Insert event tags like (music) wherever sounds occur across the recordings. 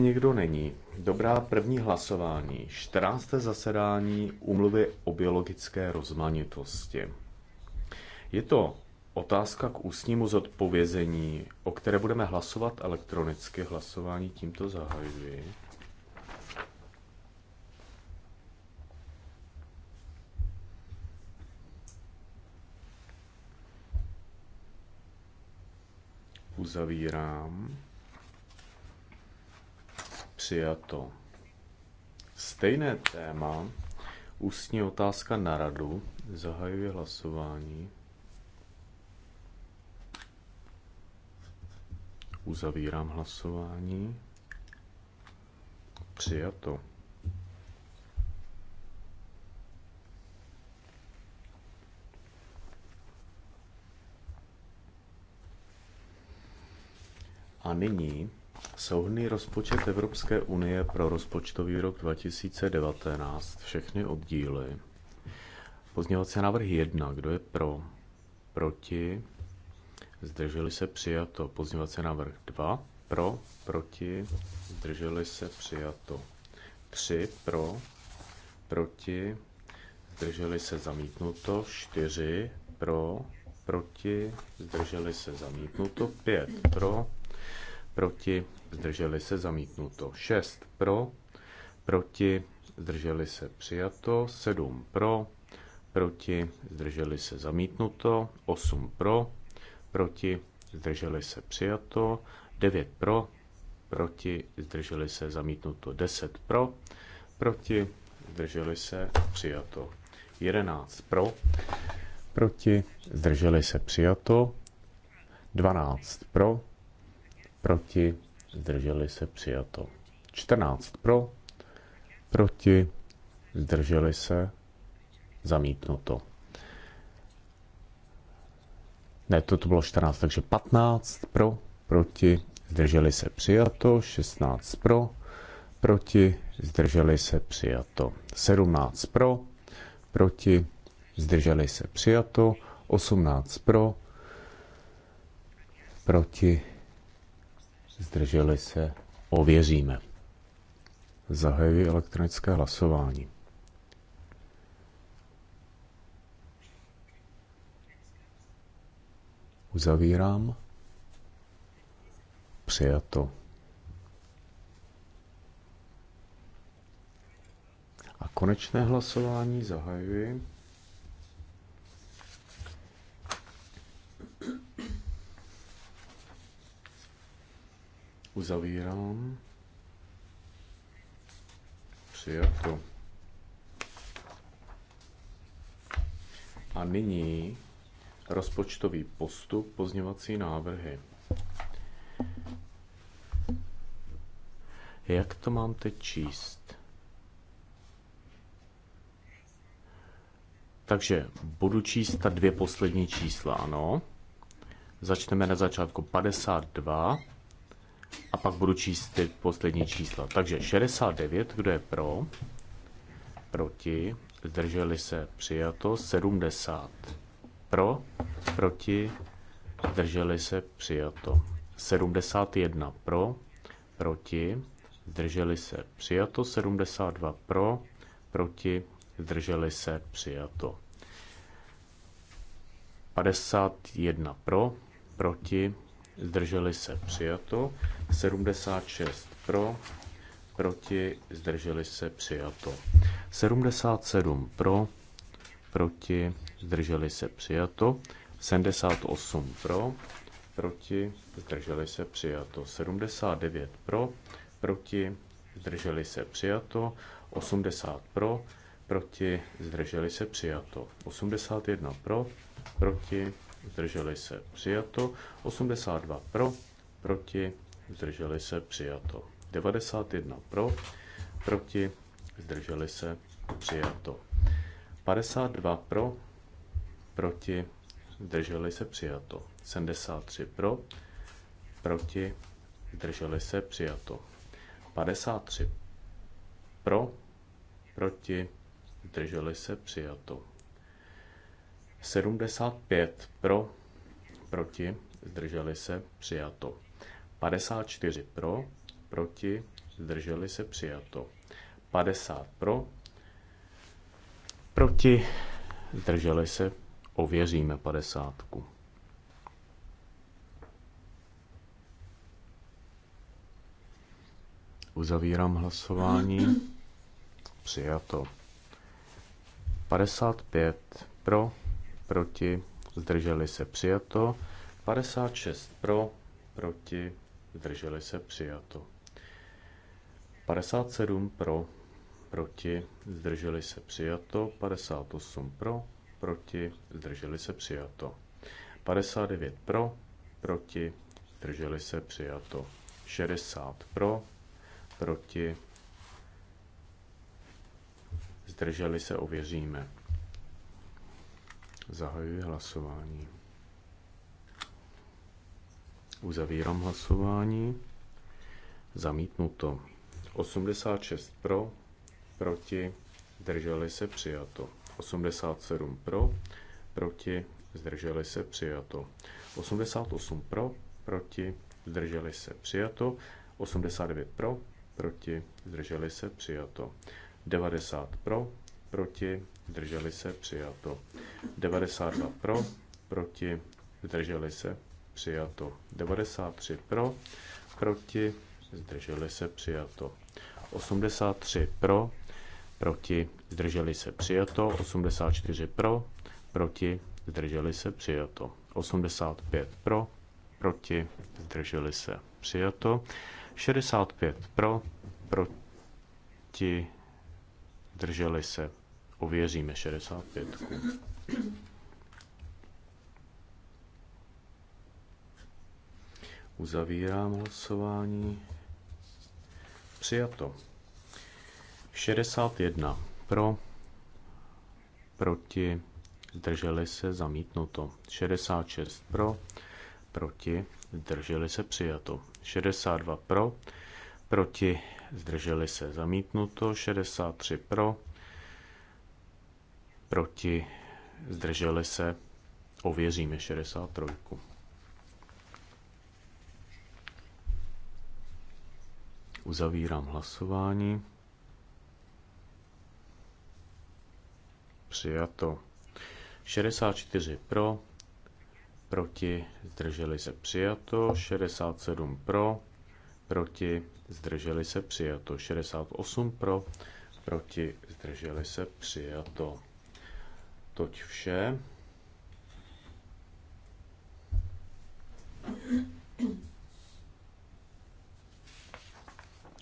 někdo není, dobrá první hlasování, 14. zasedání umluvy o biologické rozmanitosti. Je to otázka k ústnímu zodpovězení, o které budeme hlasovat elektronicky. Hlasování tímto zahajuji. Uzavírám. Přijato. Stejné téma, ústní otázka na radu, zahajuje hlasování. Uzavírám hlasování. Přijato. A nyní Souhrnný rozpočet Evropské unie pro rozpočtový rok 2019, všechny oddíly. Pozměňovací návrh 1, kdo je pro? Proti? Zdrželi se přijato. Pozměňovací návrh 2, pro? Proti? Zdrželi se přijato. 3, pro? Proti? Zdrželi se zamítnuto. 4, pro? Proti? Zdrželi se zamítnuto. 5, pro? Proti? zdrželi se zamítnuto. 6 pro, proti, zdrželi se přijato. 7 pro, proti, zdrželi se zamítnuto. 8 pro, proti, zdrželi se přijato. 9 pro, proti, zdrželi se zamítnuto. 10 pro, proti, zdrželi se přijato. 11 pro, proti, zdrželi se přijato. 12 pro, proti, zdrželi se přijato. 14 pro, proti, zdrželi se, zamítnuto. Ne, to, to bylo 14, takže 15 pro, proti, zdrželi se přijato, 16 pro, proti, zdrželi se přijato, 17 pro, proti, zdrželi se přijato, 18 pro, proti, zdrželi se, ověříme. Zahajuji elektronické hlasování. Uzavírám. Přijato. A konečné hlasování zahajuji. Uzavírám. Přijato. A nyní rozpočtový postup, pozněvací návrhy. Jak to mám teď číst? Takže budu číst ta dvě poslední čísla, ano. Začneme na začátku 52 a pak budu číst ty poslední čísla. Takže 69, kdo je pro, proti, zdrželi se, přijato, 70 pro, proti, zdrželi se, přijato, 71 pro, proti, zdrželi se, přijato, 72 pro, proti, zdrželi se, přijato. 51 pro, proti, zdrželi se přijato, 76 pro, proti, zdrželi se přijato, 77 pro, proti, zdrželi se přijato, 78 pro, proti, zdrželi se přijato, 79 pro, proti, zdrželi se přijato, 80 pro, proti, zdrželi se přijato, 81 pro, proti, zdrželi se přijato, 82 pro, proti, zdrželi se přijato, 91 pro, proti, zdrželi se přijato, 52 pro, proti, zdrželi se přijato, 73 pro, proti, zdrželi se přijato, 53 pro, proti, zdrželi se přijato. 75 pro, proti, zdrželi se, přijato. 54 pro, proti, zdrželi se, přijato. 50 pro, proti, zdrželi se, ověříme 50. Uzavírám hlasování. Přijato. 55 pro, proti, zdrželi se přijato. 56 pro, proti, zdrželi se přijato. 57 pro, proti, zdrželi se přijato. 58 pro, proti, zdrželi se přijato. 59 pro, proti, zdrželi se přijato. 60 pro, proti, zdrželi se ověříme. Zahajuji hlasování. Uzavírám hlasování. Zamítnuto. 86 pro, proti, zdrželi se přijato. 87 pro, proti, zdrželi se přijato. 88 pro, proti, zdrželi se přijato. 89 pro, proti, zdrželi se přijato. 90 pro, proti, zdrželi se, přijato. 92 pro, proti, zdrželi se, přijato. 93 pro, proti, zdrželi se, přijato. 83 pro, proti, zdrželi se, přijato. 84 pro, proti, zdrželi se, přijato. 85 pro, proti, zdrželi se, přijato. 65 pro, proti, zdrželi se, Ověříme 65. Uzavírám hlasování. Přijato. 61 pro, proti, zdrželi se, zamítnuto. 66 pro, proti, zdrželi se, přijato. 62 pro, proti, zdrželi se, zamítnuto. 63 pro, proti, zdrželi se, ověříme 63. Uzavírám hlasování. Přijato. 64 pro, proti, zdrželi se přijato, 67 pro, proti, zdrželi se přijato, 68 pro, proti, zdrželi se přijato. Toť vše.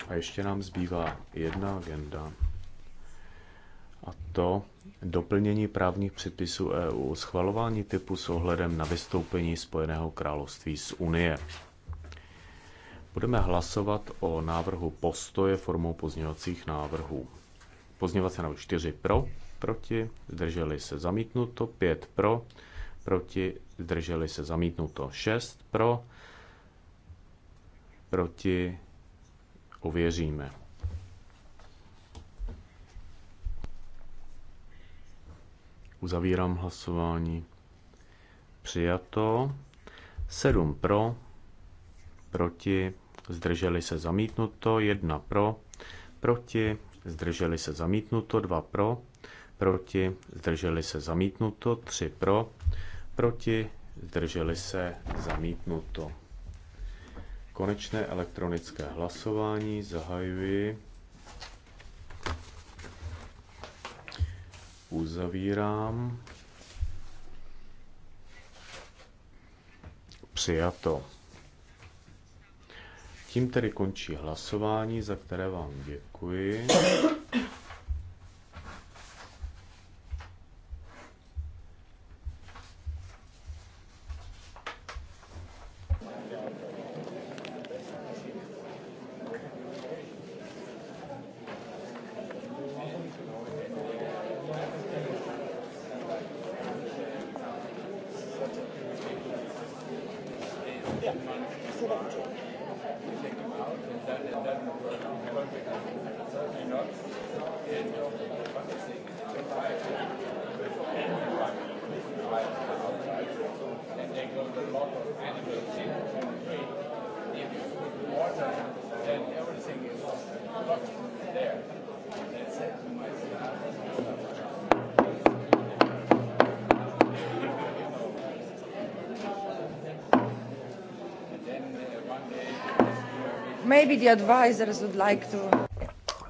A ještě nám zbývá jedna agenda. A to doplnění právních předpisů EU, schvalování typu s ohledem na vystoupení Spojeného království z Unie. Budeme hlasovat o návrhu postoje formou pozměňovacích návrhů. Pozněvací návrh 4 pro, proti, zdrželi se zamítnuto, 5 pro, proti, zdrželi se zamítnuto, 6 pro, proti, ověříme. Uzavírám hlasování. Přijato. 7 pro, proti, zdrželi se zamítnuto, 1 pro, proti, zdrželi se zamítnuto, 2 pro, proti, zdrželi se zamítnuto, 3 pro, proti, zdrželi se zamítnuto. Konečné elektronické hlasování zahajuji. Uzavírám. Přijato. Tím tedy končí hlasování, za které vám děkuji. the advisors would like to...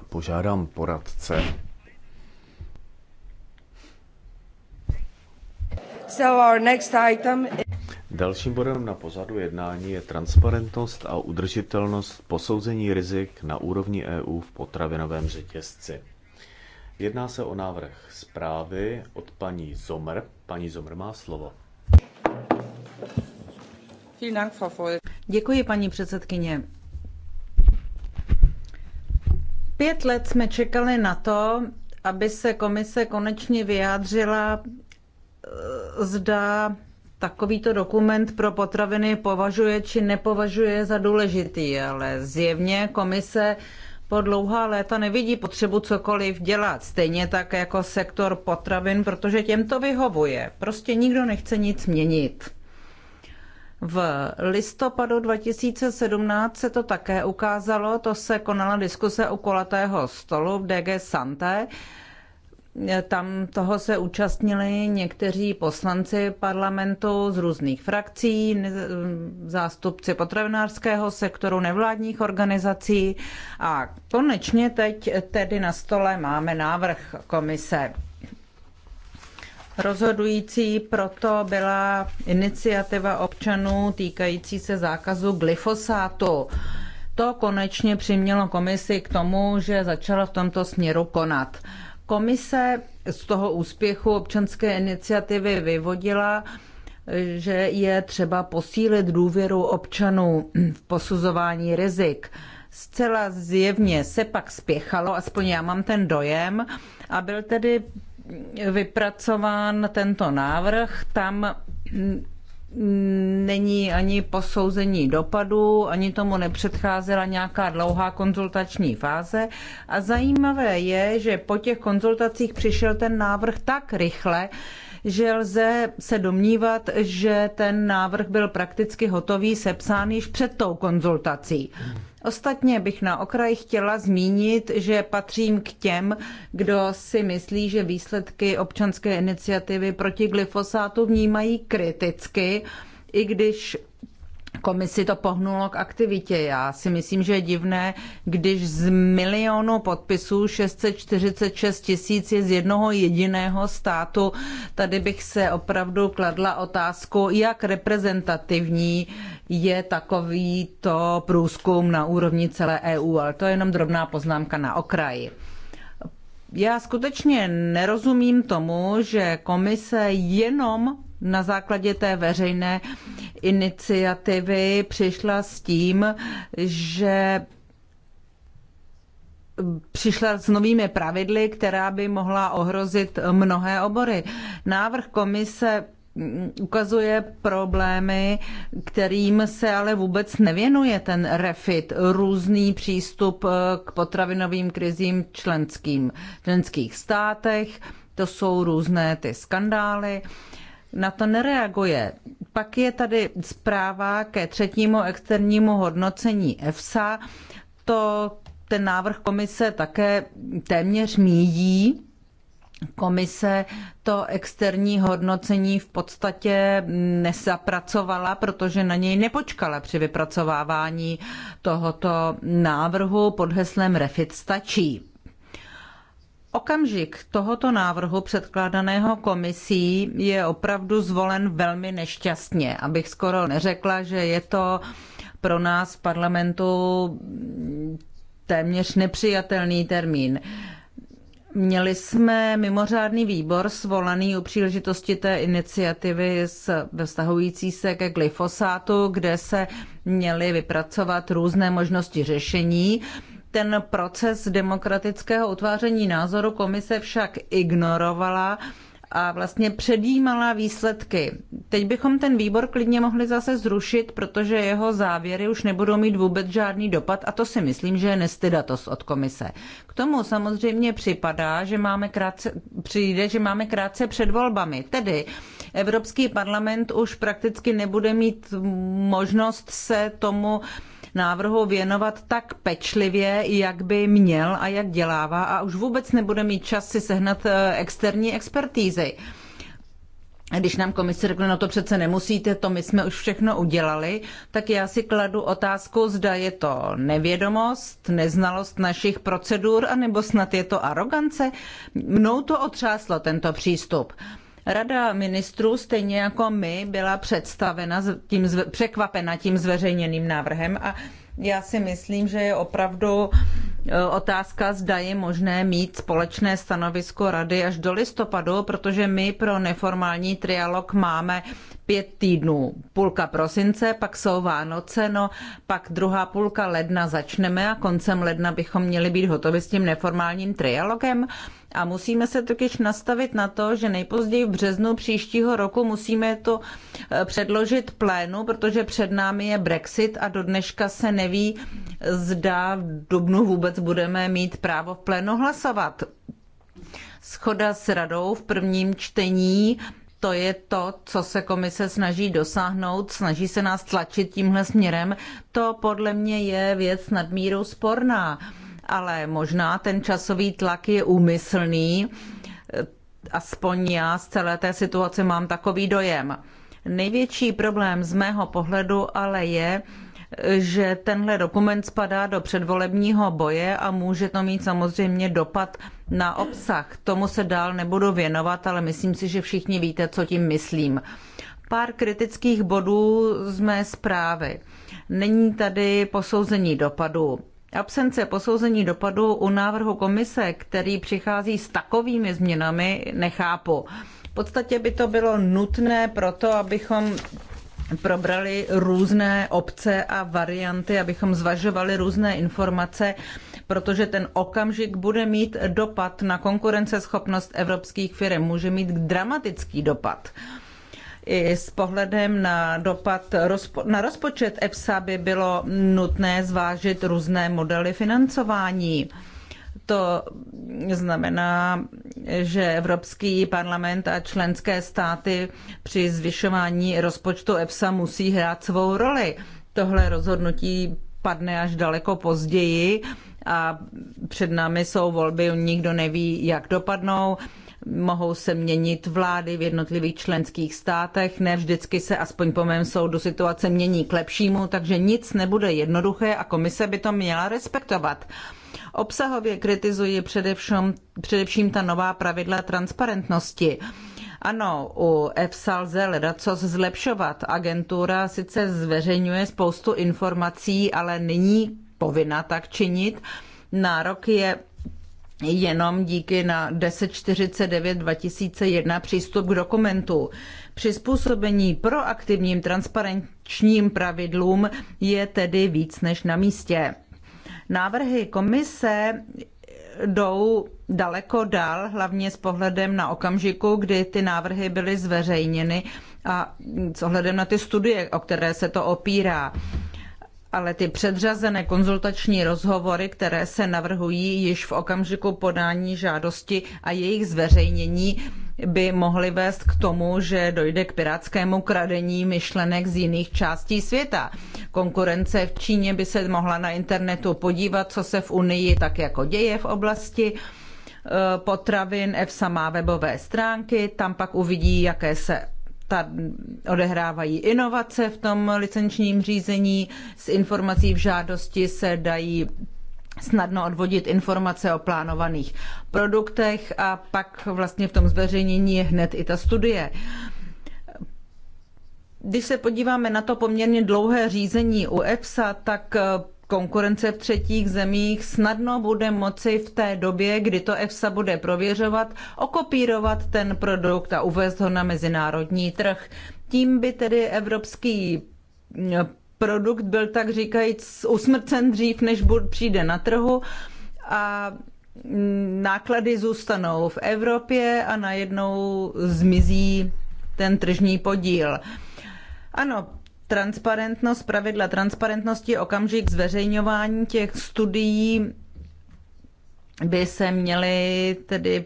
Požádám poradce. So our next item... Dalším bodem na pozadu jednání je transparentnost a udržitelnost posouzení rizik na úrovni EU v potravinovém řetězci. Jedná se o návrh zprávy od paní Zomr. Paní Zomr má slovo. Děkuji, paní předsedkyně. Pět let jsme čekali na to, aby se komise konečně vyjádřila, eh, zda takovýto dokument pro potraviny považuje či nepovažuje za důležitý, ale zjevně komise po dlouhá léta nevidí potřebu cokoliv dělat, stejně tak jako sektor potravin, protože těm to vyhovuje. Prostě nikdo nechce nic měnit. V listopadu 2017 se to také ukázalo, to se konala diskuse u kolatého stolu v DG Santé. Tam toho se účastnili někteří poslanci parlamentu z různých frakcí, zástupci potravinářského sektoru, nevládních organizací a konečně teď tedy na stole máme návrh komise. Rozhodující proto byla iniciativa občanů týkající se zákazu glyfosátu. To konečně přimělo komisi k tomu, že začala v tomto směru konat. Komise z toho úspěchu občanské iniciativy vyvodila, že je třeba posílit důvěru občanů v posuzování rizik. Zcela zjevně se pak spěchalo, aspoň já mám ten dojem, a byl tedy vypracován tento návrh, tam není ani posouzení dopadu, ani tomu nepředcházela nějaká dlouhá konzultační fáze. A zajímavé je, že po těch konzultacích přišel ten návrh tak rychle, že lze se domnívat, že ten návrh byl prakticky hotový, sepsán již před tou konzultací. Ostatně bych na okraj chtěla zmínit, že patřím k těm, kdo si myslí, že výsledky občanské iniciativy proti glyfosátu vnímají kriticky, i když komisi to pohnulo k aktivitě. Já si myslím, že je divné, když z milionu podpisů 646 tisíc je z jednoho jediného státu. Tady bych se opravdu kladla otázku, jak reprezentativní je takový to průzkum na úrovni celé EU, ale to je jenom drobná poznámka na okraji. Já skutečně nerozumím tomu, že komise jenom na základě té veřejné iniciativy přišla s tím, že přišla s novými pravidly, která by mohla ohrozit mnohé obory. Návrh komise ukazuje problémy, kterým se ale vůbec nevěnuje ten refit, různý přístup k potravinovým krizím členským, členských státech, to jsou různé ty skandály. Uh, na to nereaguje. Pak je tady zpráva ke třetímu externímu hodnocení EFSA. To ten návrh komise také téměř míjí. Komise to externí hodnocení v podstatě nezapracovala, protože na něj nepočkala při vypracovávání tohoto návrhu pod heslem Refit stačí. Okamžik tohoto návrhu předkládaného komisí je opravdu zvolen velmi nešťastně, abych skoro neřekla, že je to pro nás v parlamentu téměř nepřijatelný termín. Měli jsme mimořádný výbor svolaný u příležitosti té iniciativy s, vztahující se ke glyfosátu, kde se měly vypracovat různé možnosti řešení. Ten proces demokratického utváření názoru komise však ignorovala a vlastně předjímala výsledky. Teď bychom ten výbor klidně mohli zase zrušit, protože jeho závěry už nebudou mít vůbec žádný dopad a to si myslím, že je nestydatost od komise. K tomu samozřejmě připadá, že máme krátce, přijde, že máme krátce před volbami. Tedy Evropský parlament už prakticky nebude mít možnost se tomu návrhu věnovat tak pečlivě, jak by měl a jak dělává a už vůbec nebude mít čas si sehnat eh, externí expertízy. Když nám komise řekne, no to přece nemusíte, to my jsme už všechno udělali, tak já si kladu otázku, zda je to nevědomost, neznalost našich procedur, anebo snad je to arogance. Mnou to otřáslo, tento přístup. Rada ministrů, stejně jako my, byla představena tím, překvapena tím zveřejněným návrhem a já si myslím, že je opravdu e, otázka, zda je možné mít společné stanovisko rady až do listopadu, protože my pro neformální trialog máme pět týdnů. Půlka prosince, pak jsou Vánoce, no pak druhá půlka ledna začneme a koncem ledna bychom měli být hotovi s tím neformálním trialogem. A musíme se totiž nastavit na to, že nejpozději v březnu příštího roku musíme to eh, předložit plénu, protože před námi je Brexit a do dneška se neví, zda v dubnu vůbec budeme mít právo v plénu hlasovat. Schoda s radou v prvním čtení to je to, co se komise snaží dosáhnout, snaží se nás tlačit tímhle směrem, to podle mě je věc nadmíru sporná ale možná ten časový tlak je úmyslný. Aspoň já z celé té situace mám takový dojem. Největší problém z mého pohledu ale je, že tenhle dokument spadá do předvolebního boje a může to mít samozřejmě dopad na obsah. Tomu se dál nebudu věnovat, ale myslím si, že všichni víte, co tím myslím. Pár kritických bodů z mé zprávy. Není tady posouzení dopadu. Absence posouzení dopadu u návrhu komise, který přichází s takovými změnami, nechápu. V podstatě by to bylo nutné proto, abychom probrali různé obce a varianty, abychom zvažovali různé informace, protože ten okamžik bude mít dopad na konkurenceschopnost evropských firm, může mít dramatický dopad. I s pohledem na dopad na rozpočet EPSA by bylo nutné zvážit různé modely financování. To znamená, že Evropský parlament a členské státy při zvyšování rozpočtu EPSA musí hrát svou roli. Tohle rozhodnutí padne až daleko později a před námi jsou volby, nikdo neví, jak dopadnou mohou se měnit vlády v jednotlivých členských státech, ne vždycky se aspoň po mém soudu situace mění k lepšímu, takže nic nebude jednoduché a komise by to měla respektovat. Obsahově kritizuji především, především ta nová pravidla transparentnosti. Ano, u EFSA lze ledacos zlepšovat. Agentura sice zveřejňuje spoustu informací, ale není povinna tak činit. Nárok je jenom díky na 1049 2001 přístup k dokumentu. Přizpůsobení proaktivním transparentním pravidlům je tedy víc než na místě. Návrhy komise jdou daleko dál, hlavně s pohledem na okamžiku, kdy ty návrhy byly zveřejněny a s ohledem na ty studie, o které se to opírá ale ty předřazené konzultační rozhovory, které se navrhují již v okamžiku podání žádosti a jejich zveřejnění, by mohly vést k tomu, že dojde k pirátskému kradení myšlenek z jiných částí světa. Konkurence v Číně by se mohla na internetu podívat, co se v Unii tak jako děje v oblasti e, potravin. EFSA má webové stránky, tam pak uvidí, jaké se ta odehrávají inovace v tom licenčním řízení. s informací v žádosti se dají snadno odvodit informace o plánovaných produktech a pak vlastně v tom zveřejnění je hned i ta studie. Když se podíváme na to poměrně dlouhé řízení u EFSA, tak konkurence v třetích zemích snadno bude moci v té době, kdy to EFSA bude prověřovat, okopírovat ten produkt a uvést ho na mezinárodní trh. Tím by tedy evropský mm, produkt byl tak říkajíc usmrcen dřív, než přijde na trhu a mm, náklady zůstanou v Evropě a najednou zmizí ten tržní podíl. Ano, transparentnost, pravidla transparentnosti, okamžik zveřejňování těch studií by se měly tedy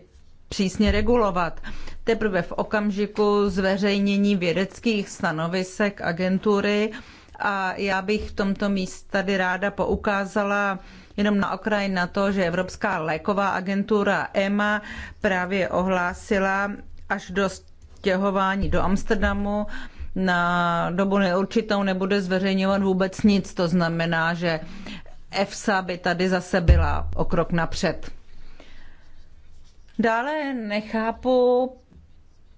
přísně regulovat. Teprve v okamžiku zveřejnění vědeckých stanovisek agentury a já bych v tomto místě tady ráda poukázala jenom na okraj na to, že Evropská léková agentura EMA právě ohlásila až do stěhování do Amsterdamu, na dobu neurčitou nebude zveřejňovat vůbec nic. To znamená, že EFSA by tady zase byla o krok napřed. Dále nechápu,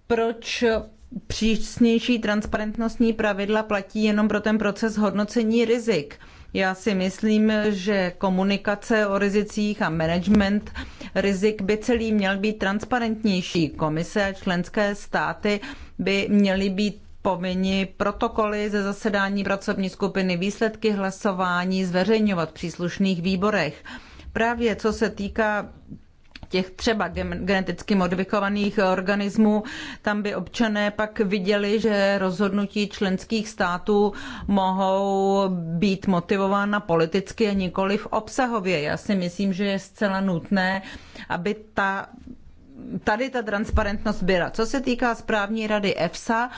proč přísnější transparentnostní pravidla platí jenom pro ten proces hodnocení rizik. Já si myslím, že komunikace o rizicích a management rizik by celý měl být transparentnější. Komise a členské státy by měly být povinni protokoly ze zasedání pracovní skupiny, výsledky hlasování zveřejňovat v příslušných výborech. Právě co se týká těch třeba geneticky modifikovaných organismů, tam by občané pak viděli, že rozhodnutí členských států mohou být motivována politicky a nikoli v obsahově. Já si myslím, že je zcela nutné, aby ta Tady ta transparentnost byla. Co se týká správní rady EFSA,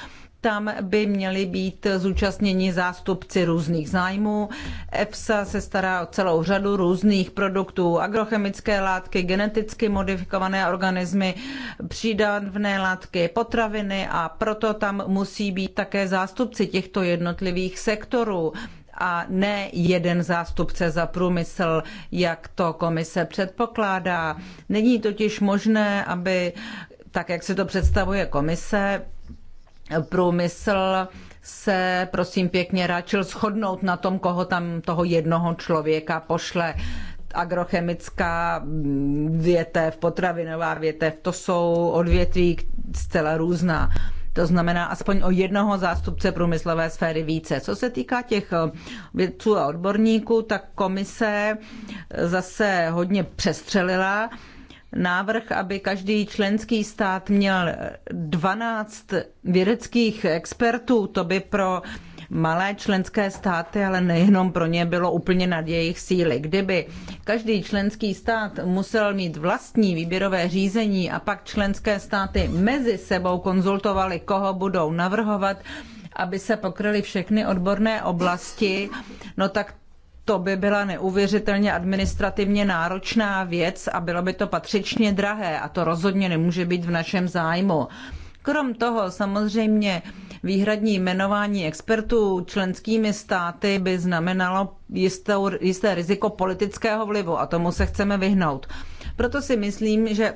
tam by měli být zúčastněni zástupci různých zájmů. EFSA se stará o celou řadu různých produktů, agrochemické látky, geneticky modifikované organismy, přídavné látky, potraviny a proto tam musí být také zástupci těchto jednotlivých sektorů a ne jeden zástupce za průmysl, jak to komise předpokládá. Není totiž možné, aby tak, jak si to představuje komise, průmysl se prosím pěkně ráčil shodnout na tom, koho tam toho jednoho člověka pošle. Agrochemická větev, potravinová větev, to jsou odvětví zcela různá. To znamená aspoň o jednoho zástupce průmyslové sféry více. Co se týká těch vědců a odborníků, tak komise zase hodně přestřelila návrh, aby každý členský stát měl 12 vědeckých expertů, to by pro malé členské státy, ale nejenom pro ně bylo úplně nad jejich síly. Kdyby každý členský stát musel mít vlastní výběrové řízení a pak členské státy mezi sebou konzultovali, koho budou navrhovat, aby se pokryly všechny odborné oblasti, no tak to by byla neuvěřitelně administrativně náročná věc a bylo by to patřičně drahé a to rozhodně nemůže být v našem zájmu. Krom toho samozřejmě výhradní jmenování expertů členskými státy by znamenalo jistou, jisté riziko politického vlivu a tomu se chceme vyhnout. Proto si myslím, že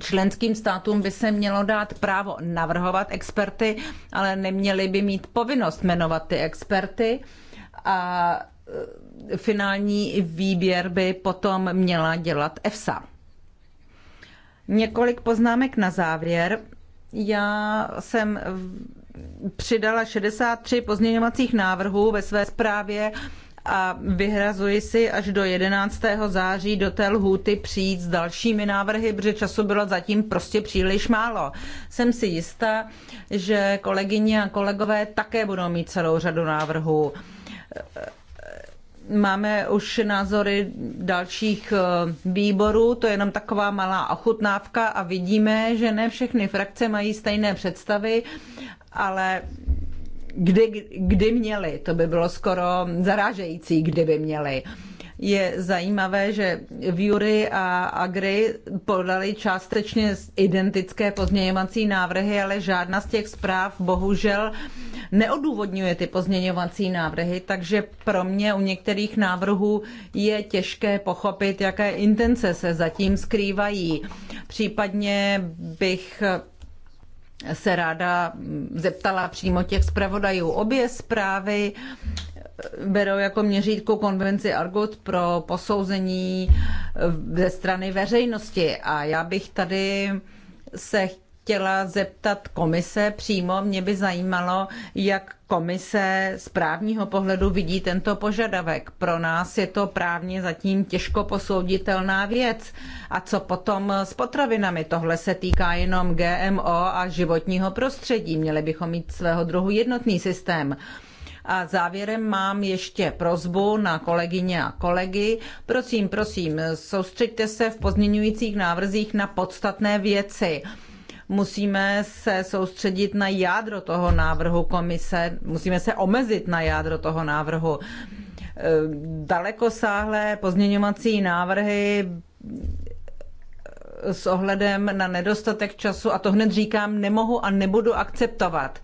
Členským státům by se mělo dát právo navrhovat experty, ale neměli by mít povinnost jmenovat ty experty. A Eh, finální výběr by potom měla dělat EFSA. Několik poznámek na závěr. Já jsem přidala 63 pozměňovacích návrhů ve své zprávě a vyhrazuji si až do 11. září do té lhůty přijít s dalšími návrhy, protože času bylo zatím prostě příliš málo. Jsem si jistá, že kolegyně a kolegové také budou mít celou řadu návrhů máme už názory dalších eh, výborů, to je jenom taková malá ochutnávka a vidíme, že ne všechny frakce mají stejné představy, ale kdy, kdy měli, to by bylo skoro zarážející, kdyby měli. Je zajímavé, že v Jury a Agri podali částečně identické pozměňovací návrhy, ale žádná z těch zpráv bohužel neodůvodňuje ty pozměňovací návrhy, takže pro mě u některých návrhů je těžké pochopit, jaké intence se zatím skrývají. Případně bych se ráda zeptala přímo těch zpravodajů. Obě zprávy berou jako měřítku konvenci Argut pro posouzení eh, ze strany veřejnosti. A já bych tady se chtěla zeptat komise přímo. Mě by zajímalo, jak komise z právního pohledu vidí tento požadavek. Pro nás je to právně zatím těžko posouditelná věc. A co potom s potravinami? Tohle se týká jenom GMO a životního prostředí. Měli bychom mít svého druhu jednotný systém. A závěrem mám ještě prozbu na kolegyně a kolegy. Prosím, prosím, soustřeďte se v pozměňujících návrzích na podstatné věci musíme se soustředit na jádro toho návrhu komise, musíme se omezit na jádro toho návrhu. Eh, dalekosáhlé pozměňovací návrhy eh, s ohledem na nedostatek času, a to hned říkám, nemohu a nebudu akceptovat.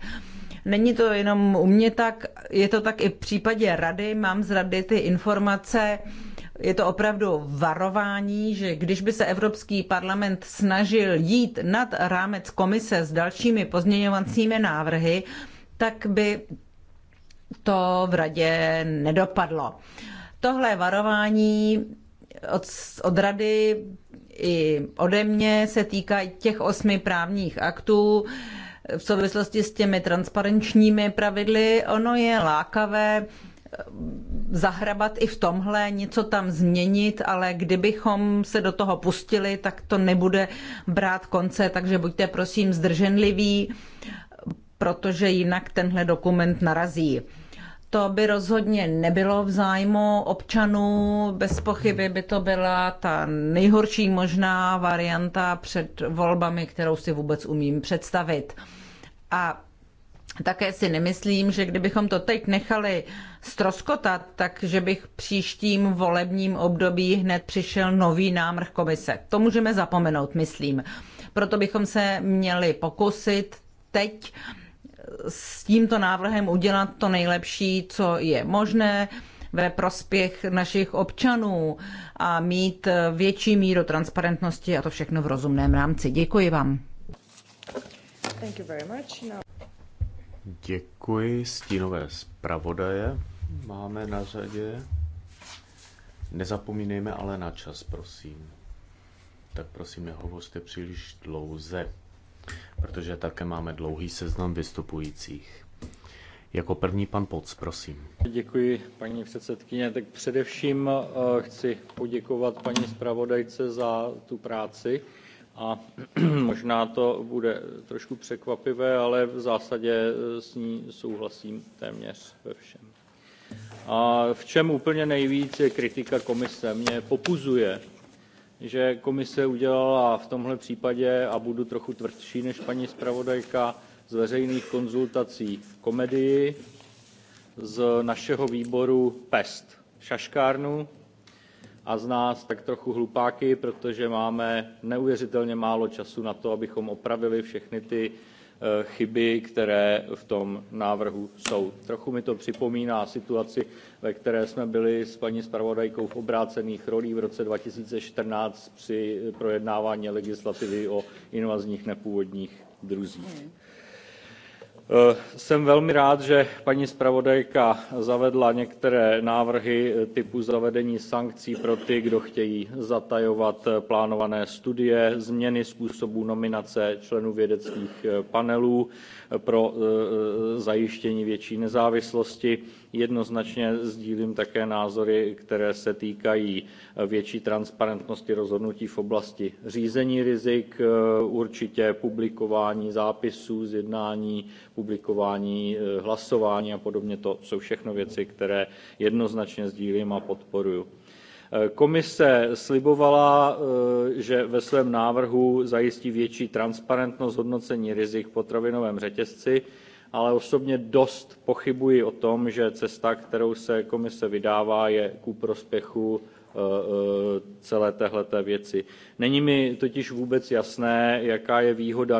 Není to jenom u mě tak, je to tak i v případě rady, mám z rady ty informace, je to opravdu varování, že když by se Evropský parlament snažil jít nad rámec komise s dalšími pozměňovacími návrhy, tak by to v radě nedopadlo. Tohle varování od, od rady i ode mě se týká těch osmi právních aktů, v souvislosti s těmi transparenčními pravidly, ono je lákavé eh, zahrabat i v tomhle, něco tam změnit, ale kdybychom se do toho pustili, tak to nebude brát konce, takže buďte prosím zdrženliví, protože jinak tenhle dokument narazí. To by rozhodně nebylo v zájmu občanů, bez pochyby by to byla ta nejhorší možná varianta před volbami, kterou si vůbec umím představit. A také si nemyslím, že kdybychom to teď nechali stroskotat, takže bych příštím volebním období hned přišel nový námrh komise. To můžeme zapomenout, myslím. Proto bychom se měli pokusit teď s tímto návrhem udělat to nejlepší, co je možné ve prospěch našich občanů a mít větší míru transparentnosti a to všechno v rozumném rámci. Děkuji vám. Děkuji. Stínové zpravodaje máme na řadě. Nezapomínejme ale na čas, prosím. Tak prosím, nehovořte příliš dlouze protože také máme dlouhý seznam vystupujících. Jako první pan Poc, prosím. Děkuji, paní předsedkyně. Tak především eh, chci poděkovat paní zpravodajce za tu práci. A (clears throat) možná to bude trošku překvapivé, ale v zásadě eh, s ní souhlasím téměř ve všem. A v čem úplně nejvíc je kritika komise. Mě popuzuje, že komise udělala v tomhle případě, a budu trochu tvrdší než paní zpravodajka, z veřejných konzultací komedii, z našeho výboru PEST šaškárnu a z nás tak trochu hlupáky, protože máme neuvěřitelně málo času na to, abychom opravili všechny ty Eh, chyby, které v tom návrhu jsou. Trochu mi to připomíná situaci, ve které jsme byli s paní zpravodajkou v obrácených rolích v roce 2014 při projednávání legislativy o invazních nepůvodních druzích. Hmm. Eh, jsem velmi rád že paní zpravodajka zavedla některé návrhy eh, typu zavedení sankcí pro ty kdo chtějí zatajovat eh, plánované studie změny způsobu nominace členů vědeckých panelů pro zajištění větší nezávislosti Jednoznačně sdílím také názory, které se týkají eh, větší transparentnosti rozhodnutí v oblasti řízení rizik, eh, určitě publikování zápisů z jednání, publikování eh, hlasování a podobně. To jsou všechno věci, které jednoznačně sdílím a podporuji. Komise slibovala, že ve svém návrhu zajistí větší transparentnost hodnocení rizik v potravinovém řetězci ale osobně dost pochybuji o tom, že cesta, kterou se komise vydává, je ku prospěchu eh, eh, celé téhleté věci. Není mi totiž vůbec jasné, jaká je výhoda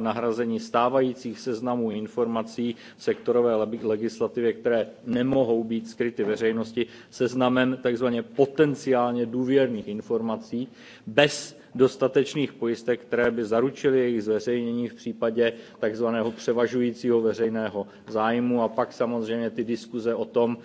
nahrazení stávajících seznamů informací v sektorové legislativě, které nemohou být skryty veřejnosti, seznamem takzvaně potenciálně důvěrných informací bez dostatečných pojistek, které by zaručily jejich zveřejnění v případě tzv. převažujícího veřejného zájmu. A pak samozřejmě ty diskuze o tom,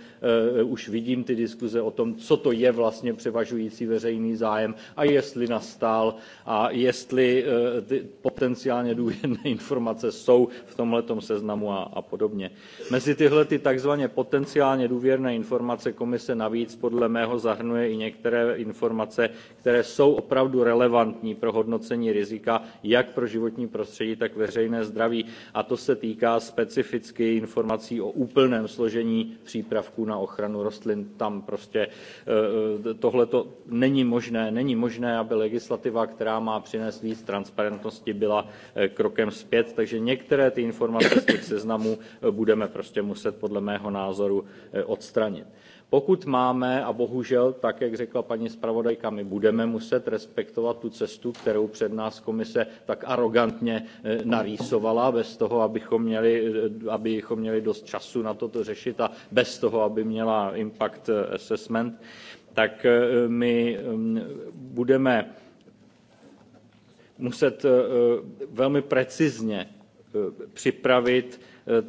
eh, už vidím ty diskuze o tom, co to je vlastně převažující veřejný zájem a jestli nastal, a jestli eh, ty potenciálně důvěrné (laughs) informace jsou v tomto seznamu a, a podobně. Mezi tyhle ty takzvaně potenciálně důvěrné informace komise navíc podle mého zahrnuje i některé informace, které jsou opravdu relevantní relevantní pro hodnocení rizika jak pro životní prostředí, tak veřejné zdraví. A to se týká specificky informací o úplném složení přípravků na ochranu rostlin. Tam prostě eh, eh, tohle to není možné. Není možné, aby legislativa, která má přinést víc transparentnosti, byla eh, krokem zpět. Takže některé ty informace z těch seznamů budeme prostě muset podle mého názoru odstranit. Pokud máme, a bohužel, tak jak řekla paní zpravodajka, my budeme muset respektovat tu cestu, kterou před nás komise tak arrogantně e, narýsovala, bez toho, abychom měli, e, abychom měli dost času na toto řešit a bez toho, aby měla impact e, assessment, tak my budeme muset velmi precizně připravit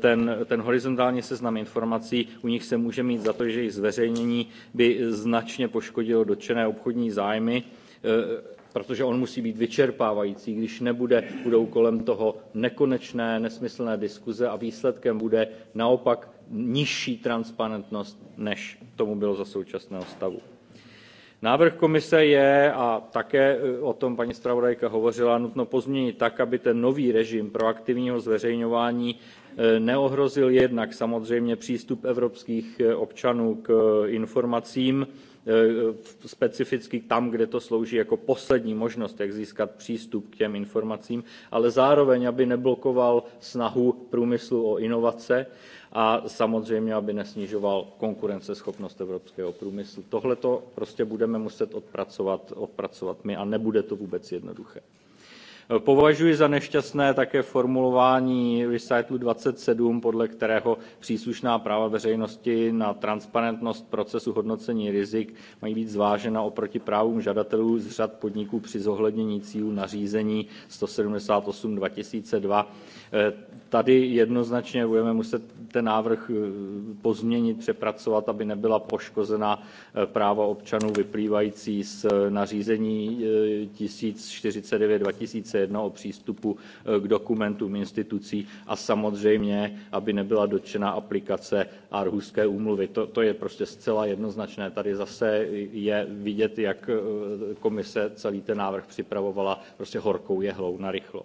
ten, ten horizontální seznam informací, u nich se může mít za to, že jejich zveřejnění by značně poškodilo dotčené obchodní zájmy e, protože on musí být vyčerpávající. Když nebude, budou kolem toho nekonečné, nesmyslné diskuze a výsledkem bude naopak nižší transparentnost, než tomu bylo za současného stavu. Návrh komise je, a také e, o tom paní zpravodajka hovořila, nutno pozměnit tak, aby ten nový režim proaktivního zveřejňování Eh, neohrozil jednak samozřejmě přístup evropských eh, občanů k eh, informacím, specificky tam, kde to slouží jako poslední možnost, jak získat přístup k těm informacím, ale zároveň, aby neblokoval snahu průmyslu o inovace a samozřejmě, aby nesnižoval konkurenceschopnost evropského průmyslu. Tohle to prostě budeme muset odpracovat, odpracovat my a nebude to vůbec jednoduché. Považuji za nešťastné také formulování recitlu 27, podle kterého příslušná práva veřejnosti na transparentnost procesu hodnocení rizik mají být zvážena oproti právům žadatelů z řad podniků při zohlednění cílů nařízení 178 2002 Eh, tady jednoznačně budeme muset ten návrh eh, pozměnit, přepracovat, aby nebyla poškozena eh, práva občanů vyplývající z nařízení 1049-2001 o přístupu k dokumentům institucí a samozřejmě, aby nebyla dotčena aplikace Arhuské úmluvy. To, to je prostě zcela jednoznačné. Tady zase je vidět, jak komise celý ten návrh připravovala prostě horkou jehlou, na rychlo.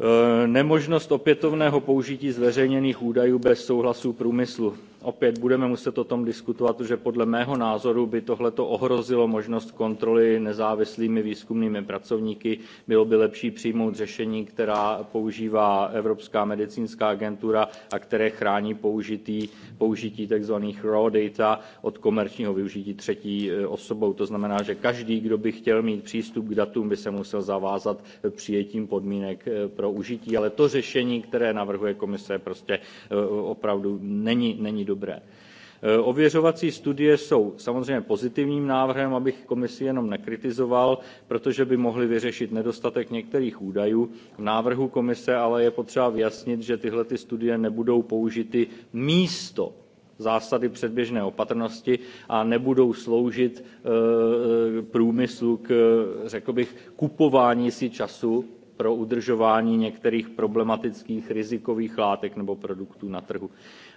Eh, nemožnost opětovného použití zveřejněných údajů bez souhlasu průmyslu. Opět budeme muset o tom diskutovat, protože podle mého názoru by tohleto ohrozilo možnost kontroly nezávislými výzkumnými pracovníky. Bylo by lepší přijmout řešení, která používá Evropská medicínská agentura a které chrání použití, použití tzv. raw data od komerčního využití třetí eh, osobou. To znamená, že každý, kdo by chtěl mít přístup k datům, by se musel zavázat přijetím podmínek eh, pro užití. Ale to řešení, které navrhuje komise, prostě eh, opravdu není, není dobré dobré. E, ověřovací studie jsou samozřejmě pozitivním návrhem, abych komisi jenom nekritizoval, protože by mohly vyřešit nedostatek některých údajů. V návrhu komise ale je potřeba vyjasnit, že tyhle ty studie nebudou použity místo zásady předběžné opatrnosti a nebudou sloužit e, e, průmyslu k, řekl bych, kupování si času pro udržování některých problematických rizikových látek nebo produktů na trhu.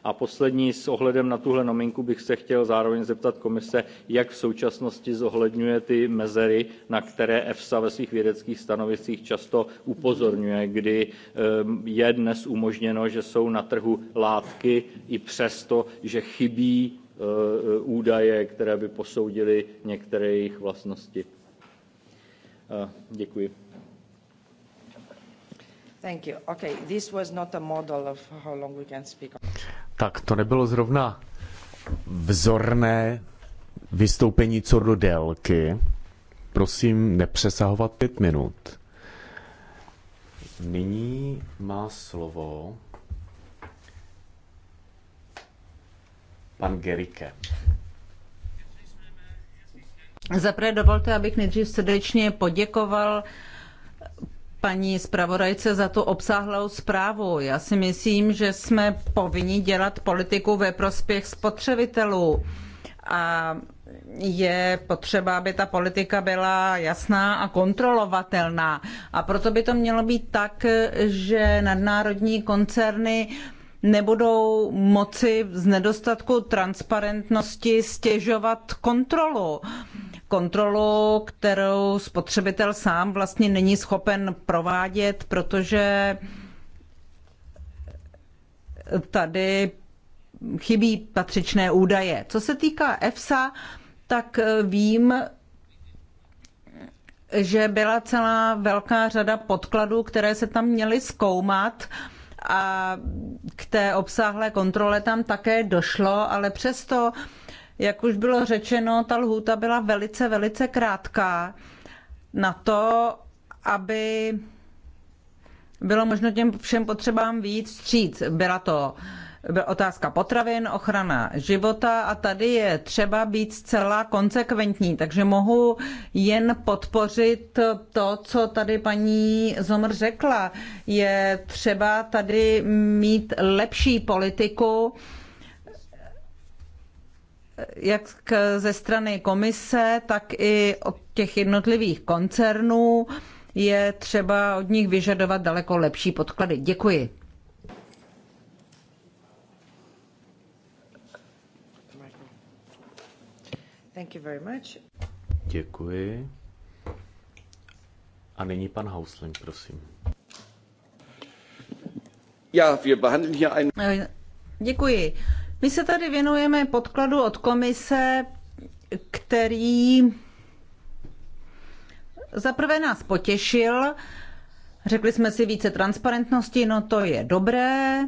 A poslední, s ohledem na tuhle nominku bych se chtěl zároveň zeptat komise, jak v současnosti zohledňuje ty mezery, na které EFSA ve svých vědeckých stanoviscích často upozorňuje, kdy ehm, je dnes umožněno, že jsou na trhu látky i přesto, že chybí eh, eh, údaje, které by posoudily některé jejich vlastnosti. Eh, děkuji. Thank you. Okay, this was not a model of how long we can speak. Tak to nebylo zrovna vzorné vystoupení co do délky. Prosím nepřesahovat pět minut. Nyní má slovo pan Gerike. Zaprvé dovolte, abych nejdřív srdečně poděkoval uh, paní zpravodajce za tu obsáhlou zprávu. Já si myslím, že jsme povinni dělat politiku ve prospěch spotřebitelů. A je potřeba, aby ta politika byla jasná a kontrolovatelná. A proto by to mělo být tak, že nadnárodní koncerny nebudou moci z nedostatku transparentnosti stěžovat kontrolu kontrolu, kterou spotřebitel sám vlastně není schopen provádět, protože tady chybí patřičné údaje. Co se týká EFSA, tak eh, vím, že byla celá velká řada podkladů, které se tam měly zkoumat a k té obsáhlé kontrole tam také došlo, ale přesto jak už bylo řečeno, ta lhůta byla velice, velice krátká na to, aby bylo možno těm všem potřebám víc stříc. Byla to byla otázka potravin, ochrana života a tady je třeba být zcela konsekventní, takže mohu jen podpořit to, co tady paní Zomr řekla. Je třeba tady mít lepší politiku, jak ze strany komise, tak i od těch jednotlivých koncernů je třeba od nich vyžadovat daleko lepší podklady. Děkuji. Thank you very much. Děkuji. A nyní pan Hausling, prosím. Ja, wir behandeln hier ein... Děkuji. My se tady věnujeme podkladu od komise, který zaprvé nás potěšil. Řekli jsme si více transparentnosti, no to je dobré.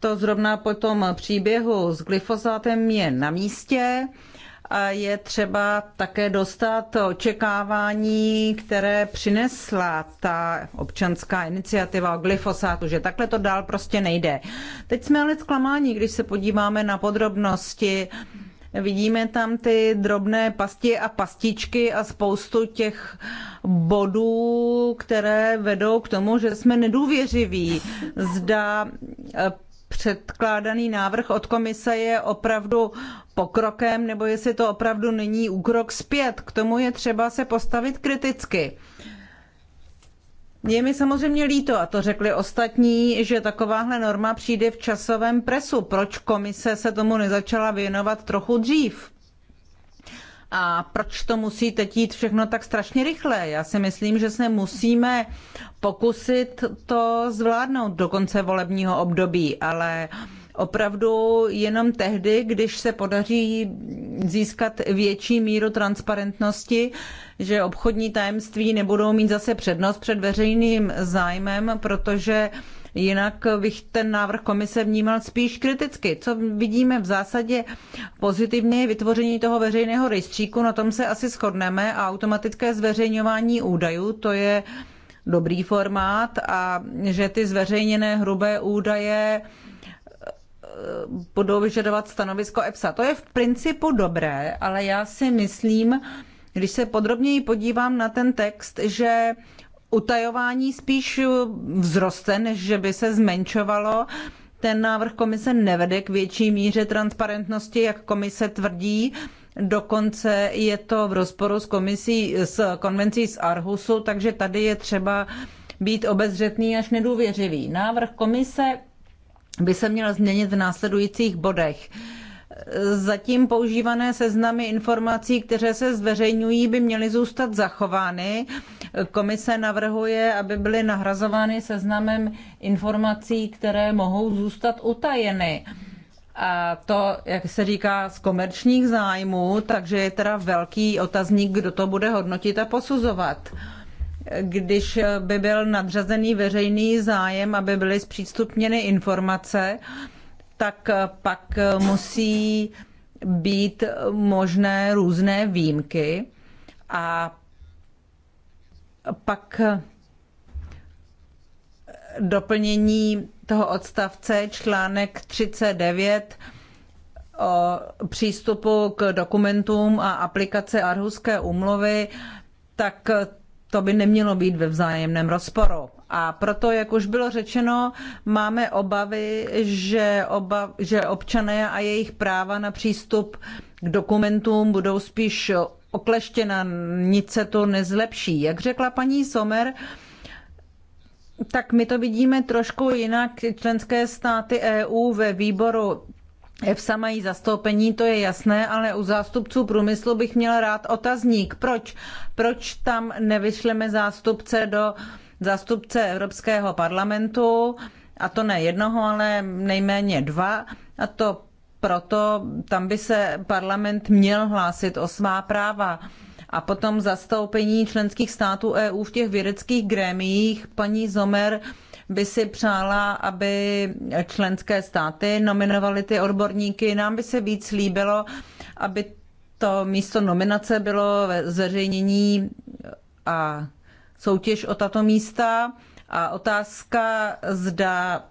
To zrovna po tom příběhu s glyfosátem je na místě je třeba také dostat očekávání, které přinesla ta občanská iniciativa o glyfosátu, že takhle to dál prostě nejde. Teď jsme ale zklamáni, když se podíváme na podrobnosti. Vidíme tam ty drobné pasti a pastičky a spoustu těch bodů, které vedou k tomu, že jsme nedůvěřiví. Zda eh, předkládaný návrh od komise je opravdu pokrokem, nebo jestli to opravdu není úkrok zpět. K tomu je třeba se postavit kriticky. Je mi samozřejmě líto, a to řekli ostatní, že takováhle norma přijde v časovém presu. Proč komise se tomu nezačala věnovat trochu dřív? A proč to musí teď jít všechno tak strašně rychle? Já si myslím, že se musíme pokusit to zvládnout do konce volebního období, ale uh, opravdu jenom tehdy, když se podaří získat větší míru transparentnosti, že obchodní tajemství nebudou mít zase přednost před veřejným zájmem, protože Jinak bych ten návrh komise vnímal spíš kriticky. Co vidíme v zásadě pozitivně je vytvoření toho veřejného rejstříku, na tom se asi shodneme, a automatické zveřejňování údajů, to je dobrý formát a že ty zveřejněné hrubé údaje Eh, budou vyžadovat stanovisko EPSA. To je v principu dobré, ale já si myslím, když se podrobněji podívám na ten text, že utajování spíš vzroste, než že by se zmenšovalo. Ten návrh komise nevede k větší míře transparentnosti, jak komise tvrdí. Dokonce je to v rozporu s, komisí, s konvencí z Arhusu, takže tady je třeba být obezřetný až nedůvěřivý. Návrh komise by se měl změnit v následujících bodech. Zatím používané seznamy informací, které se zveřejňují, by měly zůstat zachovány. Komise navrhuje, aby byly nahrazovány seznamem informací, které mohou zůstat utajeny. A to, jak se říká, z komerčních zájmů, takže je teda velký otazník, kdo to bude hodnotit a posuzovat když by byl nadřazený veřejný zájem, aby byly zpřístupněny informace, tak pak musí být možné různé výjimky a pak doplnění toho odstavce článek 39 o přístupu k dokumentům a aplikace Arhuské umluvy, tak to by nemělo být ve vzájemném rozporu. A proto, jak už bylo řečeno, máme obavy, že, oba, že občané a jejich práva na přístup k dokumentům budou spíš okleštěna, nic se to nezlepší. Jak řekla paní Somer, tak my to vidíme trošku jinak. Členské státy EU ve výboru EFSA mají zastoupení, to je jasné, ale u zástupců průmyslu bych měl rád otazník. Proč? Proč tam nevyšleme zástupce do zástupce Evropského parlamentu, a to ne jednoho, ale nejméně dva, a to proto tam by se parlament měl hlásit o svá práva. A potom zastoupení členských států EU v těch vědeckých grémiích, paní Zomer, by si přála, aby členské státy nominovaly ty odborníky. Nám by se víc líbilo, aby to místo nominace bylo ve zveřejnění a soutěž o tato místa. A otázka, zda,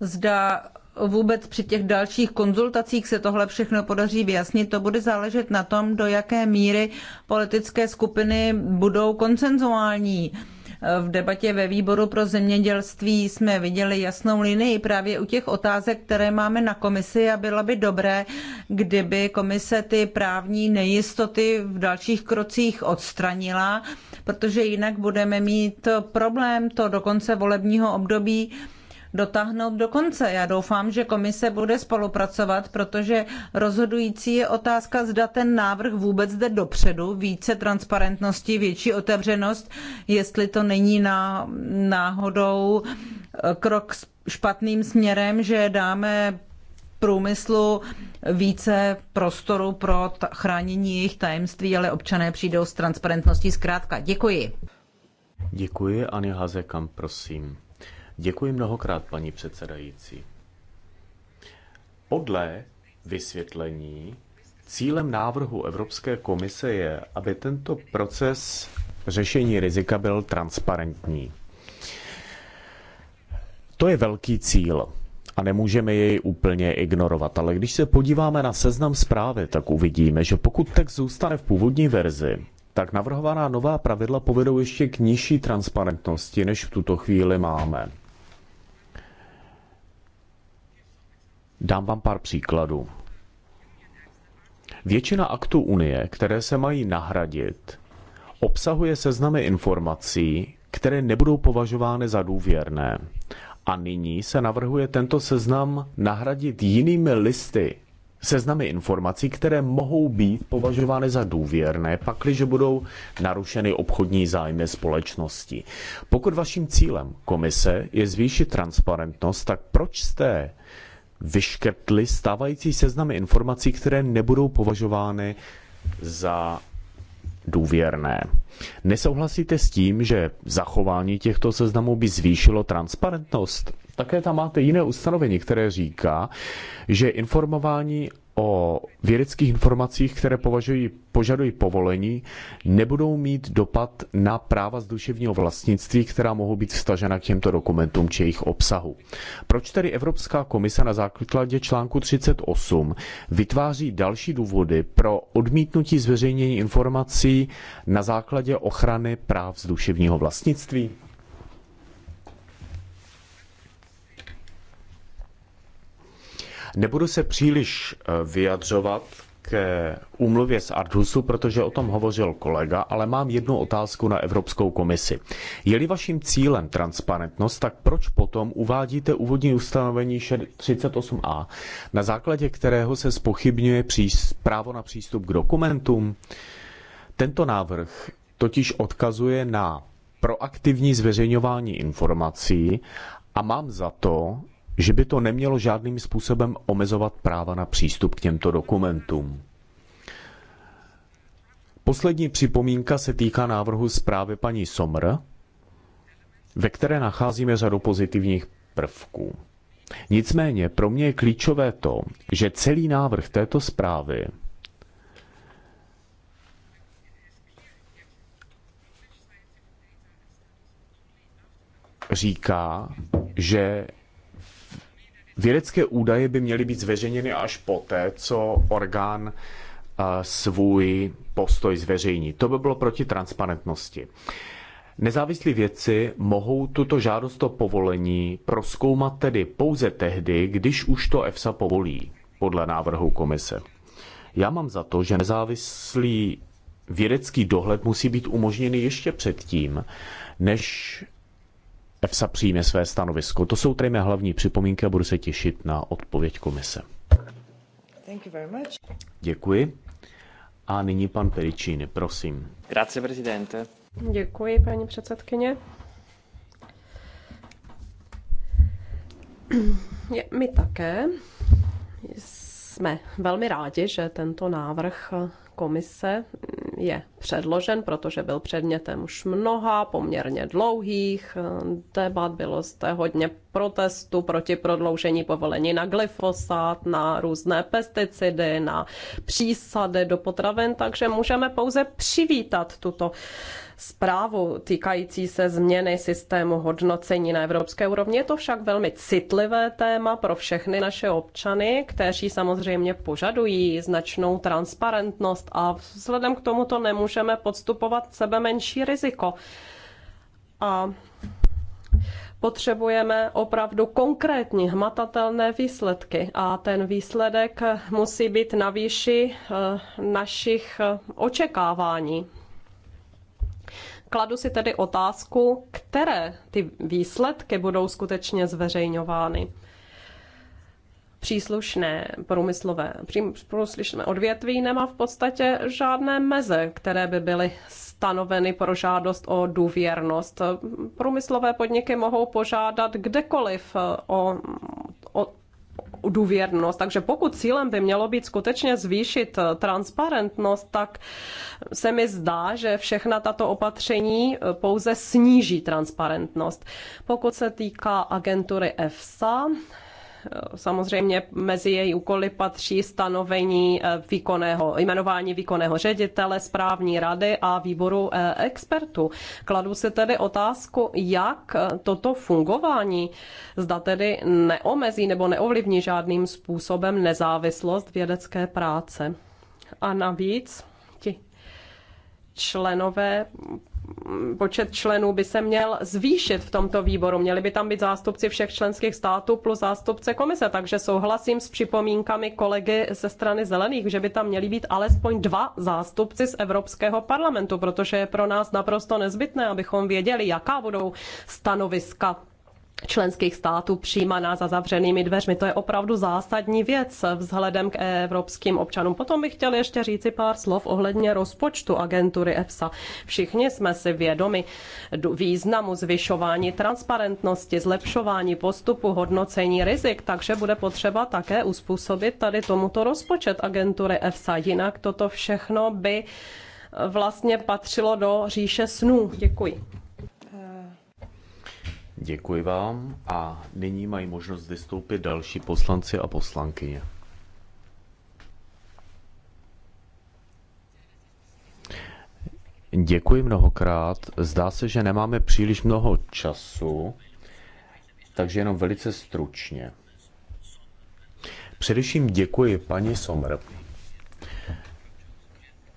zda vůbec při těch dalších konzultacích se tohle všechno podaří vyjasnit, to bude záležet na tom, do jaké míry politické skupiny budou koncenzuální. V debatě ve výboru pro zemědělství jsme viděli jasnou linii právě u těch otázek, které máme na komisi a bylo by dobré, kdyby komise ty právní nejistoty v dalších krocích odstranila, protože jinak budeme mít problém to do konce volebního období dotáhnout do konce. Já doufám, že komise bude spolupracovat, protože rozhodující je otázka, zda ten návrh vůbec jde dopředu, více transparentnosti, větší otevřenost, jestli to není na, náhodou eh, krok špatným směrem, že dáme průmyslu více prostoru pro chránění jejich tajemství, ale občané přijdou s transparentností zkrátka. Děkuji. Děkuji, Ani Hazekam, prosím. Děkuji mnohokrát, paní předsedající. Podle vysvětlení cílem návrhu Evropské komise je, aby tento proces řešení rizika byl transparentní. To je velký cíl a nemůžeme jej úplně ignorovat. Ale když se podíváme na seznam zprávy, tak uvidíme, že pokud text zůstane v původní verzi, tak navrhovaná nová pravidla povedou ještě k nižší transparentnosti, než v tuto chvíli máme. Dám vám pár příkladů. Většina aktů Unie, které se mají nahradit, obsahuje seznamy informací, které nebudou považovány za důvěrné. A nyní se navrhuje tento seznam nahradit jinými listy, seznamy informací, které mohou být považovány za důvěrné, pakliže budou narušeny obchodní zájmy společnosti. Pokud vaším cílem komise je zvýšit transparentnost, tak proč jste vyškrtli stávající seznamy informací, které nebudou považovány za důvěrné. Nesouhlasíte s tím, že zachování těchto seznamů by zvýšilo transparentnost? Také tam máte jiné ustanovení, které říká, že informování o vědeckých informacích, které považují, požadují povolení, nebudou mít dopad na práva z duševního vlastnictví, která mohou být vstažena k těmto dokumentům či jejich obsahu. Proč tedy Evropská komise na základě článku 38 vytváří další důvody pro odmítnutí zveřejnění informací na základě ochrany práv z duševního vlastnictví? Nebudu se příliš eh, vyjadřovat k úmluvě z Ardusu, protože o tom hovořil kolega, ale mám jednu otázku na Evropskou komisi. Je-li vaším cílem transparentnost, tak proč potom uvádíte úvodní ustanovení 38a, na základě kterého se spochybňuje právo na přístup k dokumentům? Tento návrh totiž odkazuje na proaktivní zveřejňování informací a mám za to, že by to nemělo žádným způsobem omezovat práva na přístup k těmto dokumentům. Poslední připomínka se týká návrhu zprávy paní Somr, ve které nacházíme řadu pozitivních prvků. Nicméně pro mě je klíčové to, že celý návrh této zprávy říká, že Vědecké údaje by měly být zveřejněny až poté, co orgán eh, svůj postoj zveřejní. To by bylo proti transparentnosti. Nezávislí vědci mohou tuto žádost o povolení proskoumat tedy pouze tehdy, když už to EFSA povolí, podle návrhu komise. Já mám za to, že nezávislý vědecký dohled musí být umožněný ještě předtím, než EFSA přijme své stanovisko. To jsou tedy mé hlavní připomínky a budu se těšit na odpověď komise. Thank you very much. Děkuji. A nyní pan Pericini, prosím. Grazie, prezidente. Děkuji, paní předsedkyně. My také jsme velmi rádi, že tento návrh komise je předložen, protože byl předmětem už mnoha poměrně dlouhých eh, debat. Bylo zde hodně protestů proti prodloužení povolení na glyfosát, na různé pesticidy, na přísady do potravin, takže můžeme pouze přivítat tuto zprávu týkající se změny systému hodnocení na evropské úrovni. Je to však velmi citlivé téma pro všechny naše občany, kteří samozřejmě požadují značnou transparentnost a vzhledem k tomuto nemůžeme podstupovat sebe menší riziko. A potřebujeme opravdu konkrétní, hmatatelné výsledky a ten výsledek musí být na výši eh, našich eh, očekávání. Kladu si tedy otázku, které ty výsledky budou skutečně zveřejňovány. Příslušné průmyslové průslušné odvětví nemá v podstatě žádné meze, které by byly stanoveny pro žádost o důvěrnost. Průmyslové podniky mohou požádat kdekoliv o, o důvěrnost. Takže pokud cílem by mělo být skutečně zvýšit eh, transparentnost, tak se mi zdá, že všechna tato opatření eh, pouze sníží transparentnost. Pokud se týká agentury EFSA, Samozřejmě mezi její úkoly patří stanovení eh, výkonného, jmenování výkonného ředitele, správní rady a výboru eh, expertů. Kladu si tedy otázku, jak eh, toto fungování zda tedy neomezí nebo neovlivní žádným způsobem nezávislost vědecké práce. A navíc ti členové počet členů by se měl zvýšit v tomto výboru. Měli by tam být zástupci všech členských států plus zástupce komise, takže souhlasím s připomínkami kolegy ze strany zelených, že by tam měli být alespoň dva zástupci z Evropského parlamentu, protože je pro nás naprosto nezbytné, abychom věděli, jaká budou stanoviska členských států přijímaná za zavřenými dveřmi. To je opravdu zásadní věc vzhledem k evropským občanům. Potom bych chtěl ještě říci pár slov ohledně rozpočtu agentury EFSA. Všichni jsme si vědomi významu zvyšování transparentnosti, zlepšování postupu, hodnocení rizik, takže bude potřeba také uspůsobit tady tomuto rozpočet agentury EFSA. Jinak toto všechno by vlastně patřilo do říše snů. Děkuji. Děkuji vám a nyní mají možnost vystoupit další poslanci a poslankyně. Děkuji mnohokrát. Zdá se, že nemáme příliš mnoho času, takže jenom velice stručně. Především děkuji paní Somr.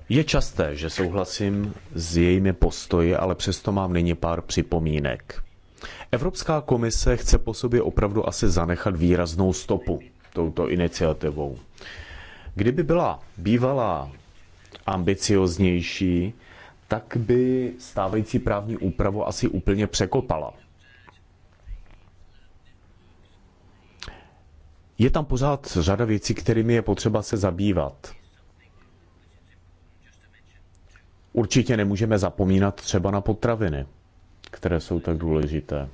Je časté, že souhlasím s jejími postoji, ale přesto mám nyní pár připomínek. Evropská komise chce po sobě opravdu asi zanechat výraznou stopu touto iniciativou. Kdyby byla bývalá ambicioznější, tak by stávající právní úpravu asi úplně překopala. Je tam pořád řada věcí, kterými je potřeba se zabývat. Určitě nemůžeme zapomínat třeba na potraviny které jsou tak důležité.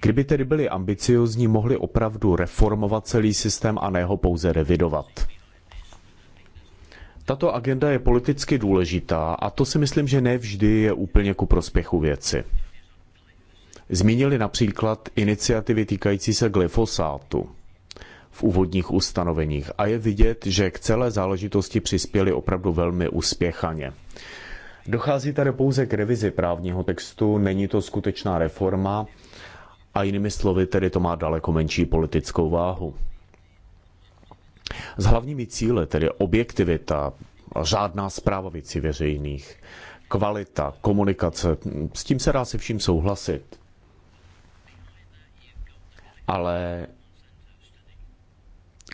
Kdyby tedy byli ambiciozní, mohli opravdu reformovat celý systém a ne ho pouze revidovat. Tato agenda je politicky důležitá a to si myslím, že nevždy je úplně ku prospěchu věci. Zmínili například iniciativy týkající se glyfosátu v úvodních ustanoveních a je vidět, že k celé záležitosti přispěli opravdu velmi uspěchaně. Dochází tady pouze k revizi právního textu, není to skutečná reforma a jinými slovy tedy to má daleko menší politickou váhu. S hlavními cíle, tedy objektivita, řádná zpráva věcí veřejných, kvalita, komunikace, s tím se dá se vším souhlasit. Ale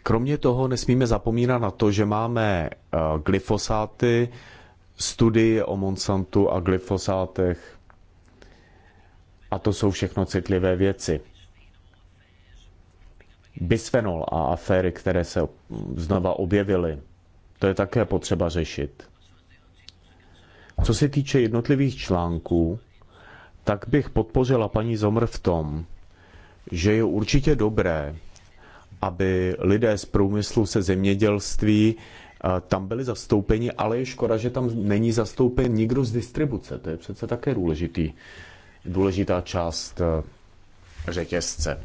kromě toho nesmíme zapomínat na to, že máme eh, glyfosáty, studii o Monsantu a glyfosátech. A to jsou všechno citlivé věci. Bisfenol a aféry, které se znova objevily, to je také potřeba řešit. Co se týče jednotlivých článků, tak bych podpořila paní Zomr v tom, že je určitě dobré, aby lidé z průmyslu se zemědělství tam byli zastoupeni, ale je škoda, že tam není zastoupen nikdo z distribuce. To je přece také důležitý, důležitá část eh, řetězce.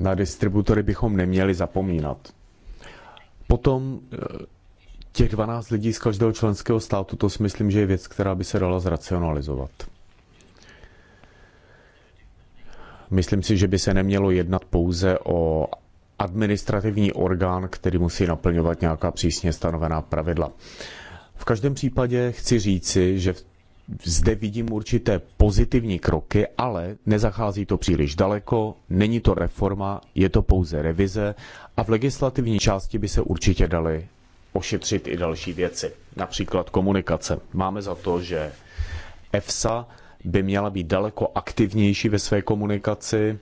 Na distributory bychom neměli zapomínat. Potom eh, těch 12 lidí z každého členského státu, to si myslím, že je věc, která by se dala zracionalizovat. Myslím si, že by se nemělo jednat pouze o administrativní orgán, který musí naplňovat nějaká přísně stanovená pravidla. V každém případě chci říci, že zde vidím určité pozitivní kroky, ale nezachází to příliš daleko, není to reforma, je to pouze revize a v legislativní části by se určitě dali ošetřit i další věci, například komunikace. Máme za to, že EFSA by měla být daleko aktivnější ve své komunikaci.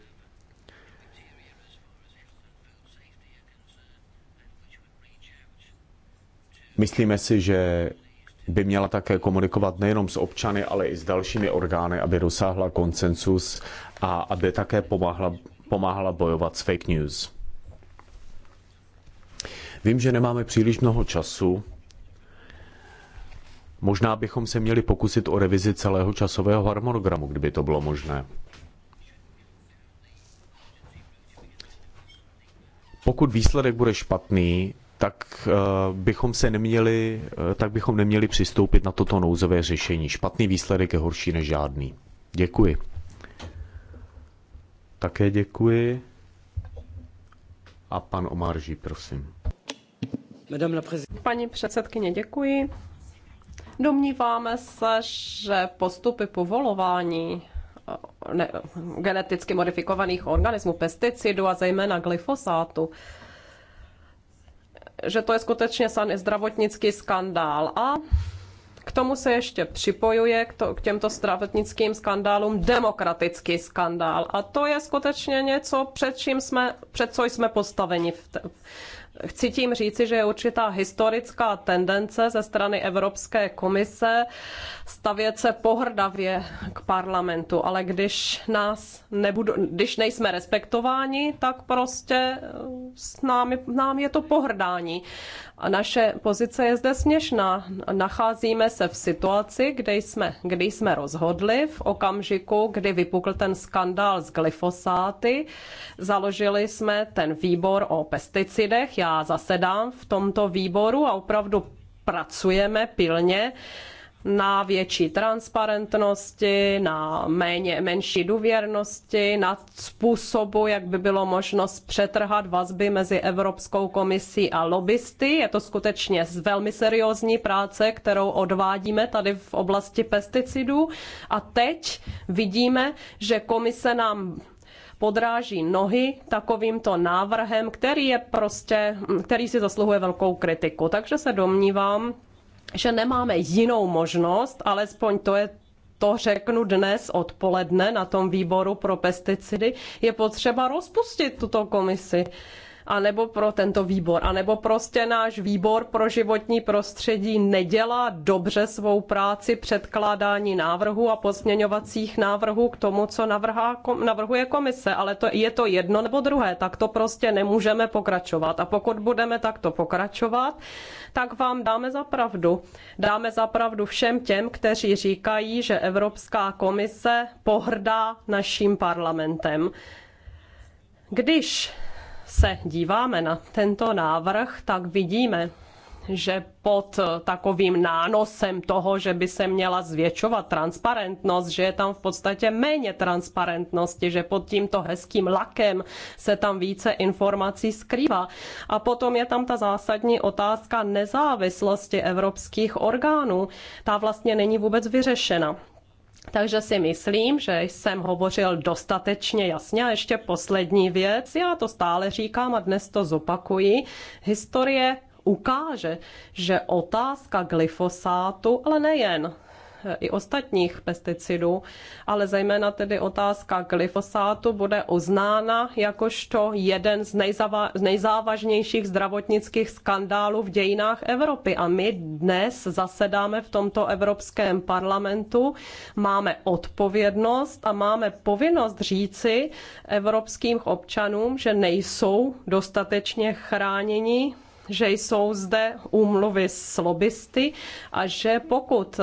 Myslíme si, že by měla také komunikovat nejenom s občany, ale i s dalšími orgány, aby dosáhla konsensus a aby také pomáhla, pomáhala bojovat s fake news. Vím, že nemáme příliš mnoho času, Možná bychom se měli pokusit o revizi celého časového harmonogramu, kdyby to bylo možné. Pokud výsledek bude špatný, tak eh, bychom se neměli, eh, tak bychom neměli přistoupit na toto nouzové řešení. Špatný výsledek je horší než žádný. Děkuji. Také děkuji. A pan Omarží, prosím. Paní předsedkyně, děkuji. Domníváme se, že postupy povolování eh, ne, geneticky modifikovaných organismů, pesticidů a zejména glyfosátu, že to je skutečně zdravotnický skandál. A k tomu se ještě připojuje, k, to, k těmto zdravotnickým skandálům, demokratický skandál. A to je skutečně něco, před, čím jsme, před co jsme postaveni v, te, Chci tím říci, že je určitá historická tendence ze strany Evropské komise stavět se pohrdavě k parlamentu, ale když nás nebudu, když nejsme respektováni, tak prostě s námi, nám je to pohrdání. A naše pozice je zde směšná. Nacházíme se v situaci, kde jsme, kdy jsme rozhodli v okamžiku, kdy vypukl ten skandál s glyfosáty. Založili jsme ten výbor o pesticidech. Já zasedám v tomto výboru a opravdu pracujeme pilně na větší transparentnosti, na méně, menší důvěrnosti, na způsobu, jak by bylo možnost přetrhat vazby mezi Evropskou komisí a lobbysty. Je to skutečně velmi seriózní práce, kterou odvádíme tady v oblasti pesticidů. A teď vidíme, že komise nám podráží nohy takovýmto návrhem, který je prostě, který si zasluhuje velkou kritiku. Takže se domnívám, že nemáme jinou možnost, alespoň to je to řeknu dnes odpoledne na tom výboru pro pesticidy, je potřeba rozpustit tuto komisi anebo pro tento výbor, anebo prostě náš výbor pro životní prostředí nedělá dobře svou práci předkládání návrhu a pozměňovacích návrhů k tomu, co navrhá, navrhuje komise, ale to, je to jedno nebo druhé, tak to prostě nemůžeme pokračovat. A pokud budeme takto pokračovat, tak vám dáme za pravdu. Dáme za pravdu všem těm, kteří říkají, že Evropská komise pohrdá naším parlamentem. Když se díváme na tento návrh, tak vidíme, že pod takovým nánosem toho, že by se měla zvětšovat transparentnost, že je tam v podstatě méně transparentnosti, že pod tímto hezkým lakem se tam více informací skrývá. A potom je tam ta zásadní otázka nezávislosti evropských orgánů. Ta vlastně není vůbec vyřešena. Takže si myslím, že jsem hovořil dostatečně jasně. A ještě poslední věc, já to stále říkám a dnes to zopakuji. Historie ukáže, že otázka glyfosátu, ale nejen, i ostatních pesticidů, ale zejména tedy otázka glyfosátu bude uznána jakožto jeden z, nejzava- z nejzávažnějších zdravotnických skandálů v dějinách Evropy. A my dnes zasedáme v tomto Evropském parlamentu, máme odpovědnost a máme povinnost říci evropským občanům, že nejsou dostatečně chráněni že jsou zde úmluvy s lobbysty a že pokud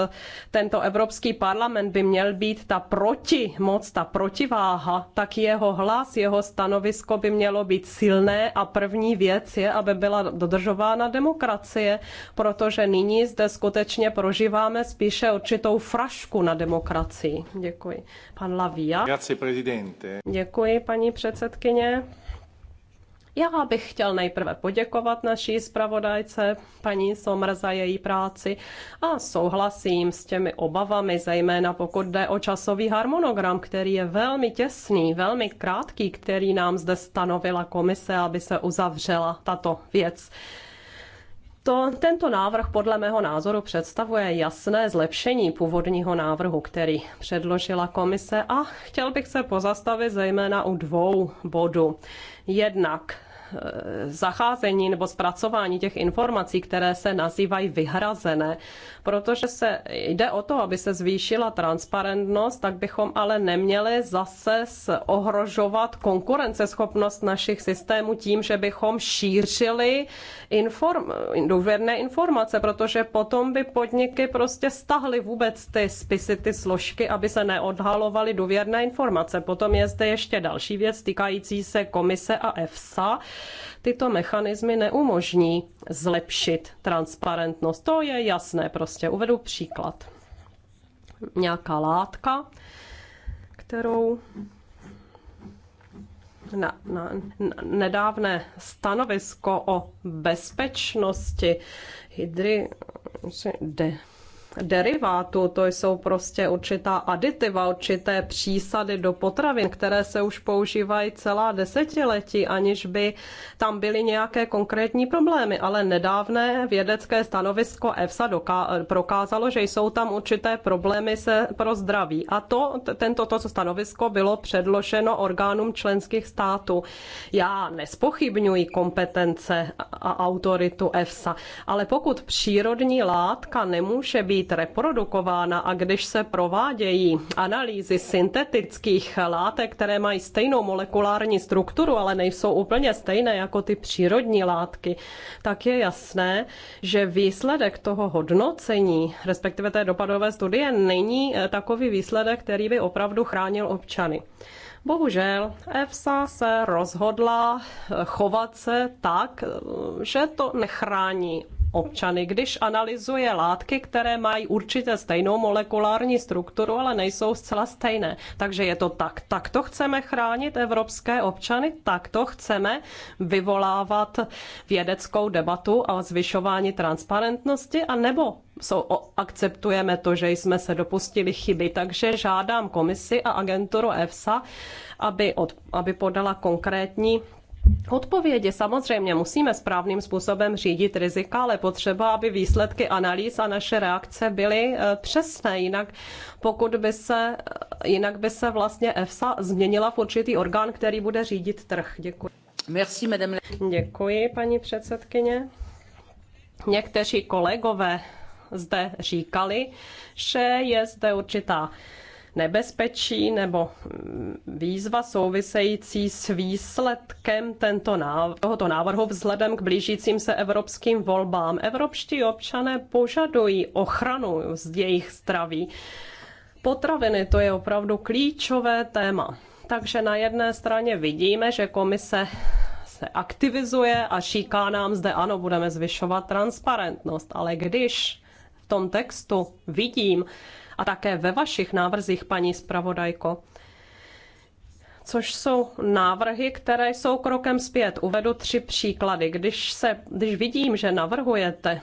tento Evropský parlament by měl být ta protimoc, ta protiváha, tak jeho hlas, jeho stanovisko by mělo být silné a první věc je, aby byla dodržována demokracie, protože nyní zde skutečně prožíváme spíše určitou frašku na demokracii. Děkuji. Pan Lavia. Děkuji, paní předsedkyně. Já bych chtěl nejprve poděkovat naší zpravodajce, paní Somr, za její práci a souhlasím s těmi obavami, zejména pokud jde o časový harmonogram, který je velmi těsný, velmi krátký, který nám zde stanovila komise, aby se uzavřela tato věc. To, tento návrh podle mého názoru představuje jasné zlepšení původního návrhu, který předložila komise a chtěl bych se pozastavit zejména u dvou bodů. Jednak Eh, zacházení nebo zpracování těch informací, které se nazývají vyhrazené, protože se jde o to, aby se zvýšila transparentnost, tak bychom ale neměli zase ohrožovat konkurenceschopnost našich systémů tím, že bychom šířili inform, důvěrné informace, protože potom by podniky prostě stahly vůbec ty spisy, ty složky, aby se neodhalovaly důvěrné informace. Potom je zde ještě další věc týkající se komise a EFSA, tyto mechanismy neumožní zlepšit transparentnost. To je jasné prostě. Uvedu příklad. Nějaká látka, kterou na, na, na nedávné stanovisko o bezpečnosti hydry de, derivátů, to jsou prostě určitá aditiva, určité přísady do potravin, které se už používají celá desetiletí, aniž by tam byly nějaké konkrétní problémy. Ale nedávné vědecké stanovisko EFSA prokázalo, že jsou tam určité problémy se pro zdraví. A to, tento to stanovisko bylo předloženo orgánům členských států. Já nespochybňuji kompetence a autoritu EFSA, ale pokud přírodní látka nemůže být být reprodukována a když se provádějí analýzy syntetických látek, které mají stejnou molekulární strukturu, ale nejsou úplně stejné jako ty přírodní látky, tak je jasné, že výsledek toho hodnocení, respektive té dopadové studie, není eh, takový výsledek, který by opravdu chránil občany. Bohužel EFSA se rozhodla eh, chovat se tak, eh, že to nechrání občany. Když analyzuje látky, které mají určitě stejnou molekulární strukturu, ale nejsou zcela stejné. Takže je to tak. Tak to chceme chránit evropské občany, tak to chceme vyvolávat vědeckou debatu a zvyšování transparentnosti, a nebo jsou, akceptujeme to, že jsme se dopustili chyby. Takže žádám komisi a agenturu EFSA, aby, od, aby podala konkrétní Odpovědi samozřejmě musíme správným způsobem řídit rizika, ale potřeba, aby výsledky analýz a naše reakce byly eh, přesné, jinak pokud by se, eh, jinak by se vlastně EFSA změnila v určitý orgán, který bude řídit trh. Děkuji. Merci, madame. Děkuji, paní předsedkyně. Někteří kolegové zde říkali, že je zde určitá nebezpečí nebo mm, výzva související s výsledkem tento náv- tohoto návrhu vzhledem k blížícím se evropským volbám. Evropští občané požadují ochranu z jejich zdraví. Potraviny to je opravdu klíčové téma. Takže na jedné straně vidíme, že komise se aktivizuje a říká nám zde, ano, budeme zvyšovat transparentnost, ale když v tom textu vidím, a také ve vašich návrzích, paní zpravodajko což jsou návrhy, které jsou krokem zpět. Uvedu tři příklady. Když, se, když vidím, že navrhujete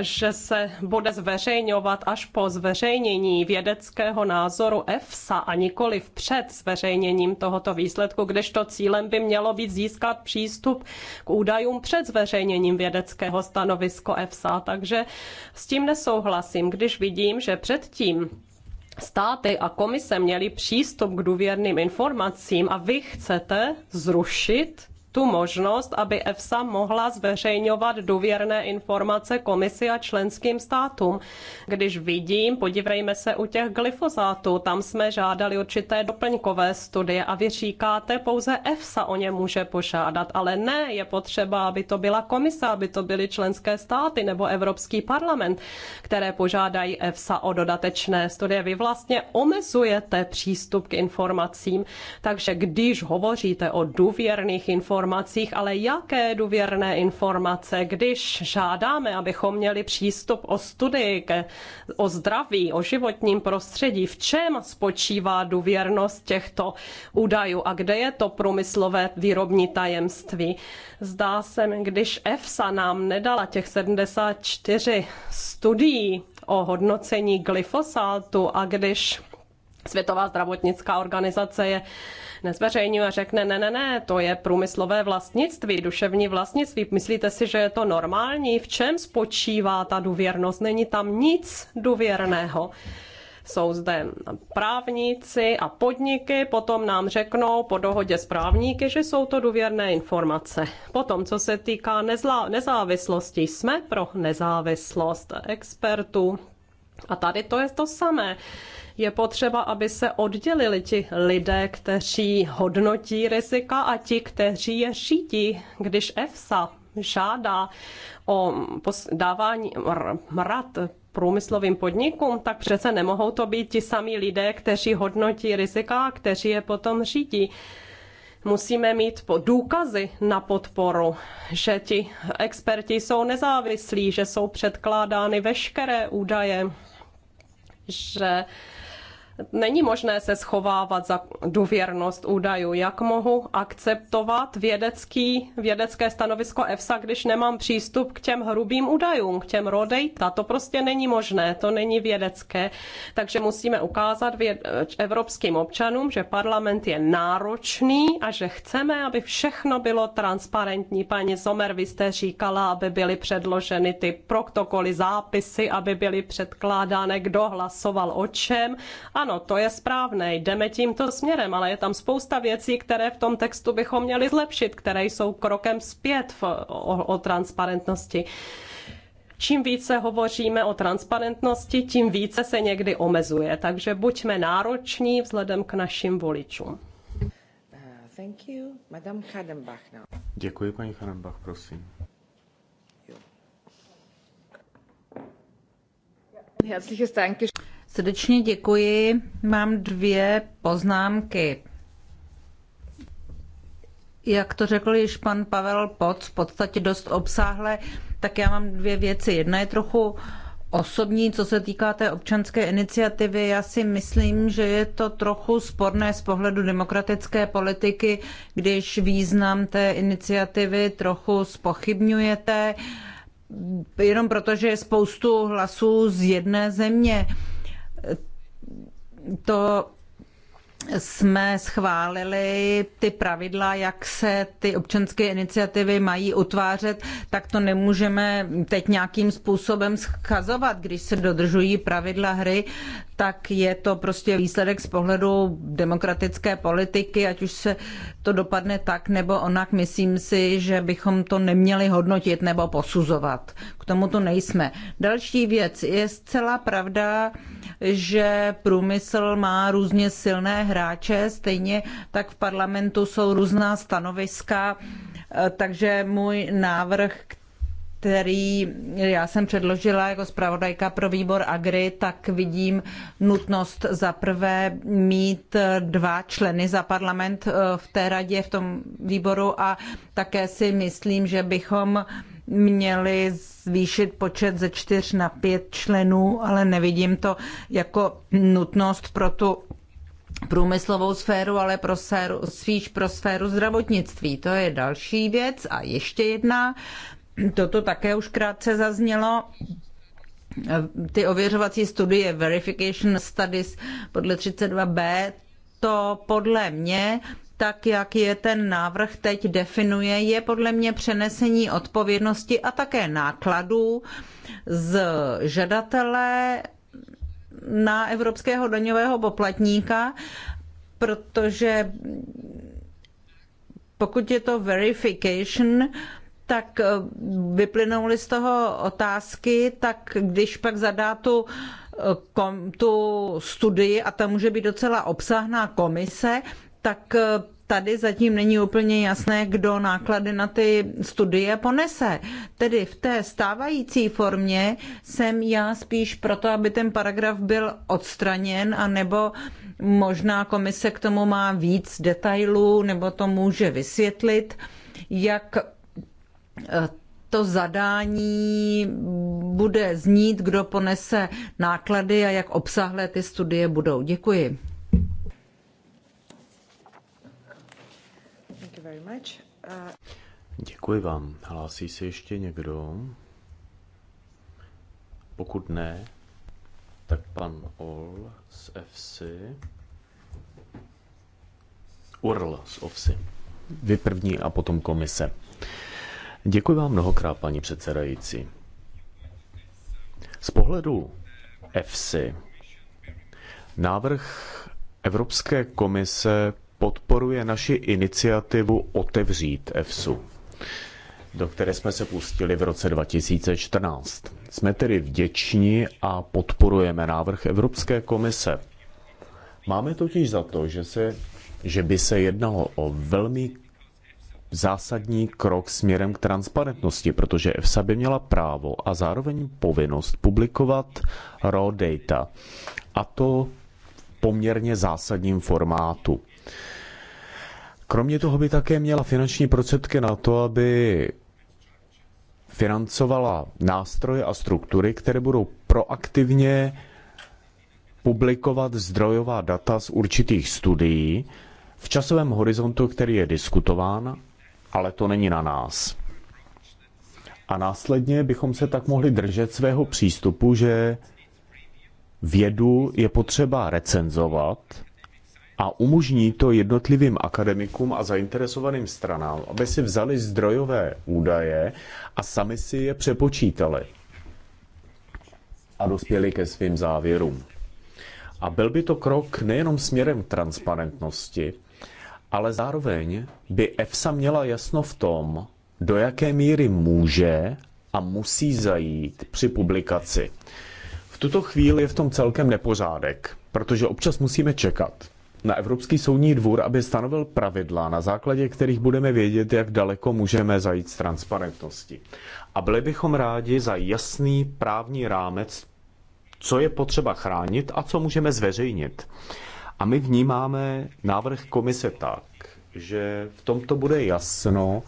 že se bude zveřejňovat až po zveřejnění vědeckého názoru EFSA a nikoli před zveřejněním tohoto výsledku, kdežto cílem by mělo být získat přístup k údajům před zveřejněním vědeckého stanovisko EFSA. Takže s tím nesouhlasím, když vidím, že předtím státy a komise měly přístup k důvěrným informacím a vy chcete zrušit tu možnost, aby EFSA mohla zveřejňovat důvěrné informace komisi a členským státům. Když vidím, podívejme se u těch glyfozátů, tam jsme žádali určité doplňkové studie a vy říkáte, pouze EFSA o ně může požádat, ale ne, je potřeba, aby to byla komise, aby to byly členské státy nebo Evropský parlament, které požádají EFSA o dodatečné studie. Vy vlastně omezujete přístup k informacím, takže když hovoříte o důvěrných informacích, informacích, ale jaké důvěrné informace, když žádáme, abychom měli přístup o studii, ke, o zdraví, o životním prostředí, v čem spočívá důvěrnost těchto údajů a kde je to průmyslové výrobní tajemství. Zdá se mi, když EFSA nám nedala těch 74 studií o hodnocení glyfosátu a když Světová zdravotnická organizace je nezveřejňuje a řekne, ne, ne, ne, to je průmyslové vlastnictví, duševní vlastnictví. Myslíte si, že je to normální? V čem spočívá ta důvěrnost? Není tam nic důvěrného jsou zde právníci a podniky, potom nám řeknou po dohodě s právníky, že jsou to důvěrné informace. Potom, co se týká nezávislosti, jsme pro nezávislost expertů. A tady to je to samé. Je potřeba, aby se oddělili ti lidé, kteří hodnotí rizika a ti, kteří je šítí, když EFSA žádá o dávání rad průmyslovým podnikům, tak přece nemohou to být ti samí lidé, kteří hodnotí rizika a kteří je potom řídí musíme mít důkazy na podporu, že ti experti jsou nezávislí, že jsou předkládány veškeré údaje, že Není možné se schovávat za důvěrnost údajů. Jak mohu akceptovat vědecký, vědecké stanovisko EFSA, když nemám přístup k těm hrubým údajům, k těm raw data? To prostě není možné, to není vědecké. Takže musíme ukázat věd, evropským občanům, že parlament je náročný a že chceme, aby všechno bylo transparentní. Paní Zomer, vy jste říkala, aby byly předloženy ty protokoly, zápisy, aby byly předkládány, kdo hlasoval o čem a ano, to je správné, jdeme tímto směrem, ale je tam spousta věcí, které v tom textu bychom měli zlepšit, které jsou krokem zpět v, o, o transparentnosti. Čím více hovoříme o transparentnosti, tím více se někdy omezuje. Takže buďme nároční vzhledem k našim voličům. Uh, thank you. Madame now. Děkuji, paní Kadenbach, prosím. Herzliches Dankeschön. Srdečně děkuji. Mám dvě poznámky. Jak to řekl již pan Pavel Poc, v podstatě dost obsáhle, tak já mám dvě věci. Jedna je trochu osobní, co se týká té občanské iniciativy. Já si myslím, že je to trochu sporné z pohledu demokratické politiky, když význam té iniciativy trochu spochybňujete, jenom proto, že je spoustu hlasů z jedné země to jsme schválili ty pravidla, jak se ty občanské iniciativy mají utvářet, tak to nemůžeme teď nějakým způsobem schazovat, když se dodržují pravidla hry, tak je to prostě výsledek z pohledu demokratické politiky, ať už se to dopadne tak nebo onak. Myslím si, že bychom to neměli hodnotit nebo posuzovat. K tomu to nejsme. Další věc. Je zcela pravda, že průmysl má různě silné hráče, stejně tak v parlamentu jsou různá stanoviska, takže můj návrh, který který já jsem předložila jako zpravodajka pro výbor Agri, tak vidím nutnost za prvé mít dva členy za parlament eh, v té radě, v tom výboru a také si myslím, že bychom měli zvýšit počet ze čtyř na pět členů, ale nevidím to jako nutnost pro tu průmyslovou sféru, ale pro sféru, spíš pro sféru zdravotnictví. To je další věc. A ještě jedna Toto také už krátce zaznělo. Ty ověřovací studie, verification studies podle 32b, to podle mě tak jak je ten návrh teď definuje, je podle mě přenesení odpovědnosti a také nákladů z žadatele na evropského daňového poplatníka, protože pokud je to verification, tak eh, vyplynou z toho otázky, tak když pak zadá tu, eh, kom, tu studii a ta může být docela obsahná komise, tak eh, tady zatím není úplně jasné, kdo náklady na ty studie ponese. Tedy v té stávající formě jsem já spíš proto, aby ten paragraf byl odstraněn, anebo možná komise k tomu má víc detailů, nebo to může vysvětlit, jak to zadání bude znít, kdo ponese náklady a jak obsahlé ty studie budou. Děkuji. Uh, Děkuji vám. Hlásí se ještě někdo? Pokud ne, tak pan Ol z FC. Url z OFSI. Vy první a potom komise. Děkuji vám mnohokrát, paní předsedající. Z pohledu EFSI návrh Evropské komise podporuje naši iniciativu Otevřít EFSU, do které jsme se pustili v roce 2014. Jsme tedy vděční a podporujeme návrh Evropské komise. Máme totiž za to, že, se, že by se jednalo o velmi zásadní krok směrem k transparentnosti, protože EFSA by měla právo a zároveň povinnost publikovat raw data. A to v poměrně zásadním formátu. Kromě toho by také měla finanční prostředky na to, aby financovala nástroje a struktury, které budou proaktivně publikovat zdrojová data z určitých studií v časovém horizontu, který je diskutován ale to není na nás. A následně bychom se tak mohli držet svého přístupu, že vědu je potřeba recenzovat a umožní to jednotlivým akademikům a zainteresovaným stranám, aby si vzali zdrojové údaje a sami si je přepočítali a dospěli ke svým závěrům. A byl by to krok nejenom směrem transparentnosti, ale zároveň by EFSA měla jasno v tom, do jaké míry může a musí zajít při publikaci. V tuto chvíli je v tom celkem nepořádek, protože občas musíme čekat na Evropský soudní dvůr, aby stanovil pravidla, na základě kterých budeme vědět, jak daleko můžeme zajít s transparentností. A byli bychom rádi za jasný právní rámec, co je potřeba chránit a co můžeme zveřejnit. A my vnímáme návrh komise tak, že v tomto bude jasno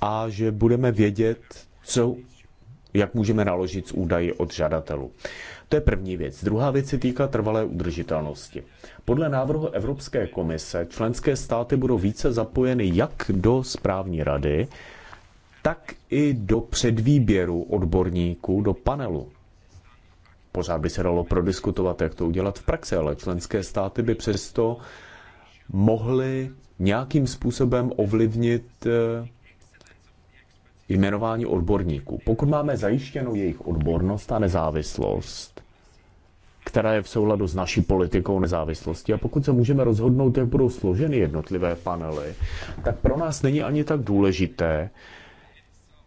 a že budeme vědět, co, jak můžeme naložit z údaji od žadatelů. To je první věc. Druhá věc se týká trvalé udržitelnosti. Podle návrhu Evropské komise členské státy budou více zapojeny jak do správní rady, tak i do předvýběru odborníků do panelu Pořád by se dalo prodiskutovat, jak to udělat v praxi, ale členské státy by přesto mohly nějakým způsobem ovlivnit eh, jmenování odborníků. Pokud máme zajištěnou jejich odbornost a nezávislost, která je v souladu s naší politikou nezávislosti. A pokud se můžeme rozhodnout, jak budou složeny jednotlivé panely, tak pro nás není ani tak důležité,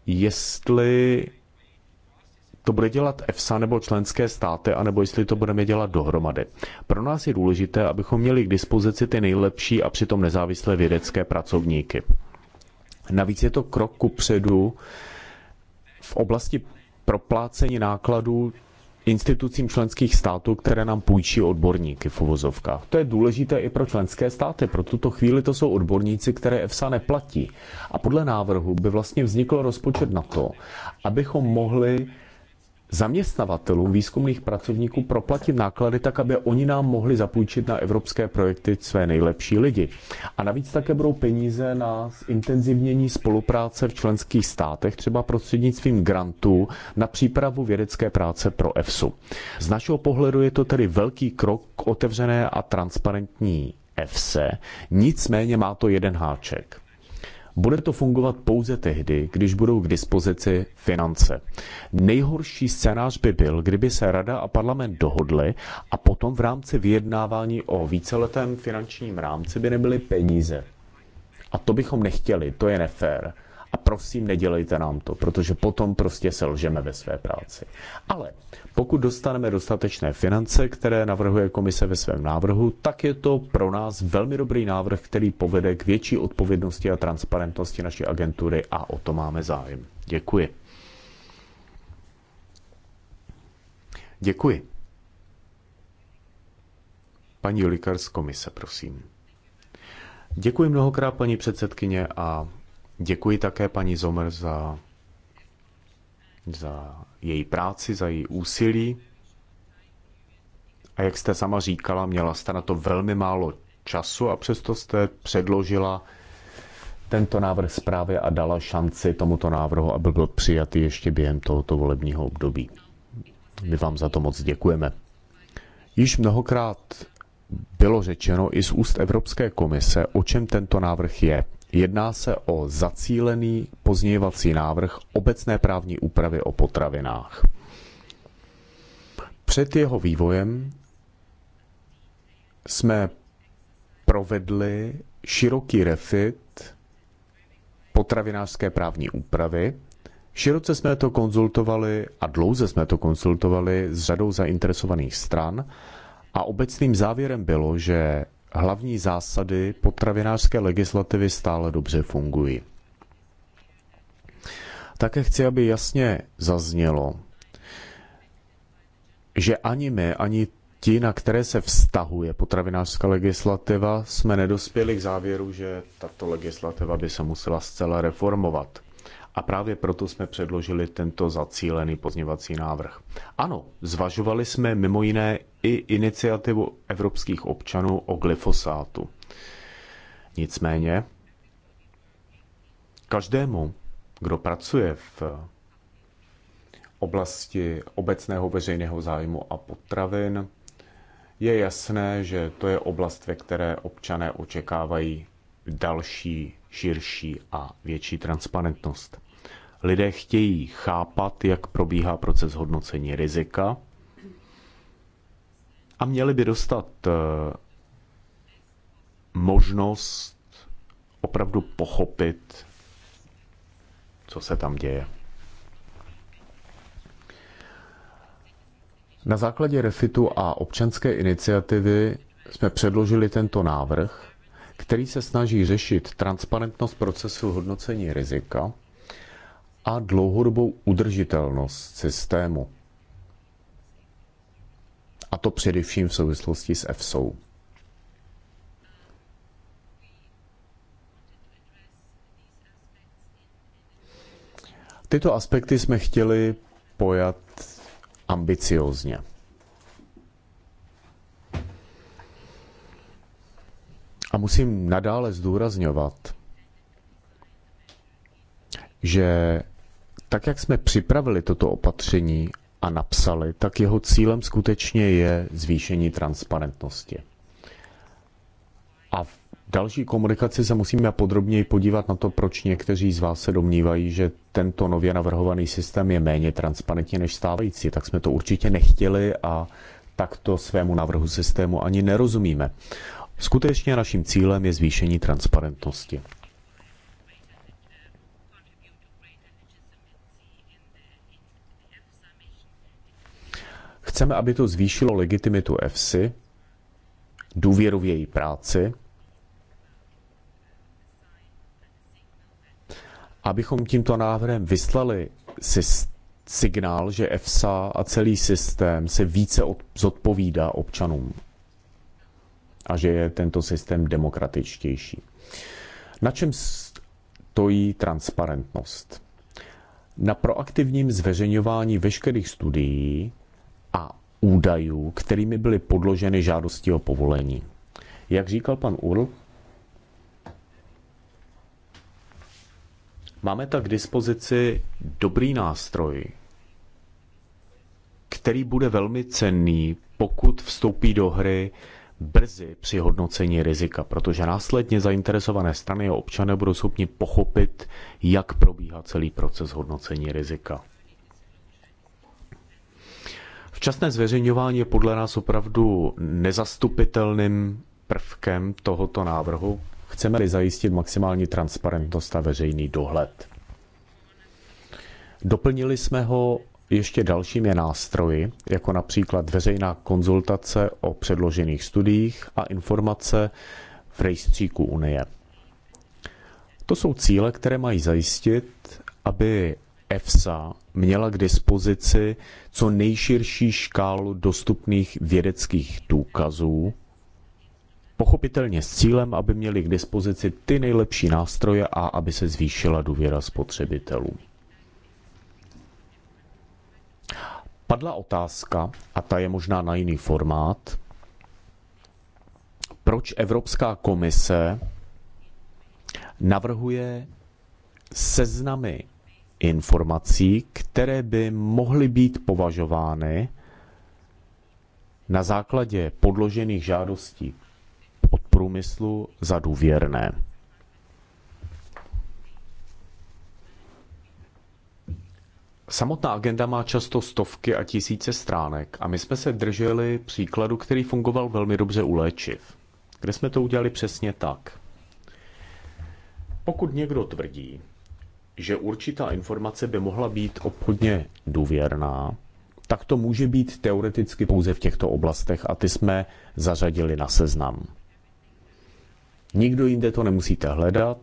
jestli to bude dělat EFSA nebo členské státy, anebo jestli to budeme dělat dohromady. Pro nás je důležité, abychom měli k dispozici ty nejlepší a přitom nezávislé vědecké pracovníky. Navíc je to krok ku předu v oblasti proplácení nákladů institucím členských států, které nám půjčí odborníky v uvozovkách. To je důležité i pro členské státy. Pro tuto chvíli to jsou odborníci, které EFSA neplatí. A podle návrhu by vlastně vznikl rozpočet na to, abychom mohli zaměstnavatelům výzkumných pracovníků proplatit náklady tak, aby oni nám mohli zapůjčit na evropské projekty své nejlepší lidi. A navíc také budou peníze na intenzivnění spolupráce v členských státech, třeba prostřednictvím grantů na přípravu vědecké práce pro EFSU. Z našeho pohledu je to tedy velký krok k otevřené a transparentní EFSE, nicméně má to jeden háček. Bude to fungovat pouze tehdy, když budou k dispozici finance. Nejhorší scénář by byl, kdyby se Rada a parlament dohodly a potom v rámci vyjednávání o víceletém finančním rámci by nebyly peníze. A to bychom nechtěli, to je nefér. A prosím, nedělejte nám to, protože potom prostě selžeme ve své práci. Ale pokud dostaneme dostatečné finance, které navrhuje komise ve svém návrhu, tak je to pro nás velmi dobrý návrh, který povede k větší odpovědnosti a transparentnosti naší agentury a o to máme zájem. Děkuji. Děkuji. Paní Julikar z komise, prosím. Děkuji mnohokrát, paní předsedkyně, a Děkuji také paní Zomer za, za její práci, za její úsilí. A jak jste sama říkala, měla jste na to velmi málo času a přesto jste předložila tento návrh zprávy a dala šanci tomuto návrhu, aby byl přijatý ještě během tohoto volebního období. My vám za to moc děkujeme. Již mnohokrát bylo řečeno i z úst Evropské komise, o čem tento návrh je. Jedná se o zacílený pozměňovací návrh obecné právní úpravy o potravinách. Před jeho vývojem jsme provedli široký refit potravinářské právní úpravy. Široce jsme to konzultovali a dlouze jsme to konzultovali s řadou zainteresovaných stran a obecným závěrem bylo, že hlavní zásady potravinářské legislativy stále dobře fungují. Také chci, aby jasně zaznělo, že ani my, ani ti, na které se vztahuje potravinářská legislativa, jsme nedospěli k závěru, že tato legislativa by se musela zcela reformovat. A právě proto jsme předložili tento zacílený pozněvací návrh. Ano, zvažovali jsme mimo jiné i iniciativu evropských občanů o glyfosátu. Nicméně, každému, kdo pracuje v oblasti obecného veřejného zájmu a potravin, je jasné, že to je oblast, ve které občané očekávají další, širší a větší transparentnost. Lidé chtějí chápat, jak probíhá proces hodnocení rizika a měli by dostat eh, možnost opravdu pochopit, co se tam děje. Na základě refitu a občanské iniciativy jsme předložili tento návrh, který se snaží řešit transparentnost procesu hodnocení rizika a dlouhodobou udržitelnost systému a to především v souvislosti s EFSou. Tyto aspekty jsme chtěli pojat ambiciozně. A musím nadále zdůrazňovat, že tak, jak jsme připravili toto opatření a napsali, tak jeho cílem skutečně je zvýšení transparentnosti. A v další komunikaci se musíme podrobněji podívat na to, proč někteří z vás se domnívají, že tento nově navrhovaný systém je méně transparentní než stávající. Tak jsme to určitě nechtěli a takto svému návrhu systému ani nerozumíme. Skutečně naším cílem je zvýšení transparentnosti. Chceme, aby to zvýšilo legitimitu EFSI, důvěru v její práci, abychom tímto návrhem vyslali signál, že EFSA a celý systém se více zodpovídá občanům a že je tento systém demokratičtější. Na čem stojí transparentnost? Na proaktivním zveřejňování veškerých studií, a údajů, kterými byly podloženy žádosti o povolení. Jak říkal pan Url, máme tak k dispozici dobrý nástroj, který bude velmi cenný, pokud vstoupí do hry brzy při hodnocení rizika, protože následně zainteresované strany a občané budou schopni pochopit, jak probíhá celý proces hodnocení rizika. Včasné zveřejňování je podle nás opravdu nezastupitelným prvkem tohoto návrhu. Chceme-li zajistit maximální transparentnost a veřejný dohled. Doplnili jsme ho ještě dalšími nástroji, jako například veřejná konzultace o předložených studiích a informace v rejstříku Unie. To jsou cíle, které mají zajistit, aby EFSA měla k dispozici co nejširší škálu dostupných vědeckých důkazů, pochopitelně s cílem, aby měli k dispozici ty nejlepší nástroje a aby se zvýšila důvěra spotřebitelů. Padla otázka, a ta je možná na jiný formát, proč Evropská komise navrhuje seznamy informací, které by mohly být považovány na základě podložených žádostí od průmyslu za důvěrné. Samotná agenda má často stovky a tisíce stránek a my jsme se drželi příkladu, který fungoval velmi dobře u léčiv, kde jsme to udělali přesně tak. Pokud někdo tvrdí, že určitá informace by mohla být obchodně důvěrná, tak to může být teoreticky pouze v těchto oblastech a ty jsme zařadili na seznam. Nikdo jinde to nemusíte hledat.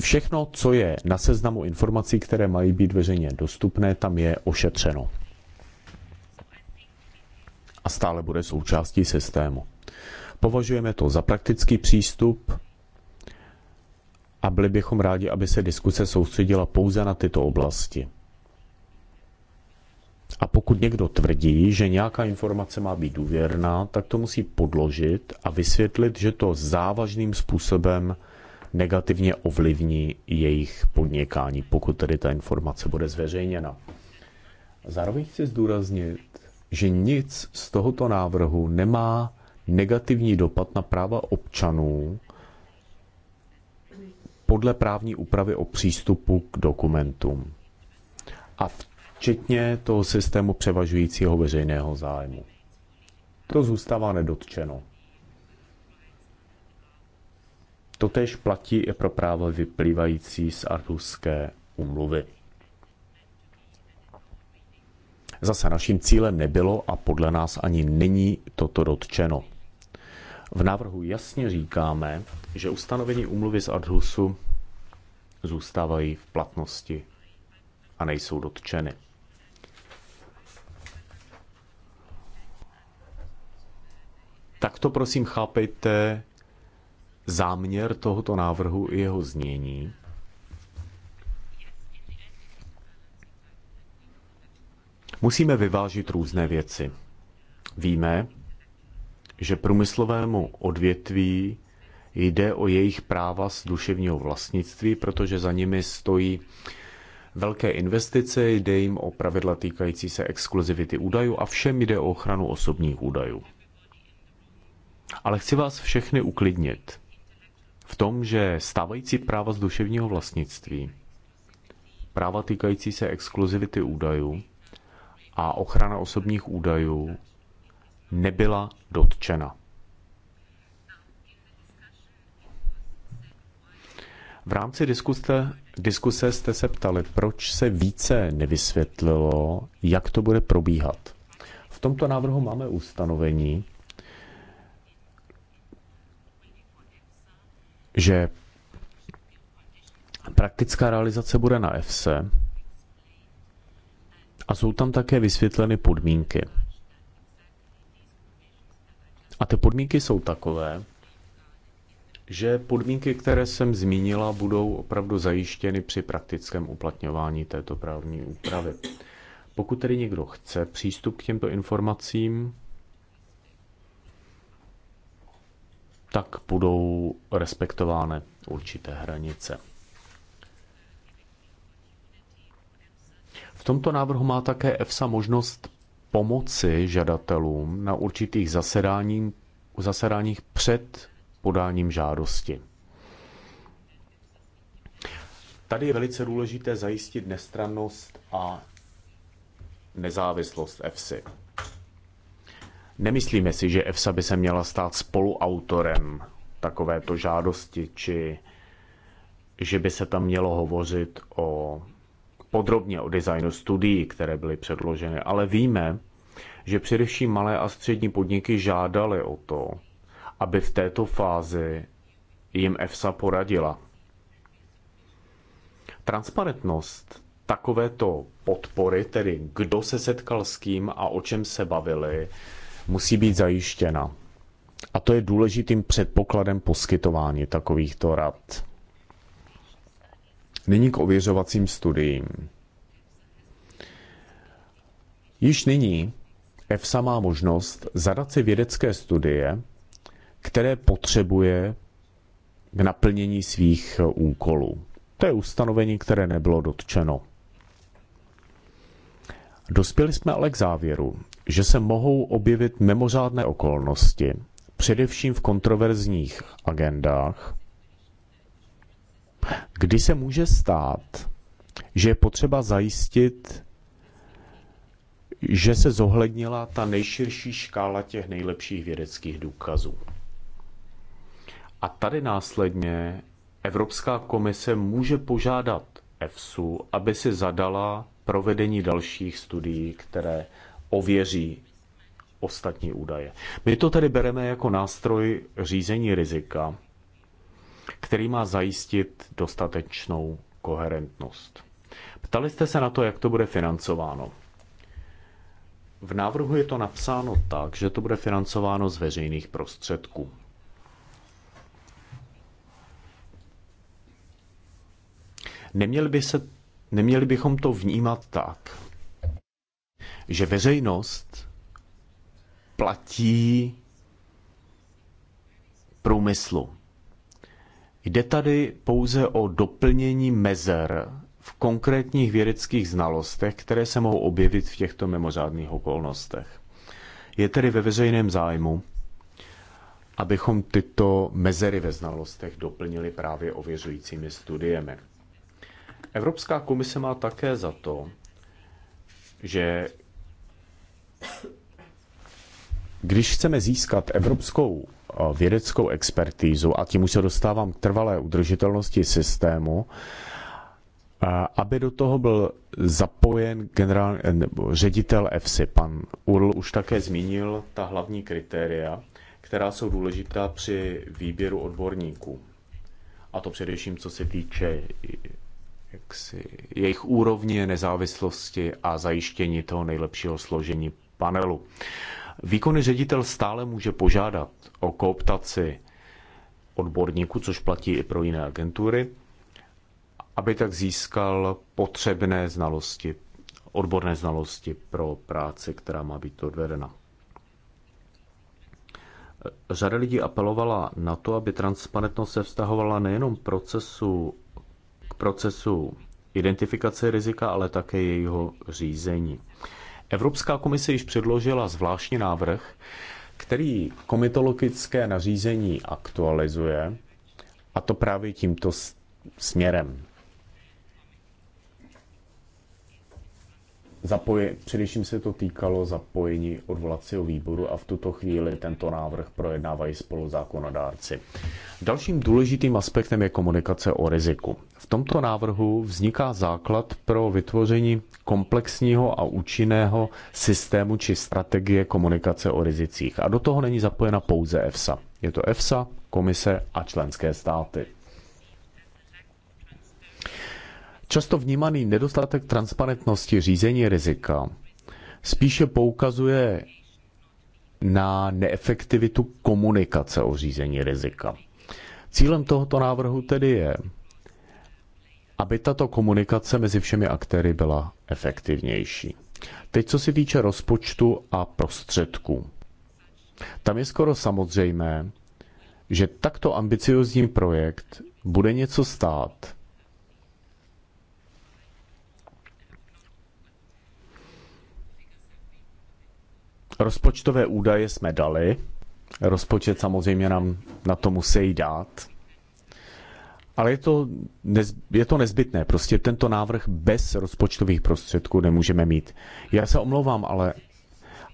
Všechno, co je na seznamu informací, které mají být veřejně dostupné, tam je ošetřeno. A stále bude součástí systému. Považujeme to za praktický přístup, a byli bychom rádi, aby se diskuse soustředila pouze na tyto oblasti. A pokud někdo tvrdí, že nějaká informace má být důvěrná, tak to musí podložit a vysvětlit, že to závažným způsobem negativně ovlivní jejich podnikání, pokud tedy ta informace bude zveřejněna. Zároveň chci zdůraznit, že nic z tohoto návrhu nemá negativní dopad na práva občanů podle právní úpravy o přístupu k dokumentům a včetně toho systému převažujícího veřejného zájmu. To zůstává nedotčeno. Totež platí i pro právo vyplývající z Arhuské umluvy. Zase naším cílem nebylo a podle nás ani není toto dotčeno. V návrhu jasně říkáme, že ustanovení umluvy z Adhusu zůstávají v platnosti a nejsou dotčeny. Tak to prosím chápejte záměr tohoto návrhu i jeho znění. Musíme vyvážit různé věci. Víme, že průmyslovému odvětví jde o jejich práva z duševního vlastnictví, protože za nimi stojí velké investice, jde jim o pravidla týkající se exkluzivity údajů a všem jde o ochranu osobních údajů. Ale chci vás všechny uklidnit v tom, že stávající práva z duševního vlastnictví, práva týkající se exkluzivity údajů a ochrana osobních údajů nebyla dotčena. V rámci diskuse, diskuse jste se ptali, proč se více nevysvětlilo, jak to bude probíhat. V tomto návrhu máme ustanovení, že praktická realizace bude na EFSE a jsou tam také vysvětleny podmínky. A ty podmínky jsou takové, že podmínky, které jsem zmínila, budou opravdu zajištěny při praktickém uplatňování této právní úpravy. Pokud tedy někdo chce přístup k těmto informacím, tak budou respektovány určité hranice. V tomto návrhu má také EFSA možnost pomoci žadatelům na určitých zasedání, zasedáních před podáním žádosti. Tady je velice důležité zajistit nestrannost a nezávislost EFSI. Nemyslíme si, že EFSA by se měla stát spoluautorem takovéto žádosti, či že by se tam mělo hovořit o podrobně o designu studií, které byly předloženy, ale víme, že především malé a střední podniky žádaly o to, aby v této fázi jim EFSA poradila. Transparentnost takovéto podpory, tedy kdo se setkal s kým a o čem se bavili, musí být zajištěna. A to je důležitým předpokladem poskytování takovýchto rad. Nyní k ověřovacím studiím. Již nyní EFSA má možnost zadat si vědecké studie, které potřebuje k naplnění svých úkolů. To je ustanovení, které nebylo dotčeno. Dospěli jsme ale k závěru, že se mohou objevit mimořádné okolnosti, především v kontroverzních agendách, kdy se může stát, že je potřeba zajistit, že se zohlednila ta nejširší škála těch nejlepších vědeckých důkazů. A tady následně Evropská komise může požádat EFSU, aby si zadala provedení dalších studií, které ověří ostatní údaje. My to tedy bereme jako nástroj řízení rizika, který má zajistit dostatečnou koherentnost. Ptali jste se na to, jak to bude financováno. V návrhu je to napsáno tak, že to bude financováno z veřejných prostředků. Neměli, by se, neměli bychom to vnímat tak, že veřejnost platí průmyslu. Jde tady pouze o doplnění mezer v konkrétních vědeckých znalostech, které se mohou objevit v těchto mimořádných okolnostech. Je tedy ve veřejném zájmu, abychom tyto mezery ve znalostech doplnili právě ověřujícími studiemi. Evropská komise má také za to, že když chceme získat evropskou eh, vědeckou expertízu, a tím už se dostávám k trvalé udržitelnosti systému, eh, aby do toho byl zapojen generál, eh, ředitel EFSI. Pan Url už také zmínil ta hlavní kritéria, která jsou důležitá při výběru odborníků. A to především, co se týče jaksi, jejich úrovně nezávislosti a zajištění toho nejlepšího složení panelu. Výkonný ředitel stále může požádat o kooptaci odborníku, což platí i pro jiné agentury, aby tak získal potřebné znalosti, odborné znalosti pro práci, která má být odvedena. Řada lidí apelovala na to, aby transparentnost se vztahovala nejenom procesu, k procesu identifikace rizika, ale také jejího řízení. Evropská komise již předložila zvláštní návrh, který komitologické nařízení aktualizuje, a to právě tímto směrem. Zapoje, především se to týkalo zapojení odvolacího výboru a v tuto chvíli tento návrh projednávají spoluzákonodárci. Dalším důležitým aspektem je komunikace o riziku. V tomto návrhu vzniká základ pro vytvoření komplexního a účinného systému či strategie komunikace o rizicích. A do toho není zapojena pouze EFSA. Je to EFSA, komise a členské státy. Často vnímaný nedostatek transparentnosti řízení rizika spíše poukazuje na neefektivitu komunikace o řízení rizika. Cílem tohoto návrhu tedy je aby tato komunikace mezi všemi aktéry byla efektivnější. Teď, co se týče rozpočtu a prostředků. Tam je skoro samozřejmé, že takto ambiciozní projekt bude něco stát. Rozpočtové údaje jsme dali, rozpočet samozřejmě nám na to musí dát ale je to, nez, je to nezbytné. Prostě tento návrh bez rozpočtových prostředků nemůžeme mít. Já se omlouvám, ale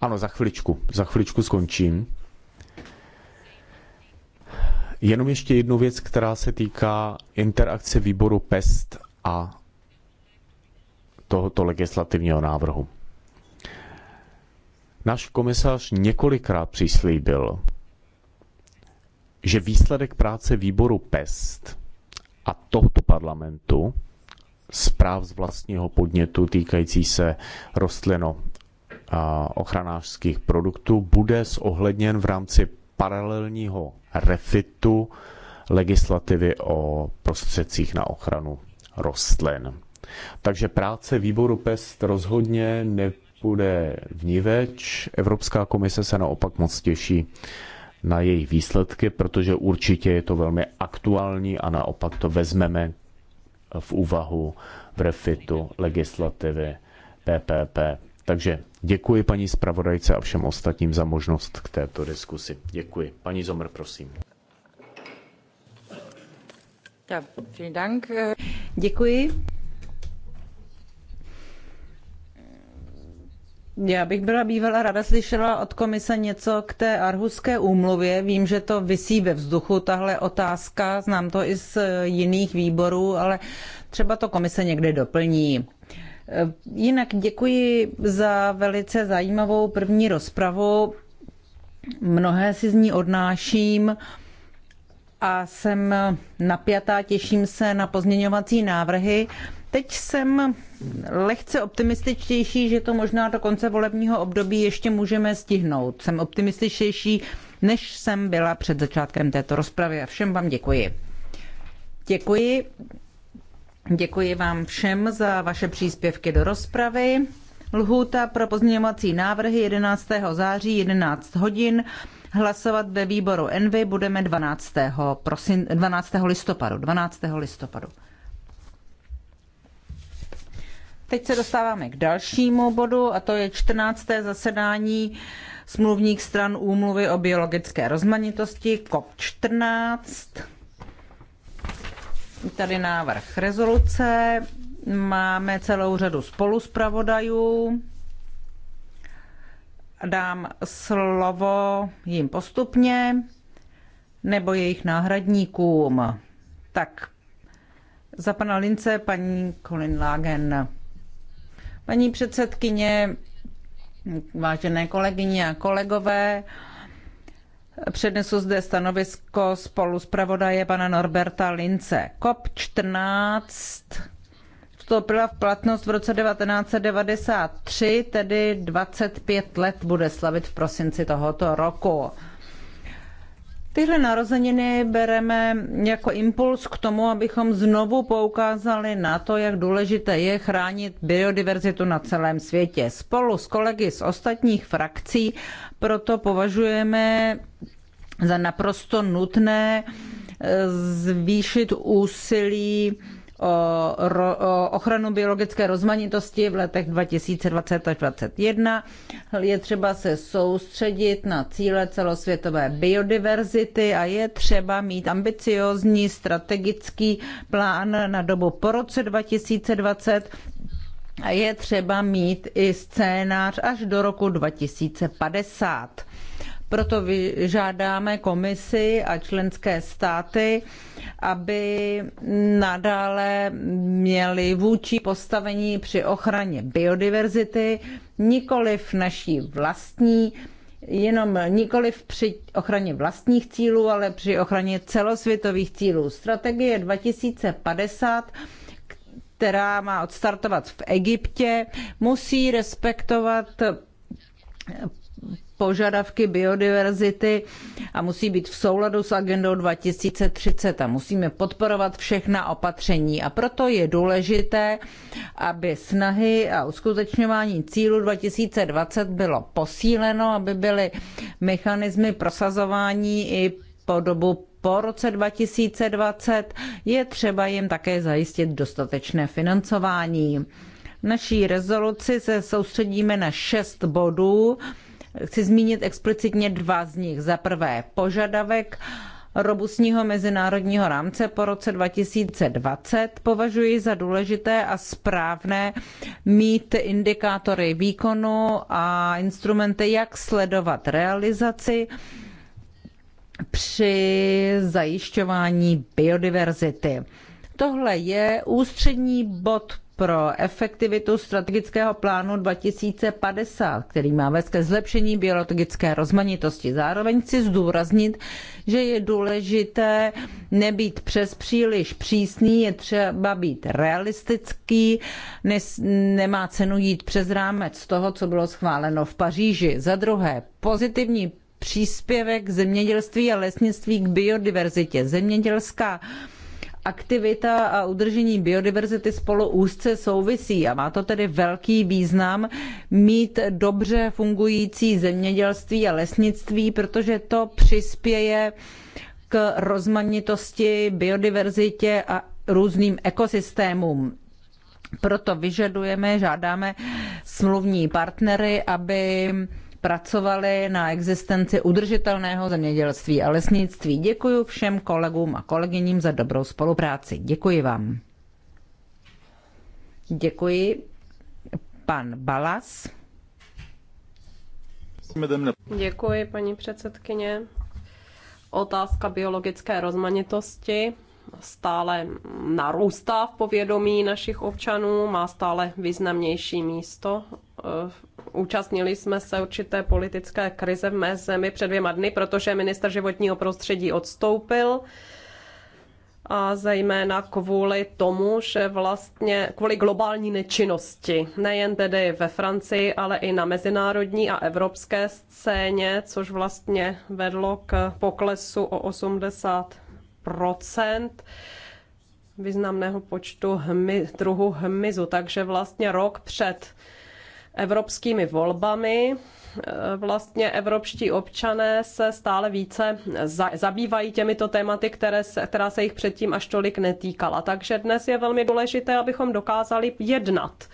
ano, za chviličku, za chviličku skončím. Jenom ještě jednu věc, která se týká interakce výboru PEST a tohoto legislativního návrhu. Náš komisař několikrát přislíbil, že výsledek práce výboru PEST a tohoto parlamentu zpráv z vlastního podnětu týkající se rostlino ochranářských produktů bude zohledněn v rámci paralelního refitu legislativy o prostředcích na ochranu rostlin. Takže práce výboru PEST rozhodně nebude vníveč. Evropská komise se naopak moc těší na její výsledky, protože určitě je to velmi aktuální a naopak to vezmeme v úvahu v refitu legislativy PPP. Takže děkuji paní zpravodajce a všem ostatním za možnost k této diskusi. Děkuji. Paní Zomr, prosím. Děkuji. Já bych byla bývala rada slyšela od komise něco k té arhuské úmluvě. Vím, že to vysí ve vzduchu, tahle otázka, znám to i z eh, jiných výborů, ale třeba to komise někde doplní. Eh, jinak děkuji za velice zajímavou první rozpravu. Mnohé si z ní odnáším a jsem napjatá, těším se na pozměňovací návrhy. Teď jsem lehce optimističtější, že to možná do konce volebního období ještě můžeme stihnout. Jsem optimističtější, než jsem byla před začátkem této rozpravy a všem vám děkuji. Děkuji. Děkuji vám všem za vaše příspěvky do rozpravy. Lhůta pro pozměňovací návrhy 11. září 11 hodin. Hlasovat ve výboru Envy budeme 12. Prosin, 12. listopadu. 12. listopadu. Teď se dostáváme k dalšímu bodu a to je 14. zasedání smluvních stran úmluvy o biologické rozmanitosti COP14. Tady návrh rezoluce. Máme celou řadu spoluspravodajů. Dám slovo jim postupně nebo jejich náhradníkům. Tak za pana Lince paní Colin Lagen. Paní předsedkyně, vážené kolegyně a kolegové, přednesu zde stanovisko spolu zpravodaje pana Norberta Lince. COP14 vstoupila v platnost v roce 1993, tedy 25 let bude slavit v prosinci tohoto roku. Tyhle narozeniny bereme jako impuls k tomu, abychom znovu poukázali na to, jak důležité je chránit biodiverzitu na celém světě. Spolu s kolegy z ostatních frakcí proto považujeme za naprosto nutné eh, zvýšit úsilí o ochranu biologické rozmanitosti v letech 2020 až 2021. Je třeba se soustředit na cíle celosvětové biodiverzity a je třeba mít ambiciozní strategický plán na dobu po roce 2020 a je třeba mít i scénář až do roku 2050. Proto vyžádáme komisi a členské státy, aby nadále měli vůči postavení při ochraně biodiverzity, nikoliv naší vlastní, jenom nikoli při ochraně vlastních cílů, ale při ochraně celosvětových cílů. Strategie 2050 která má odstartovat v Egyptě, musí respektovat požadavky biodiverzity a musí být v souladu s agendou 2030 a musíme podporovat všechna opatření. A proto je důležité, aby snahy a uskutečňování cílu 2020 bylo posíleno, aby byly mechanismy prosazování i po dobu po roce 2020 je třeba jim také zajistit dostatečné financování. V naší rezoluci se soustředíme na šest bodů, Chci zmínit explicitně dva z nich. Za prvé požadavek robustního mezinárodního rámce po roce 2020 považuji za důležité a správné mít indikátory výkonu a instrumenty, jak sledovat realizaci při zajišťování biodiverzity. Tohle je ústřední bod pro efektivitu strategického plánu 2050, který má vést ke zlepšení biologické rozmanitosti. Zároveň chci zdůraznit, že je důležité nebýt přes příliš přísný, je třeba být realistický, nes, nemá cenu jít přes rámec toho, co bylo schváleno v Paříži. Za druhé, pozitivní příspěvek zemědělství a lesnictví k biodiverzitě. Zemědělská aktivita a udržení biodiverzity spolu úzce souvisí a má to tedy velký význam mít dobře fungující zemědělství a lesnictví, protože to přispěje k rozmanitosti, biodiverzitě a různým ekosystémům. Proto vyžadujeme, žádáme smluvní partnery, aby pracovali na existenci udržitelného zemědělství a lesnictví. Děkuji všem kolegům a kolegyním za dobrou spolupráci. Děkuji vám. Děkuji. Pan Balas. Děkuji, paní předsedkyně. Otázka biologické rozmanitosti stále narůstá v povědomí našich občanů, má stále významnější místo eh, účastnili jsme se určité politické krize v mé zemi před dvěma dny, protože minister životního prostředí odstoupil a zejména kvůli tomu, že vlastně kvůli globální nečinnosti, nejen tedy ve Francii, ale i na mezinárodní a evropské scéně, což vlastně vedlo k poklesu o 80 významného počtu hmy, druhu hmyzu. Takže vlastně rok před evropskými volbami e, vlastně evropští občané se stále více za, zabývají těmito tématy, které se, která se jich předtím až tolik netýkala. Takže dnes je velmi důležité, abychom dokázali jednat.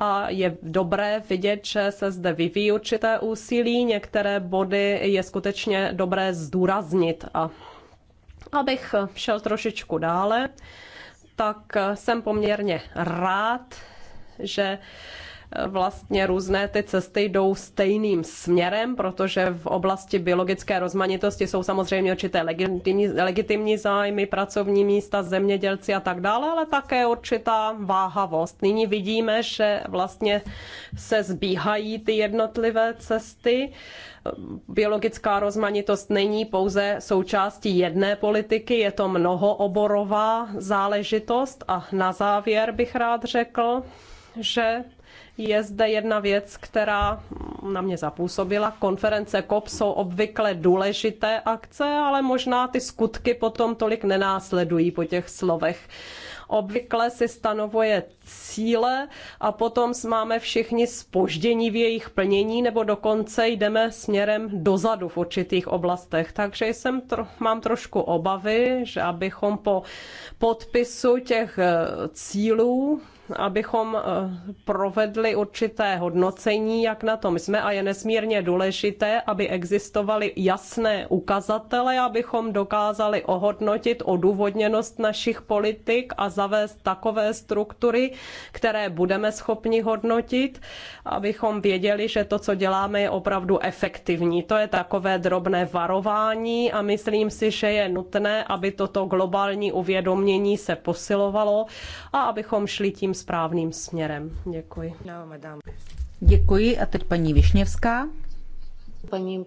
A je dobré vidět, že se zde vyvíjí určité úsilí, některé body je skutečně dobré zdůraznit. A abych šel trošičku dále, tak jsem poměrně rád, že vlastně různé ty cesty jdou stejným směrem, protože v oblasti biologické rozmanitosti jsou samozřejmě určité legitimní, legitimní zájmy, pracovní místa, zemědělci a tak dále, ale také určitá váhavost. Nyní vidíme, že vlastně se zbíhají ty jednotlivé cesty biologická rozmanitost není pouze součástí jedné politiky, je to mnohooborová záležitost. A na závěr bych rád řekl, že je zde jedna věc, která na mě zapůsobila. Konference COP jsou obvykle důležité akce, ale možná ty skutky potom tolik nenásledují po těch slovech obvykle si stanovuje cíle a potom máme všichni spoždění v jejich plnění nebo dokonce jdeme směrem dozadu v určitých oblastech. Takže jsem tro, mám trošku obavy, že abychom po podpisu těch eh, cílů abychom eh, provedli určité hodnocení, jak na tom jsme a je nesmírně důležité, aby existovaly jasné ukazatele, abychom dokázali ohodnotit odůvodněnost našich politik a zavést takové struktury, které budeme schopni hodnotit, abychom věděli, že to, co děláme, je opravdu efektivní. To je takové drobné varování a myslím si, že je nutné, aby toto globální uvědomění se posilovalo a abychom šli tím správným směrem. Děkuji. No, Děkuji a teď paní Višněvská. Paní...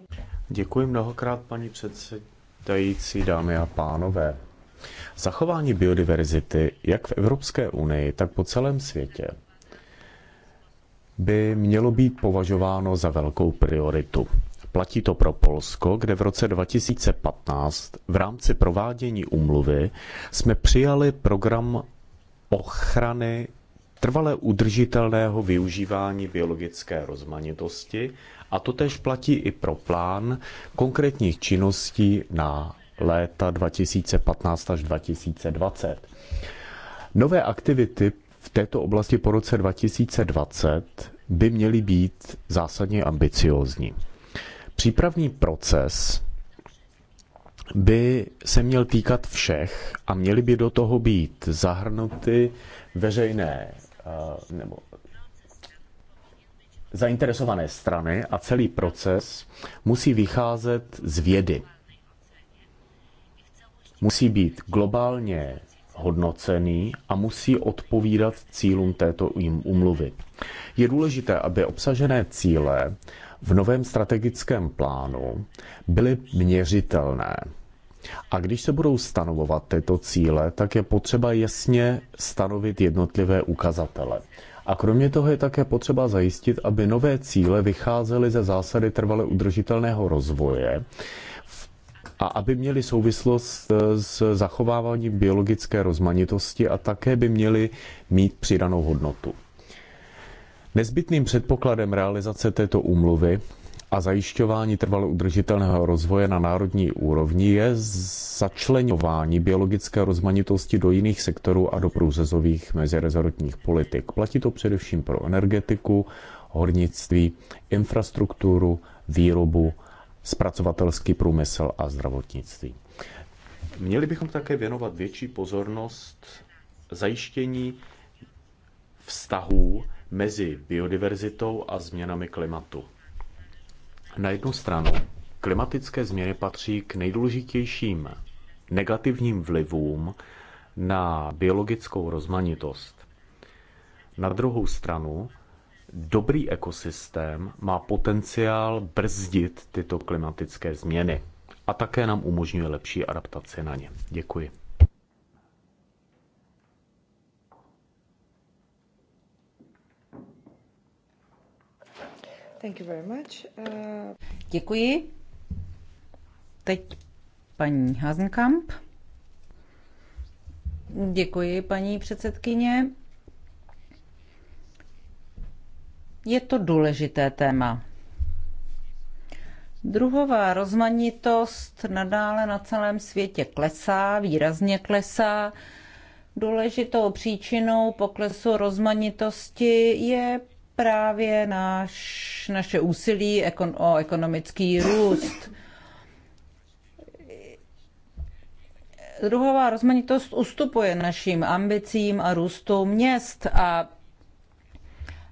Děkuji mnohokrát, paní předsedající, dámy a pánové. Zachování biodiverzity, jak v Evropské unii, tak po celém světě, by mělo být považováno za velkou prioritu. Platí to pro Polsko, kde v roce 2015 v rámci provádění úmluvy jsme přijali program ochrany trvale udržitelného využívání biologické rozmanitosti a to tež platí i pro plán konkrétních činností na léta 2015 až 2020. Nové aktivity v této oblasti po roce 2020 by měly být zásadně ambiciózní. Přípravný proces by se měl týkat všech a měly by do toho být zahrnuty veřejné Eh, nebo zainteresované strany a celý proces musí vycházet z vědy. Musí být globálně hodnocený a musí odpovídat cílům této jim um- umluvy. Je důležité, aby obsažené cíle v novém strategickém plánu byly měřitelné. A když se budou stanovovat tyto cíle, tak je potřeba jasně stanovit jednotlivé ukazatele. A kromě toho je také potřeba zajistit, aby nové cíle vycházely ze zásady trvale udržitelného rozvoje a aby měly souvislost e, s zachováváním biologické rozmanitosti a také by měly mít přidanou hodnotu. Nezbytným předpokladem realizace této úmluvy a zajišťování trvalo udržitelného rozvoje na národní úrovni je začlenování biologické rozmanitosti do jiných sektorů a do průřezových mezirezortních politik. Platí to především pro energetiku, hornictví, infrastrukturu, výrobu, zpracovatelský průmysl a zdravotnictví. Měli bychom také věnovat větší pozornost zajištění vztahů mezi biodiverzitou a změnami klimatu. Na jednu stranu klimatické změny patří k nejdůležitějším negativním vlivům na biologickou rozmanitost. Na druhou stranu, dobrý ekosystém má potenciál brzdit tyto klimatické změny a také nám umožňuje lepší adaptaci na ně. Děkuji. Thank you very much. Uh... Děkuji. Teď paní Hasenkamp. Děkuji, paní předsedkyně. Je to důležité téma. Druhová rozmanitost nadále na celém světě klesá, výrazně klesá. Důležitou příčinou poklesu rozmanitosti je právě naš, naše úsilí ekon, o ekonomický růst. Druhová rozmanitost ustupuje našim ambicím a růstu měst a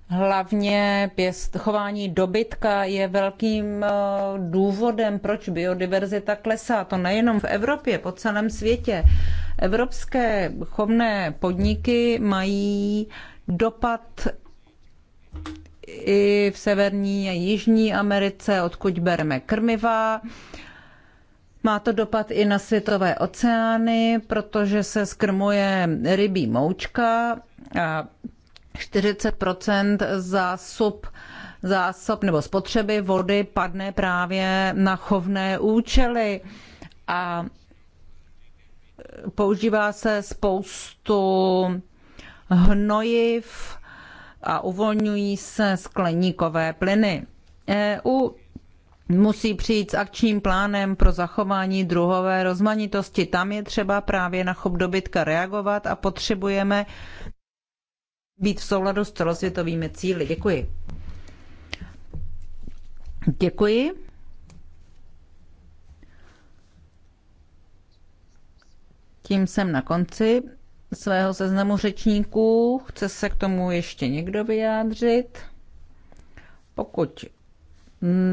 hlavně pěst, chování dobytka je velkým eh, důvodem, proč biodiverzita klesá. To nejenom v Evropě, po celém světě. Evropské chovné podniky mají dopad i v Severní a Jižní Americe, odkud bereme krmiva. Má to dopad i na světové oceány, protože se skrmuje rybí moučka a 40 zásob, zásob nebo spotřeby vody padne právě na chovné účely. A používá se spoustu hnojiv, a uvolňují se skleníkové plyny. EU musí přijít s akčním plánem pro zachování druhové rozmanitosti. Tam je třeba právě na chop dobytka reagovat a potřebujeme být v souladu s celosvětovými cíly. Děkuji. Děkuji. Tím jsem na konci svého seznamu řečníků. Chce se k tomu ještě někdo vyjádřit? Pokud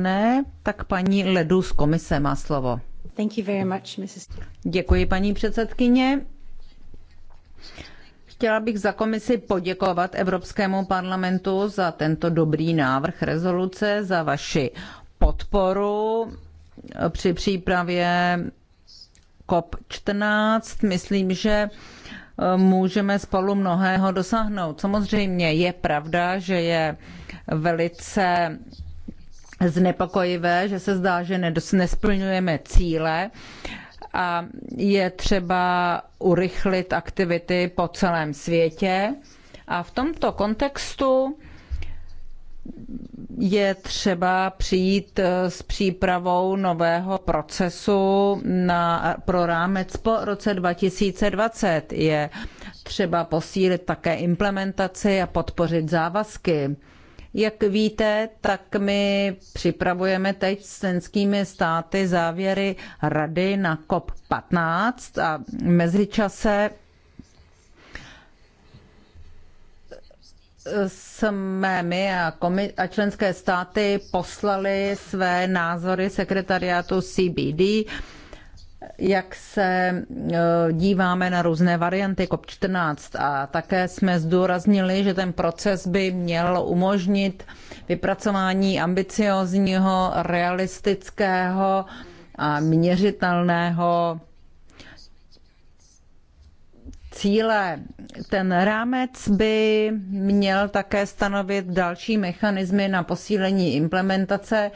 ne, tak paní Ledu z komise má slovo. Thank you very much, Mrs. Děkuji, paní předsedkyně. Chtěla bych za komisi poděkovat Evropskému parlamentu za tento dobrý návrh rezoluce, za vaši podporu při přípravě COP14. Myslím, že můžeme spolu mnohého dosáhnout. Samozřejmě je pravda, že je velice znepokojivé, že se zdá, že nesplňujeme cíle a je třeba urychlit aktivity po celém světě. A v tomto kontextu je třeba přijít eh, s přípravou nového procesu na, pro rámec po roce 2020. Je třeba posílit také implementaci a podpořit závazky. Jak víte, tak my připravujeme teď s členskými státy závěry rady na COP15 a mezičase jsme my a, komi- a členské státy poslali své názory sekretariátu CBD, jak se eh, díváme na různé varianty COP14 a také jsme zdůraznili, že ten proces by měl umožnit vypracování ambiciozního, realistického a měřitelného cíle. Ten rámec by měl také stanovit další mechanismy na posílení implementace,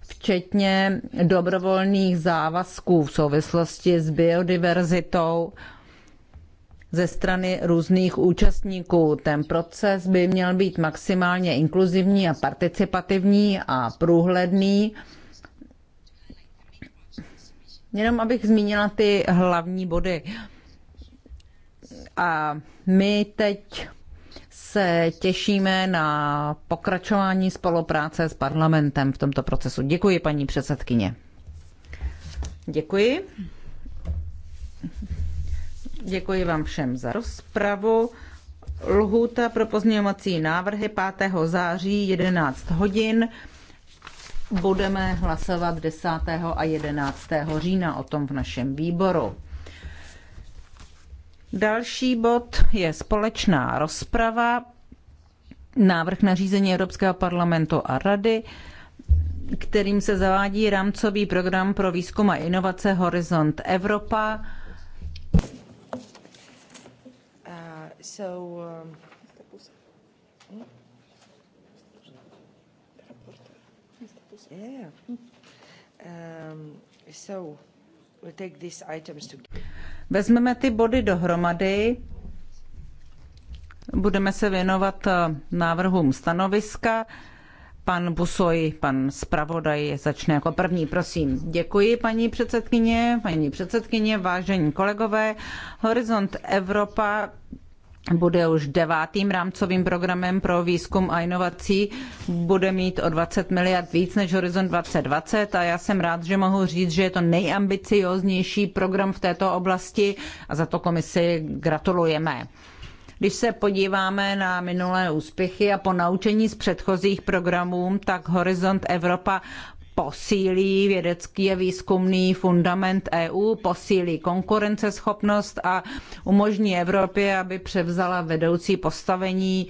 včetně dobrovolných závazků v souvislosti s biodiverzitou ze strany různých účastníků. Ten proces by měl být maximálně inkluzivní a participativní a průhledný. Jenom abych zmínila ty hlavní body. A my teď se těšíme na pokračování spolupráce s parlamentem v tomto procesu. Děkuji, paní předsedkyně. Děkuji. Děkuji vám všem za rozpravu. Lhůta pro pozměňovací návrhy 5. září 11 hodin. Budeme hlasovat 10. a 11. října o tom v našem výboru. Další bod je společná rozprava, návrh na řízení Evropského parlamentu a rady, kterým se zavádí rámcový program pro výzkum a inovace Horizont Evropa. Uh, so, um... Yeah. Um, so we'll take these items together. Vezmeme ty body dohromady, budeme se věnovat eh, návrhům stanoviska. Pan Busoj, pan zpravodaj, začne jako první, prosím. Děkuji, paní předsedkyně, paní předsedkyně, vážení kolegové. Horizont Evropa bude už devátým rámcovým programem pro výzkum a inovací, bude mít o 20 miliard víc než Horizon 2020 a já jsem rád, že mohu říct, že je to nejambicioznější program v této oblasti a za to komisi gratulujeme. Když se podíváme na minulé úspěchy a po naučení z předchozích programů, tak Horizont Evropa posílí vědecký a výzkumný fundament EU, posílí konkurenceschopnost a umožní Evropě, aby převzala vedoucí postavení,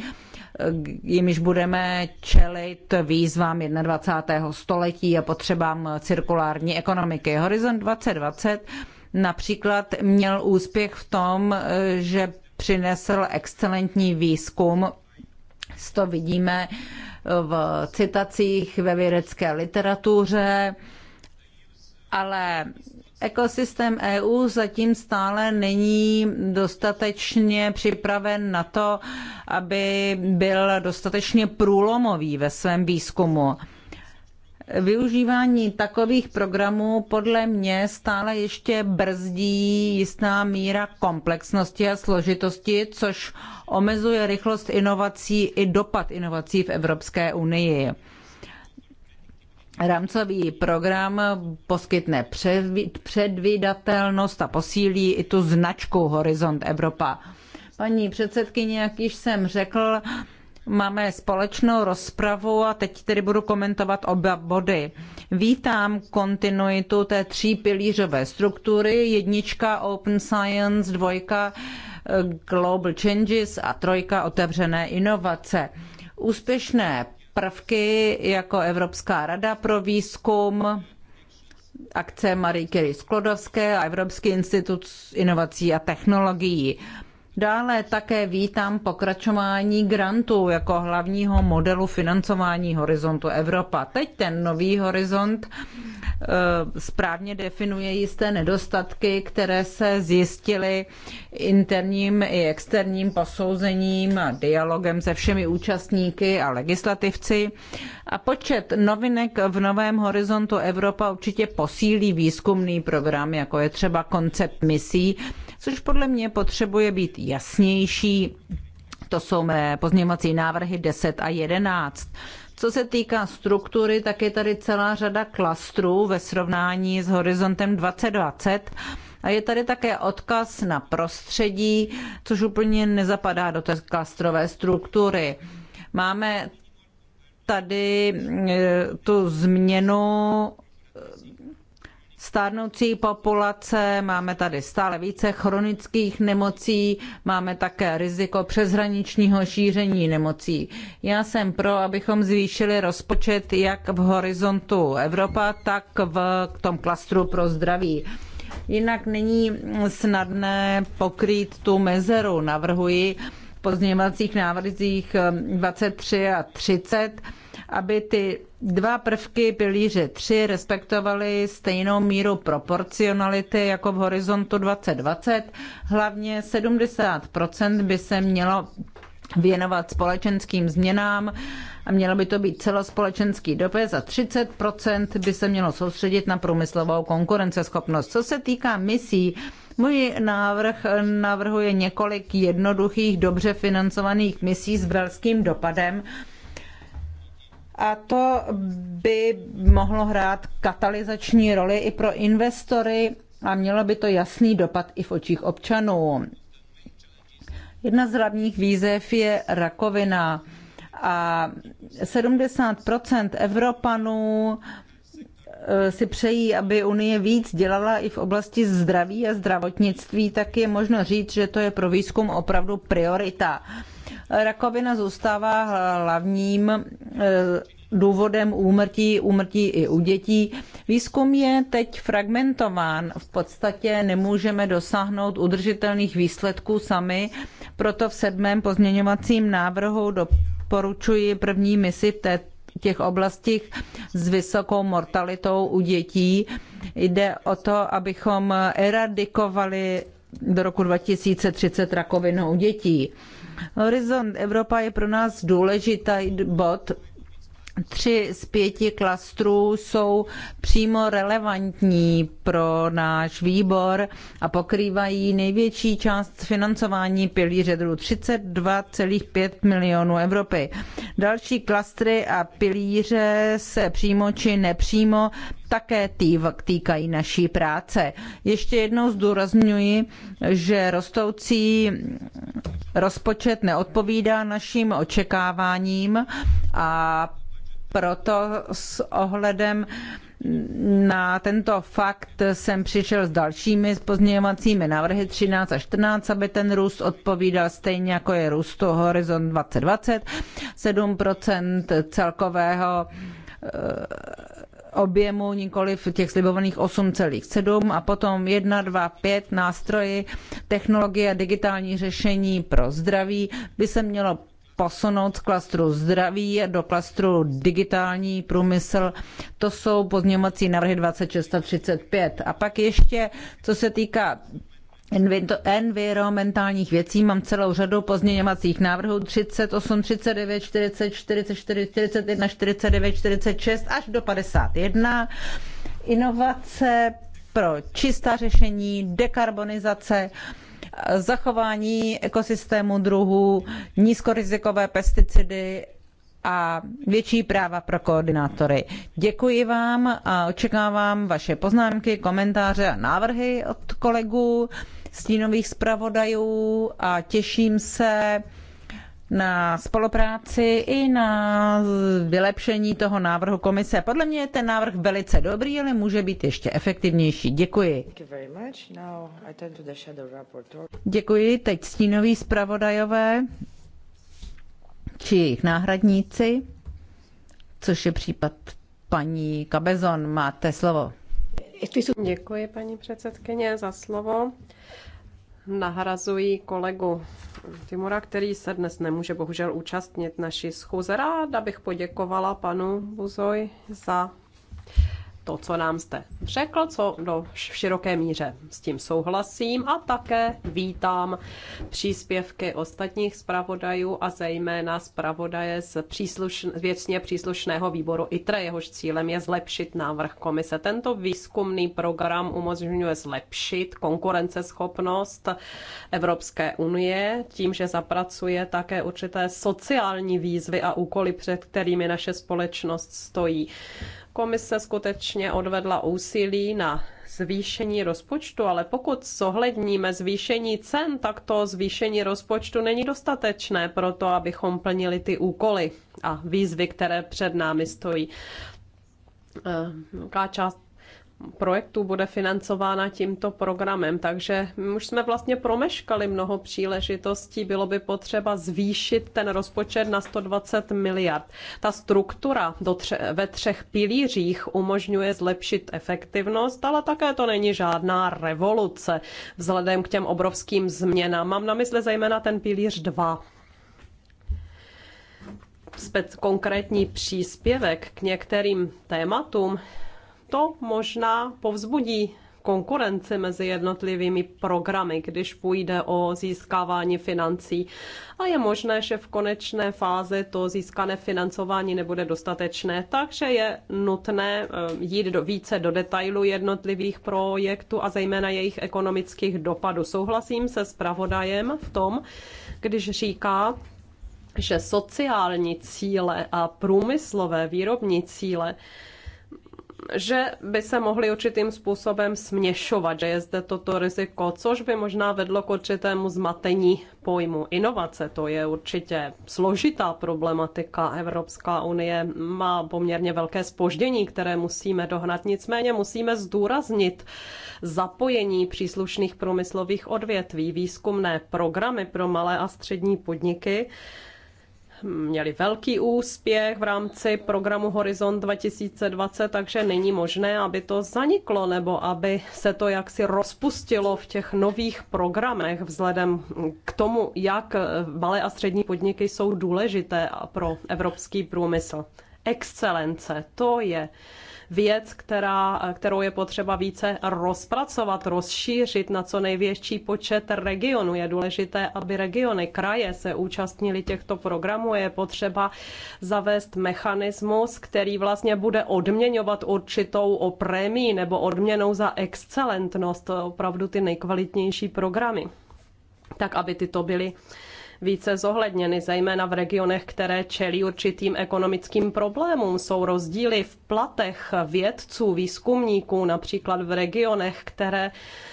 jimž budeme čelit výzvám 21. století a potřebám cirkulární ekonomiky. Horizont 2020 například měl úspěch v tom, že přinesl excelentní výzkum to vidíme v citacích ve vědecké literatuře, ale ekosystém EU zatím stále není dostatečně připraven na to, aby byl dostatečně průlomový ve svém výzkumu. Využívání takových programů podle mě stále ještě brzdí jistá míra komplexnosti a složitosti, což omezuje rychlost inovací i dopad inovací v Evropské unii. Rámcový program poskytne předvídatelnost a posílí i tu značku Horizont Evropa. Paní předsedkyně, jak již jsem řekl, Máme společnou rozpravu a teď tedy budu komentovat oba body. Vítám kontinuitu té třípilířové struktury, jednička Open Science, dvojka eh, Global Changes a trojka otevřené inovace. Úspěšné prvky jako Evropská rada pro výzkum, akce Marie Curie Sklodovské a Evropský institut inovací a technologií. Dále také vítám pokračování grantů jako hlavního modelu financování horizontu Evropa. Teď ten nový horizont eh, správně definuje jisté nedostatky, které se zjistily interním i externím posouzením a dialogem se všemi účastníky a legislativci. A počet novinek v Novém horizontu Evropa určitě posílí výzkumný program, jako je třeba koncept misí, což podle mě potřebuje být jasnější. To jsou mé pozměňovací návrhy 10 a 11. Co se týká struktury, tak je tady celá řada klastrů ve srovnání s horizontem 2020. A je tady také odkaz na prostředí, což úplně nezapadá do té klastrové struktury. Máme tady mm, e, tu změnu stárnoucí populace, máme tady stále více chronických nemocí, máme také riziko přeshraničního šíření nemocí. Já jsem pro, abychom zvýšili rozpočet jak v horizontu Evropa, tak v tom klastru pro zdraví. Jinak není snadné pokrýt tu mezeru. Navrhuji pozměňovacích návrzích 23 eh, a 30 aby ty dva prvky pilíře 3 respektovaly stejnou míru proporcionality jako v horizontu 2020. Hlavně 70% by se mělo věnovat společenským změnám a mělo by to být celospolečenský dopis a 30% by se mělo soustředit na průmyslovou konkurenceschopnost. Co se týká misí, můj návrh navrhuje několik jednoduchých, dobře financovaných misí s velkým dopadem, a to by mohlo hrát katalyzační roli i pro investory a mělo by to jasný dopad i v očích občanů. Jedna z hlavních výzev je rakovina a 70 Evropanů eh, si přejí, aby Unie víc dělala i v oblasti zdraví a zdravotnictví, tak je možno říct, že to je pro výzkum opravdu priorita. Rakovina zůstává hlavním eh, důvodem úmrtí, úmrtí i u dětí. Výzkum je teď fragmentován. V podstatě nemůžeme dosáhnout udržitelných výsledků sami, proto v sedmém pozměňovacím návrhu doporučuji první misi v té, těch oblastech s vysokou mortalitou u dětí. Jde o to, abychom eradikovali do roku 2030 rakovinu u dětí. Horizont Evropa je pro nás důležitý bod, tři z pěti klastrů jsou přímo relevantní pro náš výbor a pokrývají největší část financování pilíře druhu 32,5 milionů Evropy. Další klastry a pilíře se přímo či nepřímo také týkají naší práce. Ještě jednou zdůrazňuji, že rostoucí rozpočet neodpovídá našim očekáváním a proto s ohledem na tento fakt jsem přišel s dalšími pozměňovacími návrhy 13 a 14, aby ten růst odpovídal stejně jako je růst Horizon 2020, 7% celkového eh, objemu, nikoli v těch slibovaných 8,7 a potom 1, 2, 5 nástroji, technologie a digitální řešení pro zdraví by se mělo posunout z klastru zdraví do klastru digitální průmysl. To jsou pozměňovací návrhy 2635 a pak ještě, co se týká environmentálních věcí. Mám celou řadu pozměňovacích návrhů 38, 39, 40, 44, 41, 49, 46 až do 51. Inovace pro čistá řešení, dekarbonizace zachování ekosystému druhů, nízkorizikové pesticidy a větší práva pro koordinátory. Děkuji vám a očekávám vaše poznámky, komentáře a návrhy od kolegů, stínových zpravodajů a těším se na spolupráci i na vylepšení toho návrhu komise. Podle mě je ten návrh velice dobrý, ale může být ještě efektivnější. Děkuji. Děkuji. Teď stínoví zpravodajové či jejich náhradníci, což je případ paní Kabezon. Máte slovo. Děkuji, paní předsedkyně, za slovo nahrazuji kolegu Timura, který se dnes nemůže bohužel účastnit naší schůze. Ráda bych poděkovala panu Buzoj za to, co nám jste řekl, co do v široké míře s tím souhlasím a také vítám příspěvky ostatních zpravodajů a zejména zpravodaje z příslušn, věcně příslušného výboru ITRE, jehož cílem je zlepšit návrh komise. Tento výzkumný program umožňuje zlepšit konkurenceschopnost Evropské unie tím, že zapracuje také určité sociální výzvy a úkoly, před kterými naše společnost stojí komise skutečně odvedla úsilí na zvýšení rozpočtu, ale pokud zohledníme zvýšení cen, tak to zvýšení rozpočtu není dostatečné pro to, abychom plnili ty úkoly a výzvy, které před námi stojí. Eh, velká část projektů bude financována tímto programem, takže už jsme vlastně promeškali mnoho příležitostí, bylo by potřeba zvýšit ten rozpočet na 120 miliard. Ta struktura do tře- ve třech pilířích umožňuje zlepšit efektivnost, ale také to není žádná revoluce vzhledem k těm obrovským změnám. Mám na mysli zejména ten pilíř 2 konkrétní příspěvek k některým tématům to možná povzbudí konkurenci mezi jednotlivými programy, když půjde o získávání financí. A je možné, že v konečné fázi to získané financování nebude dostatečné, takže je nutné eh, jít do více do detailu jednotlivých projektů a zejména jejich ekonomických dopadů. Souhlasím se zpravodajem v tom, když říká, že sociální cíle a průmyslové výrobní cíle že by se mohly určitým způsobem směšovat, že je zde toto riziko, což by možná vedlo k určitému zmatení pojmu. Inovace to je určitě složitá problematika. Evropská unie má poměrně velké spoždění, které musíme dohnat. Nicméně musíme zdůraznit zapojení příslušných průmyslových odvětví, výzkumné programy pro malé a střední podniky, měli velký úspěch v rámci programu Horizont 2020, takže není možné, aby to zaniklo nebo aby se to jaksi rozpustilo v těch nových programech vzhledem k tomu, jak malé a střední podniky jsou důležité pro evropský průmysl. Excelence, to je věc, která, kterou je potřeba více rozpracovat, rozšířit na co největší počet regionů. Je důležité, aby regiony, kraje se účastnili těchto programů. Je potřeba zavést mechanismus, který vlastně bude odměňovat určitou o prémii nebo odměnou za excelentnost, opravdu ty nejkvalitnější programy tak aby tyto byly více zohledněny, zejména v regionech, které čelí určitým ekonomickým problémům. Jsou rozdíly v platech vědců, výzkumníků, například v regionech, které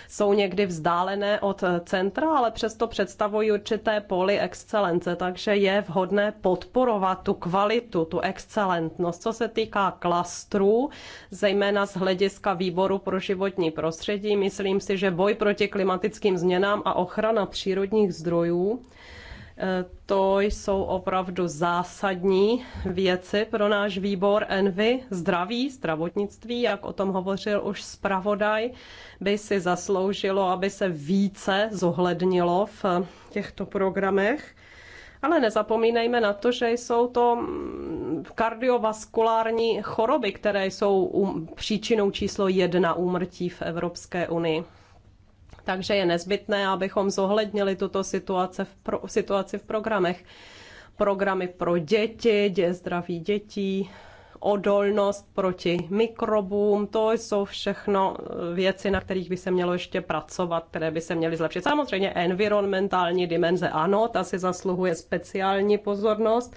jsou někdy vzdálené od centra, ale přesto představují určité poli excelence, takže je vhodné podporovat tu kvalitu, tu excelentnost. Co se týká klastrů, zejména z hlediska výboru pro životní prostředí, myslím si, že boj proti klimatickým změnám a ochrana přírodních zdrojů to jsou opravdu zásadní věci pro náš výbor Envy. Zdraví, zdravotnictví, jak o tom hovořil už zpravodaj, by si zasloužilo, aby se více zohlednilo v těchto programech. Ale nezapomínejme na to, že jsou to mm, kardiovaskulární choroby, které jsou příčinou číslo jedna úmrtí v Evropské unii takže je nezbytné, abychom zohlednili tuto situaci v, pro, situaci v programech. Programy pro děti, dě, zdraví dětí, odolnost proti mikrobům, to jsou všechno eh, věci, na kterých by se mělo ještě pracovat, které by se měly zlepšit. Samozřejmě environmentální dimenze, ano, ta si zasluhuje speciální pozornost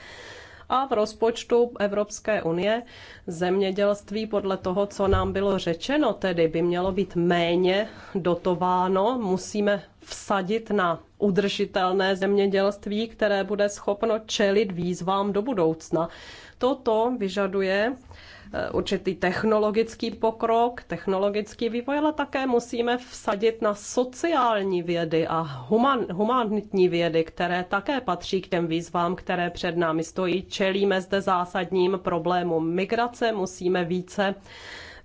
a v rozpočtu Evropské unie zemědělství podle toho, co nám bylo řečeno, tedy by mělo být méně dotováno. Musíme vsadit na udržitelné zemědělství, které bude schopno čelit výzvám do budoucna. Toto vyžaduje Eh, určitý technologický pokrok, technologický vývoj, ale také musíme vsadit na sociální vědy a human, humanitní vědy, které také patří k těm výzvám, které před námi stojí. Čelíme zde zásadním problémům migrace, musíme více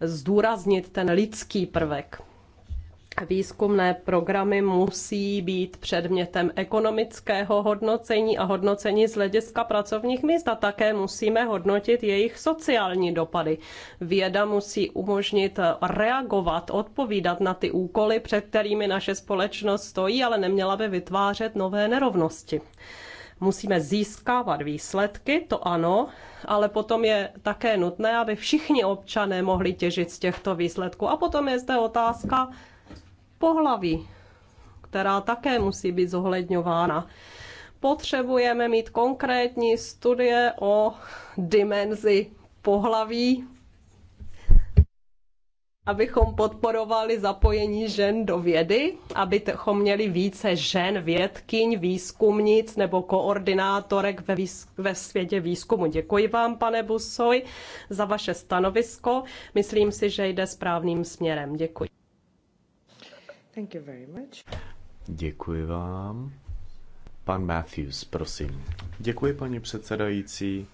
zdůraznit ten lidský prvek. Výzkumné programy musí být předmětem ekonomického hodnocení a hodnocení z hlediska pracovních míst a také musíme hodnotit jejich sociální dopady. Věda musí umožnit reagovat, odpovídat na ty úkoly, před kterými naše společnost stojí, ale neměla by vytvářet nové nerovnosti musíme získávat výsledky, to ano, ale potom je také nutné, aby všichni občané mohli těžit z těchto výsledků. A potom je zde otázka pohlaví, která také musí být zohledňována. Potřebujeme mít konkrétní studie o dimenzi pohlaví, abychom podporovali zapojení žen do vědy, abychom měli více žen, vědkyň, výzkumnic nebo koordinátorek ve, výz- ve světě výzkumu. Děkuji vám, pane Busoj, za vaše stanovisko. Myslím si, že jde správným směrem. Děkuji. Thank you very much. Děkuji vám. Pan Matthews, prosím. Děkuji, paní předsedající.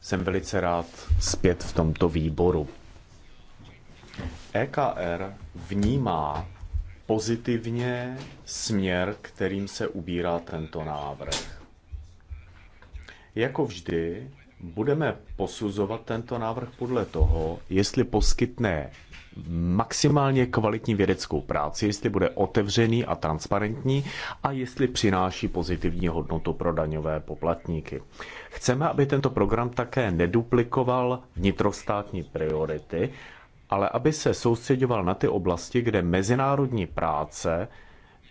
Jsem velice rád zpět v tomto výboru. EKR vnímá pozitivně směr, kterým se ubírá tento návrh. Jako vždy, budeme posuzovat tento návrh podle toho, jestli poskytne maximálně kvalitní vědeckou práci, jestli bude otevřený a transparentní a jestli přináší pozitivní hodnotu pro daňové poplatníky. Chceme, aby tento program také neduplikoval vnitrostátní priority, ale aby se soustředoval na ty oblasti, kde mezinárodní práce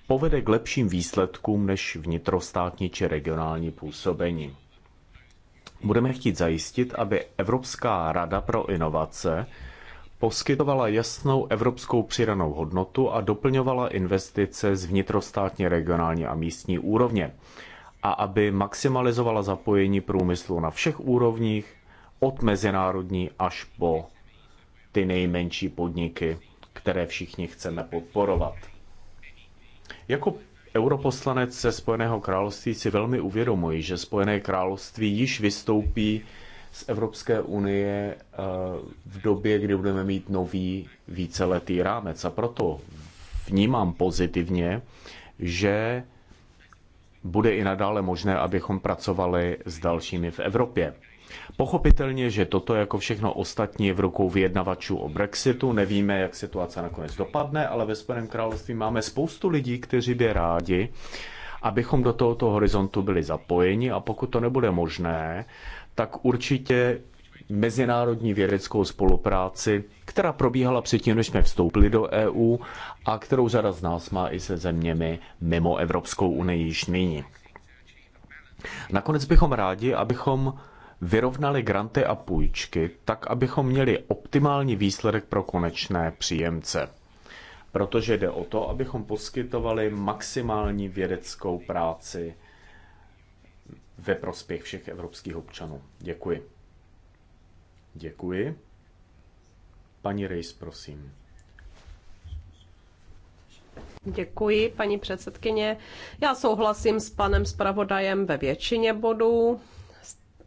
povede k lepším výsledkům než vnitrostátní či regionální působení budeme chtít zajistit, aby Evropská rada pro inovace poskytovala jasnou evropskou přidanou hodnotu a doplňovala investice z vnitrostátní, regionální a místní úrovně a aby maximalizovala zapojení průmyslu na všech úrovních, od mezinárodní až po ty nejmenší podniky, které všichni chceme podporovat. Jako europoslanec ze Spojeného království si velmi uvědomuji, že Spojené království již vystoupí z Evropské unie eh, v době, kdy budeme mít nový víceletý rámec. A proto vnímám pozitivně, že bude i nadále možné, abychom pracovali s dalšími v Evropě. Pochopitelně, že toto jako všechno ostatní je v rukou vyjednavačů o Brexitu. Nevíme, jak situace nakonec dopadne, ale ve Spojeném království máme spoustu lidí, kteří by rádi, abychom do tohoto horizontu byli zapojeni a pokud to nebude možné, tak určitě mezinárodní vědeckou spolupráci, která probíhala předtím, než jsme vstoupili do EU a kterou řada z nás má i se zeměmi mimo Evropskou unii již nyní. Nakonec bychom rádi, abychom vyrovnali granty a půjčky tak, abychom měli optimální výsledek pro konečné příjemce. Protože jde o to, abychom poskytovali maximální vědeckou práci ve prospěch všech evropských občanů. Děkuji. Děkuji. Paní Rejs, prosím. Děkuji, paní předsedkyně. Já souhlasím s panem zpravodajem ve většině bodů.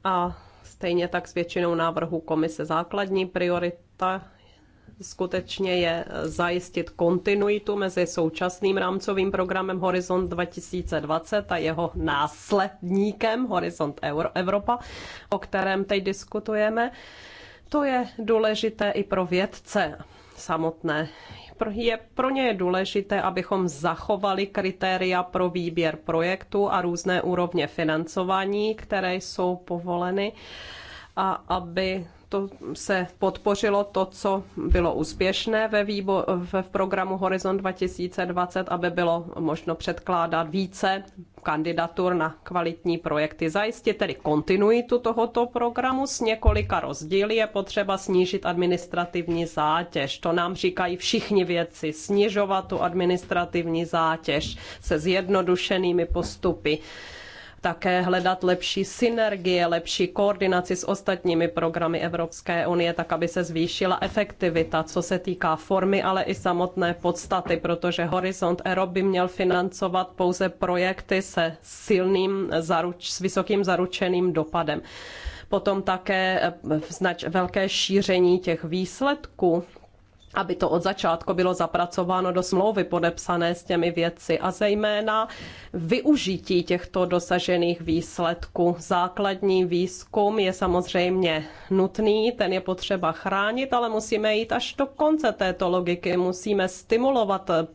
A stejně tak s většinou návrhů komise základní priorita skutečně je zajistit kontinuitu mezi současným rámcovým programem Horizont 2020 a jeho následníkem Horizont Evropa, o kterém teď diskutujeme. To je důležité i pro vědce samotné je pro ně je důležité, abychom zachovali kritéria pro výběr projektu a různé úrovně financování, které jsou povoleny a aby to se podpořilo to, co bylo úspěšné ve, výbo- v programu Horizon 2020, aby bylo možno předkládat více kandidatur na kvalitní projekty. Zajistit tedy kontinuitu tohoto programu s několika rozdíly je potřeba snížit administrativní zátěž. To nám říkají všichni věci. Snižovat tu administrativní zátěž se zjednodušenými postupy také hledat lepší synergie, lepší koordinaci s ostatními programy Evropské unie, tak aby se zvýšila efektivita, co se týká formy, ale i samotné podstaty, protože Horizont Europe by měl financovat pouze projekty se silným, zaruč, s vysokým zaručeným dopadem potom také eh, znač, velké šíření těch výsledků aby to od začátku bylo zapracováno do smlouvy podepsané s těmi věci a zejména využití těchto dosažených výsledků. Základní výzkum je samozřejmě nutný, ten je potřeba chránit, ale musíme jít až do konce této logiky. Musíme stimulovat eh,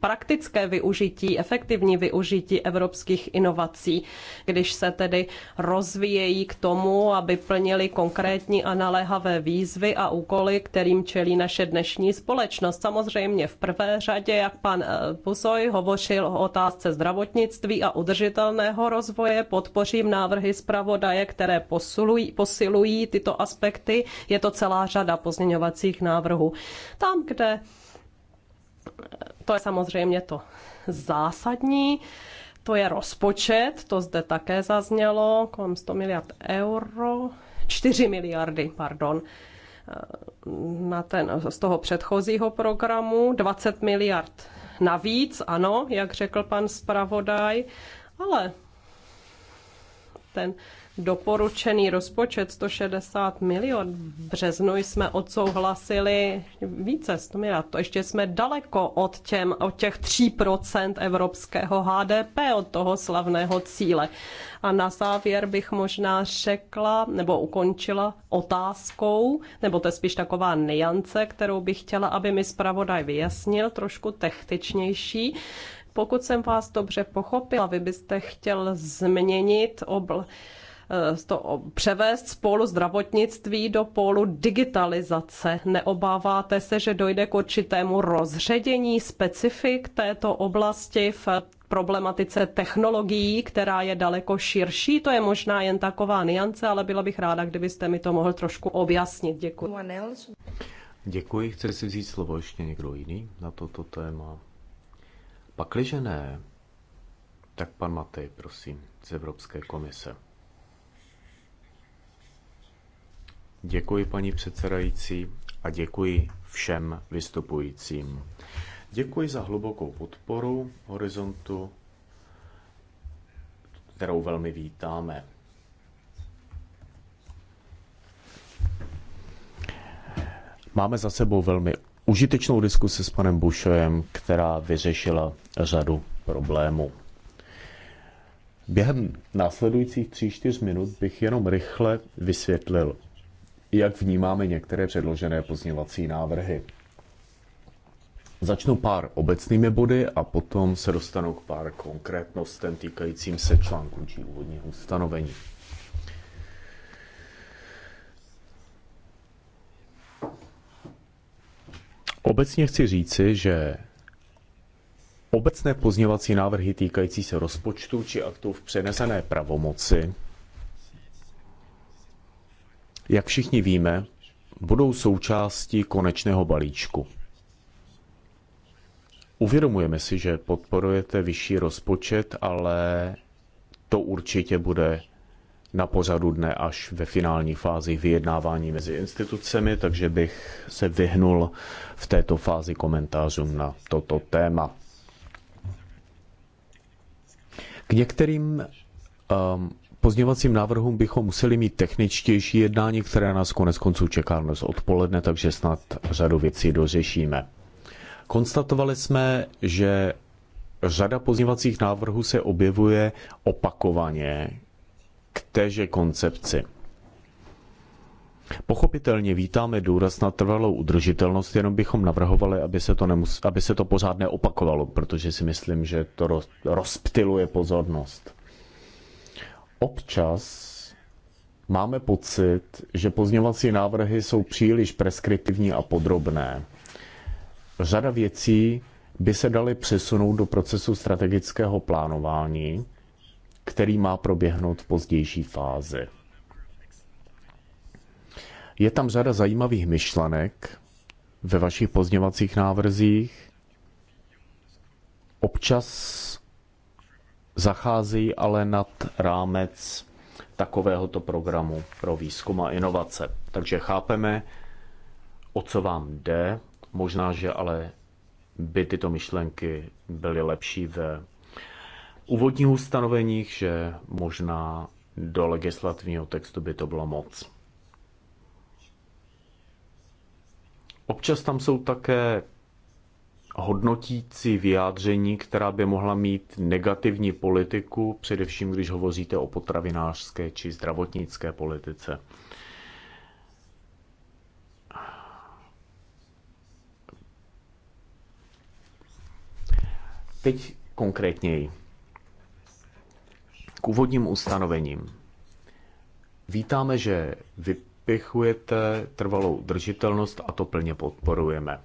praktické využití, efektivní využití evropských inovací, když se tedy rozvíjejí k tomu, aby plnili konkrétní a naléhavé výzvy a úkoly, kterým čelí naše dnešní dnešní společnost. Samozřejmě v prvé řadě, jak pan Pusoj eh, hovořil o otázce zdravotnictví a udržitelného rozvoje, podpořím návrhy zpravodaje, které posilují, posilují tyto aspekty. Je to celá řada pozměňovacích návrhů. Tam, kde eh, to je samozřejmě to zásadní, to je rozpočet, to zde také zaznělo, kolem 100 miliard euro, 4 miliardy, pardon na ten, z toho předchozího programu 20 miliard navíc, ano, jak řekl pan zpravodaj, ale ten doporučený rozpočet 160 milion. V březnu jsme odsouhlasili více, 100 miliard. To ještě jsme daleko od, těm, od těch 3% evropského HDP, od toho slavného cíle. A na závěr bych možná řekla, nebo ukončila otázkou, nebo to je spíš taková niance, kterou bych chtěla, aby mi zpravodaj vyjasnil, trošku techničnější. Pokud jsem vás dobře pochopila, vy byste chtěl změnit obl Eh, to převést z polu zdravotnictví do polu digitalizace. Neobáváte se, že dojde k určitému rozředění specifik této oblasti v problematice technologií, která je daleko širší. To je možná jen taková niance, ale byla bych ráda, kdybyste mi to mohl trošku objasnit. Děkuji. Děkuji. Chce si vzít slovo ještě někdo jiný na toto téma? Pakliže ne, tak pan Matej, prosím, z Evropské komise. Děkuji, paní předsedající, a děkuji všem vystupujícím. Děkuji za hlubokou podporu horizontu, kterou velmi vítáme. Máme za sebou velmi užitečnou diskusi s panem Bušojem, která vyřešila řadu problémů. Během následujících tří čtyř minut bych jenom rychle vysvětlil jak vnímáme některé předložené pozněvací návrhy. Začnu pár obecnými body a potom se dostanu k pár konkrétnostem týkajícím se článku či úvodního ustanovení. Obecně chci říci, že obecné pozněvací návrhy týkající se rozpočtu či aktů v přenesené pravomoci jak všichni víme, budou součástí konečného balíčku. Uvědomujeme si, že podporujete vyšší rozpočet, ale to určitě bude na pořadu dne až ve finální fázi vyjednávání mezi institucemi, takže bych se vyhnul v této fázi komentářům na toto téma. K některým um, pozněvacím návrhům bychom museli mít techničtější jednání, které nás konec konců čeká dnes odpoledne, takže snad řadu věcí dořešíme. Konstatovali jsme, že řada pozněvacích návrhů se objevuje opakovaně k téže koncepci. Pochopitelně vítáme důraz na trvalou udržitelnost, jenom bychom navrhovali, aby se to, nemus- aby se to pořád neopakovalo, protože si myslím, že to roz- rozptiluje pozornost. Občas máme pocit, že pozněvací návrhy jsou příliš preskriptivní a podrobné. Řada věcí by se daly přesunout do procesu strategického plánování, který má proběhnout v pozdější fázi. Je tam řada zajímavých myšlenek ve vašich pozněvacích návrzích. Občas zacházejí ale nad rámec takovéhoto programu pro výzkum a inovace. Takže chápeme, o co vám jde, možná, že ale by tyto myšlenky byly lepší ve úvodních ustanoveních, že možná do legislativního textu by to bylo moc. Občas tam jsou také hodnotící vyjádření, která by mohla mít negativní politiku, především když hovoříte o potravinářské či zdravotnické politice. Teď konkrétněji. K úvodním ustanovením. Vítáme, že vypichujete trvalou držitelnost a to plně podporujeme.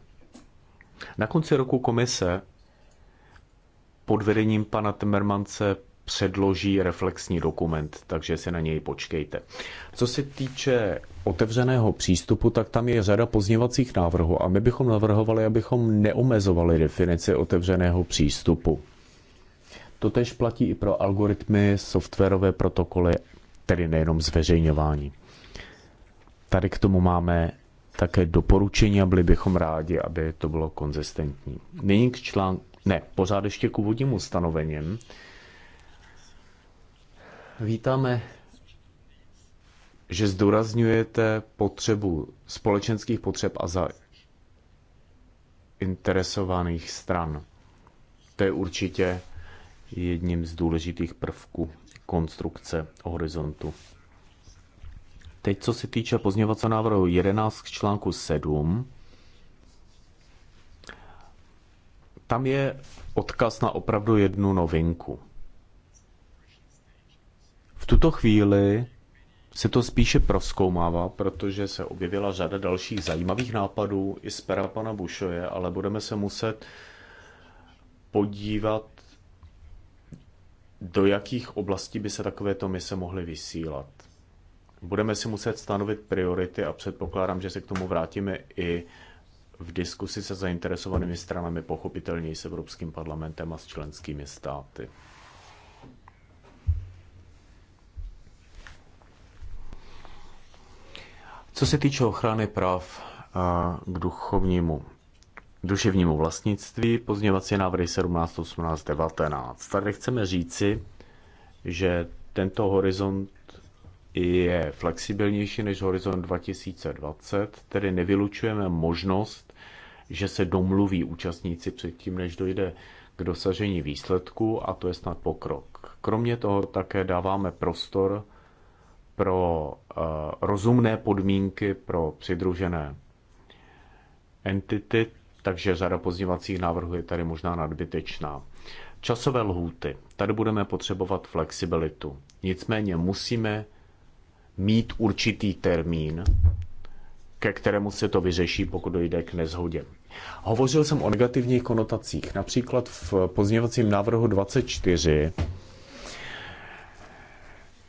Na konci roku komise pod vedením pana Temermance předloží reflexní dokument, takže se na něj počkejte. Co se týče otevřeného přístupu, tak tam je řada pozněvacích návrhů a my bychom navrhovali, abychom neomezovali definici otevřeného přístupu. Totež platí i pro algoritmy, softwarové protokoly, tedy nejenom zveřejňování. Tady k tomu máme také doporučení a byli bychom rádi, aby to bylo konzistentní. Nyní k článku, ne, pořád ještě k úvodním ustanovením. Vítáme, že zdůrazňujete potřebu společenských potřeb a za interesovaných stran. To je určitě jedním z důležitých prvků konstrukce horizontu Teď, co se týče pozměňovacího návrhu 11 k článku 7, tam je odkaz na opravdu jednu novinku. V tuto chvíli se to spíše proskoumává, protože se objevila řada dalších zajímavých nápadů i z pera pana Bušoje, ale budeme se muset podívat, do jakých oblastí by se takovéto mise mohly vysílat. Budeme si muset stanovit priority a předpokládám, že se k tomu vrátíme i v diskusi se zainteresovanými stranami, pochopitelně s Evropským parlamentem a s členskými státy. Co se týče ochrany práv k duchovnímu, duševnímu vlastnictví, pozněvací návrhy 17, 18, 19. Tady chceme říci, že tento horizont je flexibilnější než Horizont 2020, tedy nevylučujeme možnost, že se domluví účastníci předtím, než dojde k dosažení výsledku a to je snad pokrok. Kromě toho také dáváme prostor pro eh, rozumné podmínky pro přidružené entity, takže řada pozněvacích návrhů je tady možná nadbytečná. Časové lhůty. Tady budeme potřebovat flexibilitu. Nicméně musíme mít určitý termín, ke kterému se to vyřeší, pokud dojde k nezhodě. Hovořil jsem o negativních konotacích. Například v pozměňovacím návrhu 24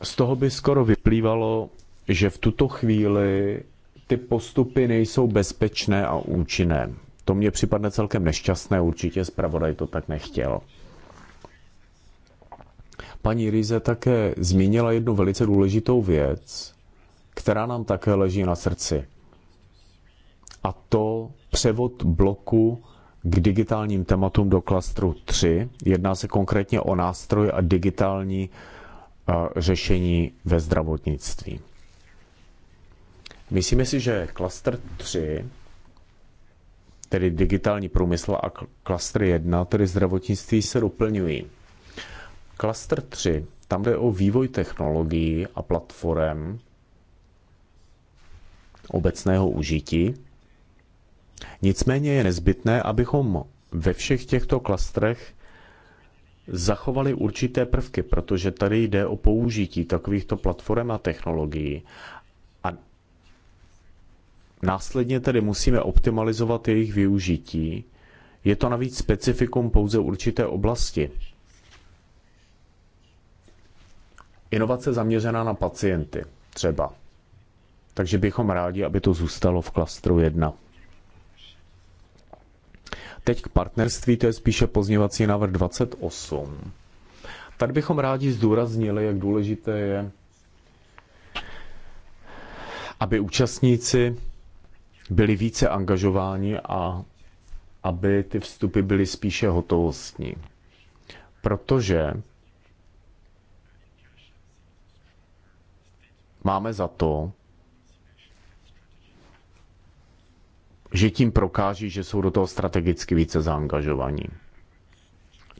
z toho by skoro vyplývalo, že v tuto chvíli ty postupy nejsou bezpečné a účinné. To mně připadne celkem nešťastné, určitě zpravodaj to tak nechtěl. Paní Rize také zmínila jednu velice důležitou věc, která nám také leží na srdci. A to převod bloku k digitálním tématům do klastru 3. Jedná se konkrétně o nástroj a digitální eh, řešení ve zdravotnictví. Myslíme si, že klastr 3, tedy digitální průmysl a klastr 1, tedy zdravotnictví, se doplňují. Cluster 3, tam jde o vývoj technologií a platform obecného užití. Nicméně je nezbytné, abychom ve všech těchto klastrech zachovali určité prvky, protože tady jde o použití takovýchto platform a technologií. A následně tedy musíme optimalizovat jejich využití. Je to navíc specifikum pouze určité oblasti. Inovace zaměřená na pacienty třeba. Takže bychom rádi, aby to zůstalo v klastru 1. Teď k partnerství, to je spíše pozněvací návrh 28. Tady bychom rádi zdůraznili, jak důležité je, aby účastníci byli více angažováni a aby ty vstupy byly spíše hotovostní. Protože máme za to, že tím prokáží, že jsou do toho strategicky více zaangažovaní,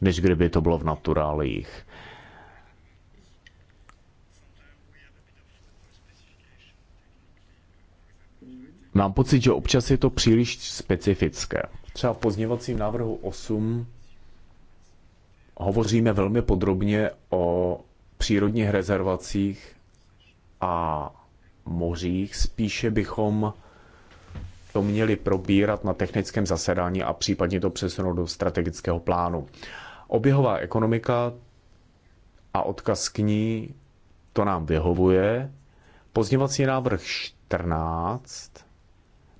než kdyby to bylo v naturálích. Mám pocit, že občas je to příliš specifické. Třeba v pozněvacím návrhu 8 hovoříme velmi podrobně o přírodních rezervacích a mořích. Spíše bychom to měli probírat na technickém zasedání a případně to přesunout do strategického plánu. Oběhová ekonomika a odkaz k ní, to nám vyhovuje. Pozněvací návrh 14,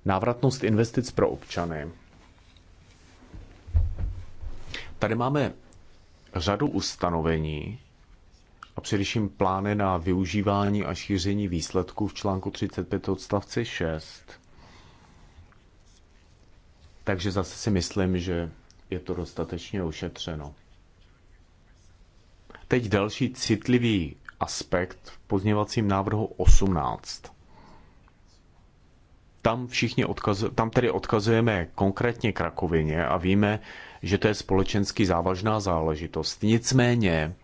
návratnost investic pro občany. Tady máme řadu ustanovení, a především plány na využívání a šíření výsledků v článku 35 odstavci 6. Takže zase si myslím, že je to dostatečně ošetřeno. Teď další citlivý aspekt v pozněvacím návrhu 18. Tam, všichni odkaz, tam tedy odkazujeme konkrétně Krakovině a víme, že to je společensky závažná záležitost. Nicméně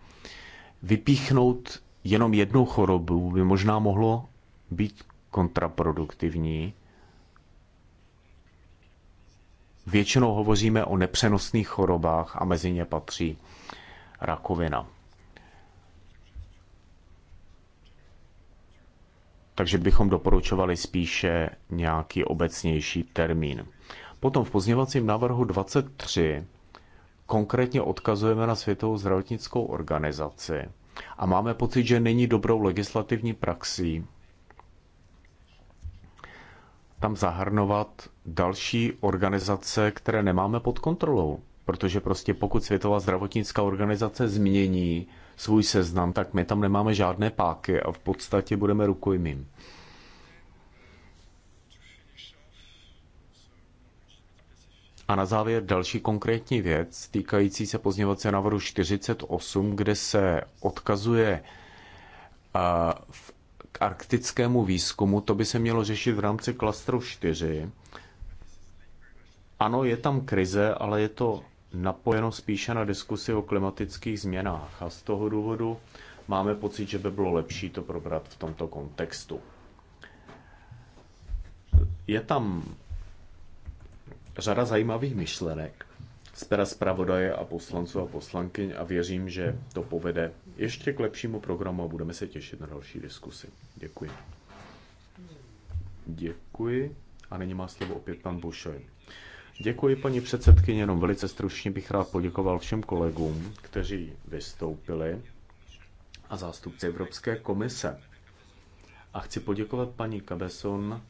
vypíchnout jenom jednu chorobu by možná mohlo být kontraproduktivní. Většinou hovoříme o nepřenosných chorobách a mezi ně patří rakovina. Takže bychom doporučovali spíše nějaký obecnější termín. Potom v pozněvacím návrhu 23 konkrétně odkazujeme na Světovou zdravotnickou organizaci a máme pocit, že není dobrou legislativní praxí tam zahrnovat další organizace, které nemáme pod kontrolou. Protože prostě pokud Světová zdravotnická organizace změní svůj seznam, tak my tam nemáme žádné páky a v podstatě budeme rukojmím. A na závěr další konkrétní věc týkající se pozněvace návrhu 48, kde se odkazuje eh, k arktickému výzkumu. To by se mělo řešit v rámci klastru 4. Ano, je tam krize, ale je to napojeno spíše na diskusi o klimatických změnách a z toho důvodu máme pocit, že by bylo lepší to probrat v tomto kontextu. Je tam řada zajímavých myšlenek z pera zpravodaje a poslanců a poslankyň a věřím, že to povede ještě k lepšímu programu a budeme se těšit na další diskusy. Děkuji. Děkuji. A nyní má slovo opět pan Bušoj. Děkuji, paní předsedkyně, jenom velice stručně bych rád poděkoval všem kolegům, kteří vystoupili a zástupci Evropské komise. A chci poděkovat paní Kabeson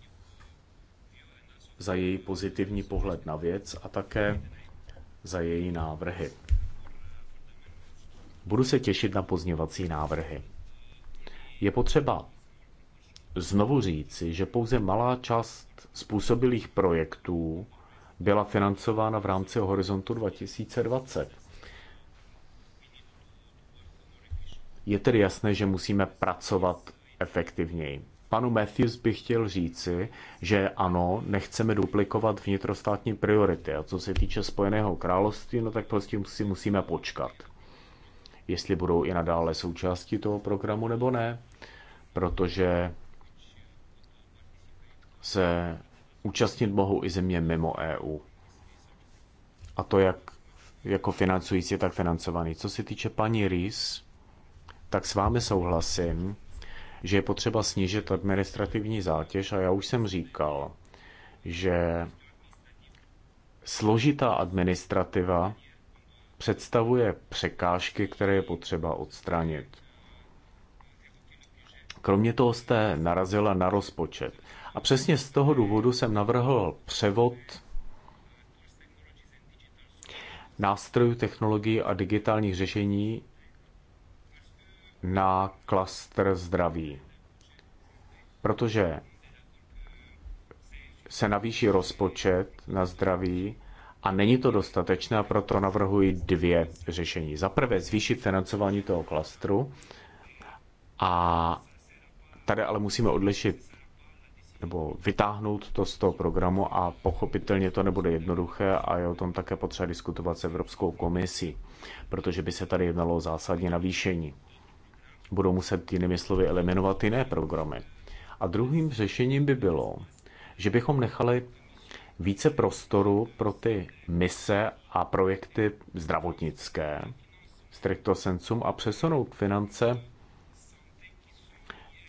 za její pozitivní pohled na věc a také za její návrhy. Budu se těšit na pozněvací návrhy. Je potřeba znovu říci, že pouze malá část způsobilých projektů byla financována v rámci Horizontu 2020. Je tedy jasné, že musíme pracovat efektivněji. Panu Matthews bych chtěl říci, že ano, nechceme duplikovat vnitrostátní priority. A co se týče Spojeného království, no tak prostě si musíme počkat. Jestli budou i nadále součástí toho programu nebo ne, protože se účastnit mohou i země mimo EU. A to jak jako financující, tak financovaný. Co se týče paní Rees, tak s vámi souhlasím, že je potřeba snížit administrativní zátěž a já už jsem říkal, že složitá administrativa představuje překážky, které je potřeba odstranit. Kromě toho jste narazila na rozpočet. A přesně z toho důvodu jsem navrhl převod nástrojů technologií a digitálních řešení na klaster zdraví. Protože se navýší rozpočet na zdraví a není to dostatečné a proto navrhuji dvě řešení. Za prvé zvýšit financování toho klastru a tady ale musíme odlišit nebo vytáhnout to z toho programu a pochopitelně to nebude jednoduché a je o tom také potřeba diskutovat s Evropskou komisí, protože by se tady jednalo o zásadní navýšení budou muset jinými slovy eliminovat jiné programy. A druhým řešením by bylo, že bychom nechali více prostoru pro ty mise a projekty zdravotnické, stricto sensum, a přesunout finance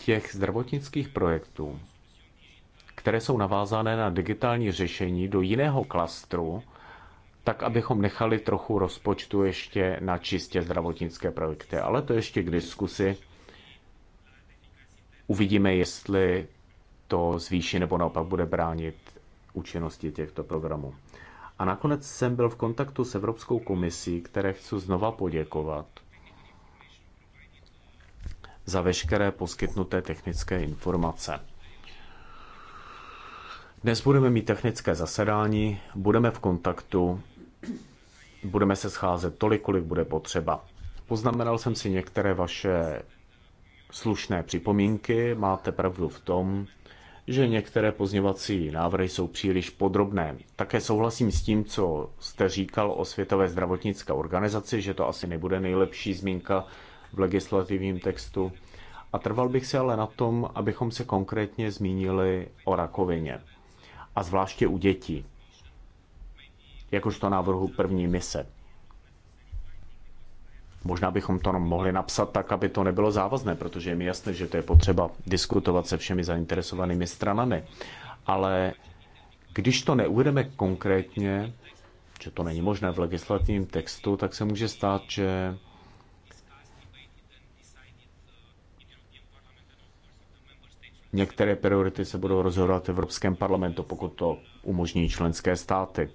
těch zdravotnických projektů, které jsou navázané na digitální řešení do jiného klastru, tak abychom nechali trochu rozpočtu ještě na čistě zdravotnické projekty. Ale to ještě k diskusi. Uvidíme, jestli to zvýší nebo naopak bude bránit účinnosti těchto programů. A nakonec jsem byl v kontaktu s Evropskou komisí, které chci znova poděkovat za veškeré poskytnuté technické informace. Dnes budeme mít technické zasedání, budeme v kontaktu Budeme se scházet tolik, kolik bude potřeba. Poznamenal jsem si některé vaše slušné připomínky. Máte pravdu v tom, že některé pozněvací návrhy jsou příliš podrobné. Také souhlasím s tím, co jste říkal o Světové zdravotnické organizaci, že to asi nebude nejlepší zmínka v legislativním textu. A trval bych se ale na tom, abychom se konkrétně zmínili o rakovině. A zvláště u dětí jakožto návrhu první mise. Možná bychom to mohli napsat tak, aby to nebylo závazné, protože je mi jasné, že to je potřeba diskutovat se všemi zainteresovanými stranami. Ale když to neuvedeme konkrétně, že to není možné v legislativním textu, tak se může stát, že některé priority se budou rozhodovat v Evropském parlamentu, pokud to umožní členské státy.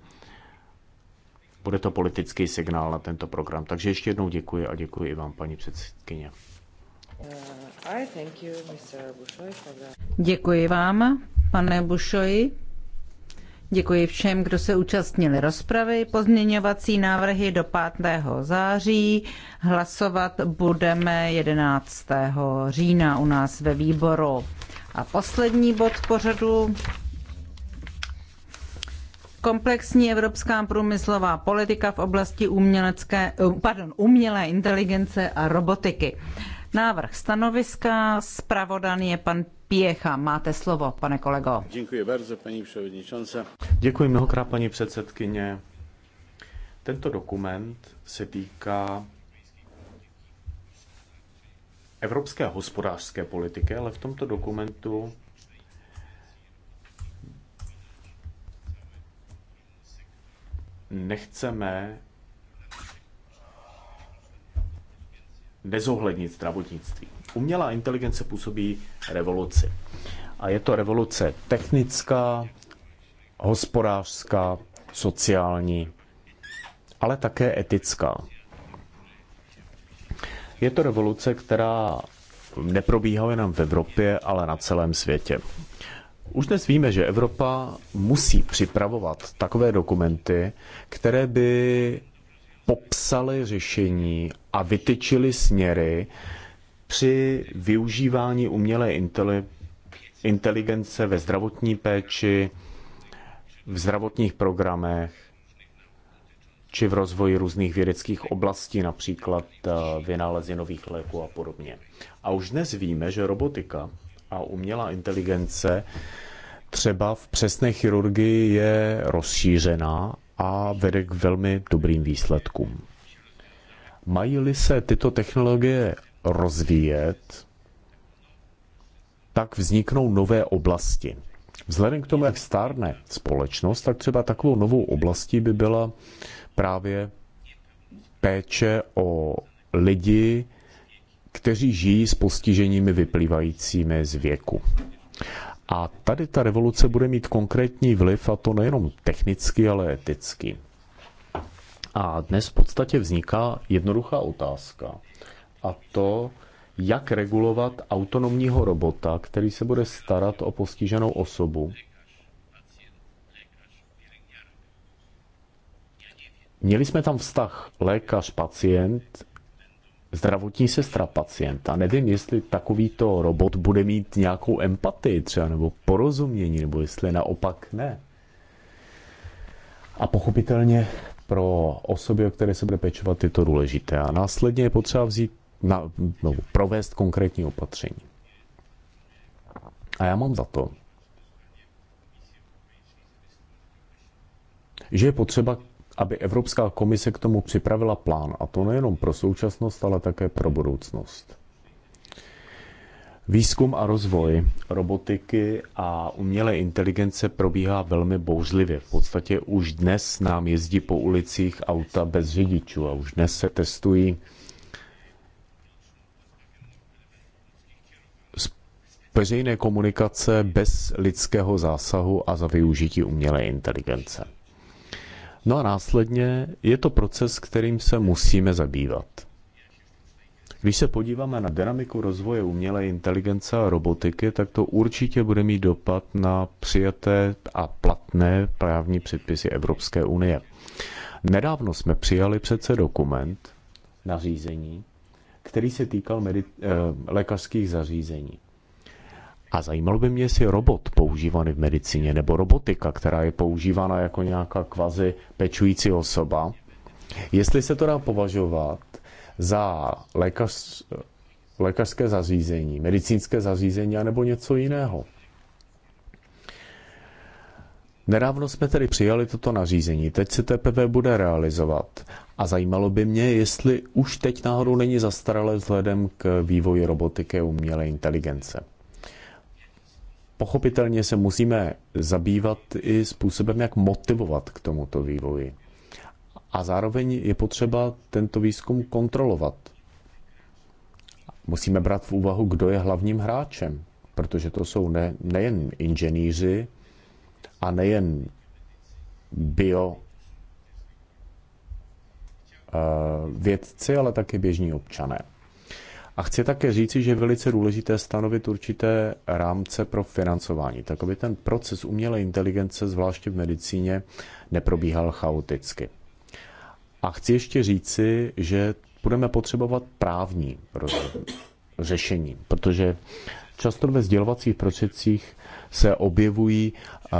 Bude to politický signál na tento program. Takže ještě jednou děkuji a děkuji i vám, paní předsedkyně. Uh, děkuji vám, pane Bušoji. Děkuji všem, kdo se účastnili rozpravy. Pozměňovací návrhy do 5. září. Hlasovat budeme 11. října u nás ve výboru. A poslední bod pořadu Komplexní evropská průmyslová politika v oblasti umělecké, eh, pardon, umělé inteligence a robotiky. Návrh stanoviska, zpravodan je pan Piecha. Máte slovo, pane kolego. Děkuji bardzo, paní předsedkyně. Děkuji mnohokrát, paní předsedkyně. Tento dokument se týká evropské hospodářské politiky, ale v tomto dokumentu nechceme nezohlednit zdravotnictví. Umělá inteligence působí revoluci. A je to revoluce technická, hospodářská, sociální, ale také etická. Je to revoluce, která neprobíhá jenom v Evropě, ale na celém světě. Už dnes víme, že Evropa musí připravovat takové dokumenty, které by popsaly řešení a vytyčily směry při využívání umělé inteligence ve zdravotní péči, v zdravotních programech či v rozvoji různých vědeckých oblastí, například eh, vynálezy nových léků a podobně. A už dnes víme, že robotika a umělá inteligence třeba v přesné chirurgii je rozšířená a vede k velmi dobrým výsledkům. Mají-li se tyto technologie rozvíjet, tak vzniknou nové oblasti. Vzhledem k tomu, jak stárne společnost, tak třeba takovou novou oblastí by byla právě péče o lidi kteří žijí s postiženími vyplývajícími z věku. A tady ta revoluce bude mít konkrétní vliv, a to nejenom technicky, ale eticky. A dnes v podstatě vzniká jednoduchá otázka. A to, jak regulovat autonomního robota, který se bude starat o postiženou osobu. Měli jsme tam vztah lékař-pacient, zdravotní sestra pacienta. Nevím, jestli takovýto robot bude mít nějakou empatii třeba, nebo porozumění, nebo jestli naopak ne. A pochopitelně pro osoby, o které se bude pečovat, je to důležité. A následně je potřeba vzít, na, no, provést konkrétní opatření. A já mám za to, že je potřeba aby Evropská komise k tomu připravila plán, a to nejenom pro současnost, ale také pro budoucnost. Výzkum a rozvoj robotiky a umělé inteligence probíhá velmi bouřlivě. V podstatě už dnes nám jezdí po ulicích auta bez řidičů a už dnes se testují veřejné komunikace bez lidského zásahu a za využití umělé inteligence. No a následně je to proces, kterým se musíme zabývat. Když se podíváme na dynamiku rozvoje umělé inteligence a robotiky, tak to určitě bude mít dopad na přijaté a platné právní předpisy Evropské unie. Nedávno jsme přijali přece dokument, na řízení, který se týkal medi- eh, lékařských zařízení. A zajímalo by mě, jestli robot používaný v medicíně nebo robotika, která je používána jako nějaká kvazi pečující osoba, jestli se to dá považovat za lékař, lékařské zařízení, medicínské zařízení nebo něco jiného. Nedávno jsme tedy přijali toto nařízení, teď se TPV bude realizovat a zajímalo by mě, jestli už teď náhodou není zastaralé vzhledem k vývoji robotiky a umělé inteligence pochopitelně se musíme zabývat i způsobem, jak motivovat k tomuto vývoji. A zároveň je potřeba tento výzkum kontrolovat. Musíme brát v úvahu, kdo je hlavním hráčem, protože to jsou ne, nejen inženýři a nejen bio eh, vědci, ale také běžní občané. A chci také říci, že je velice důležité stanovit určité rámce pro financování, tak aby ten proces umělé inteligence, zvláště v medicíně, neprobíhal chaoticky. A chci ještě říci, že budeme potřebovat právní řešení, protože často ve sdělovacích procesích se objevují eh,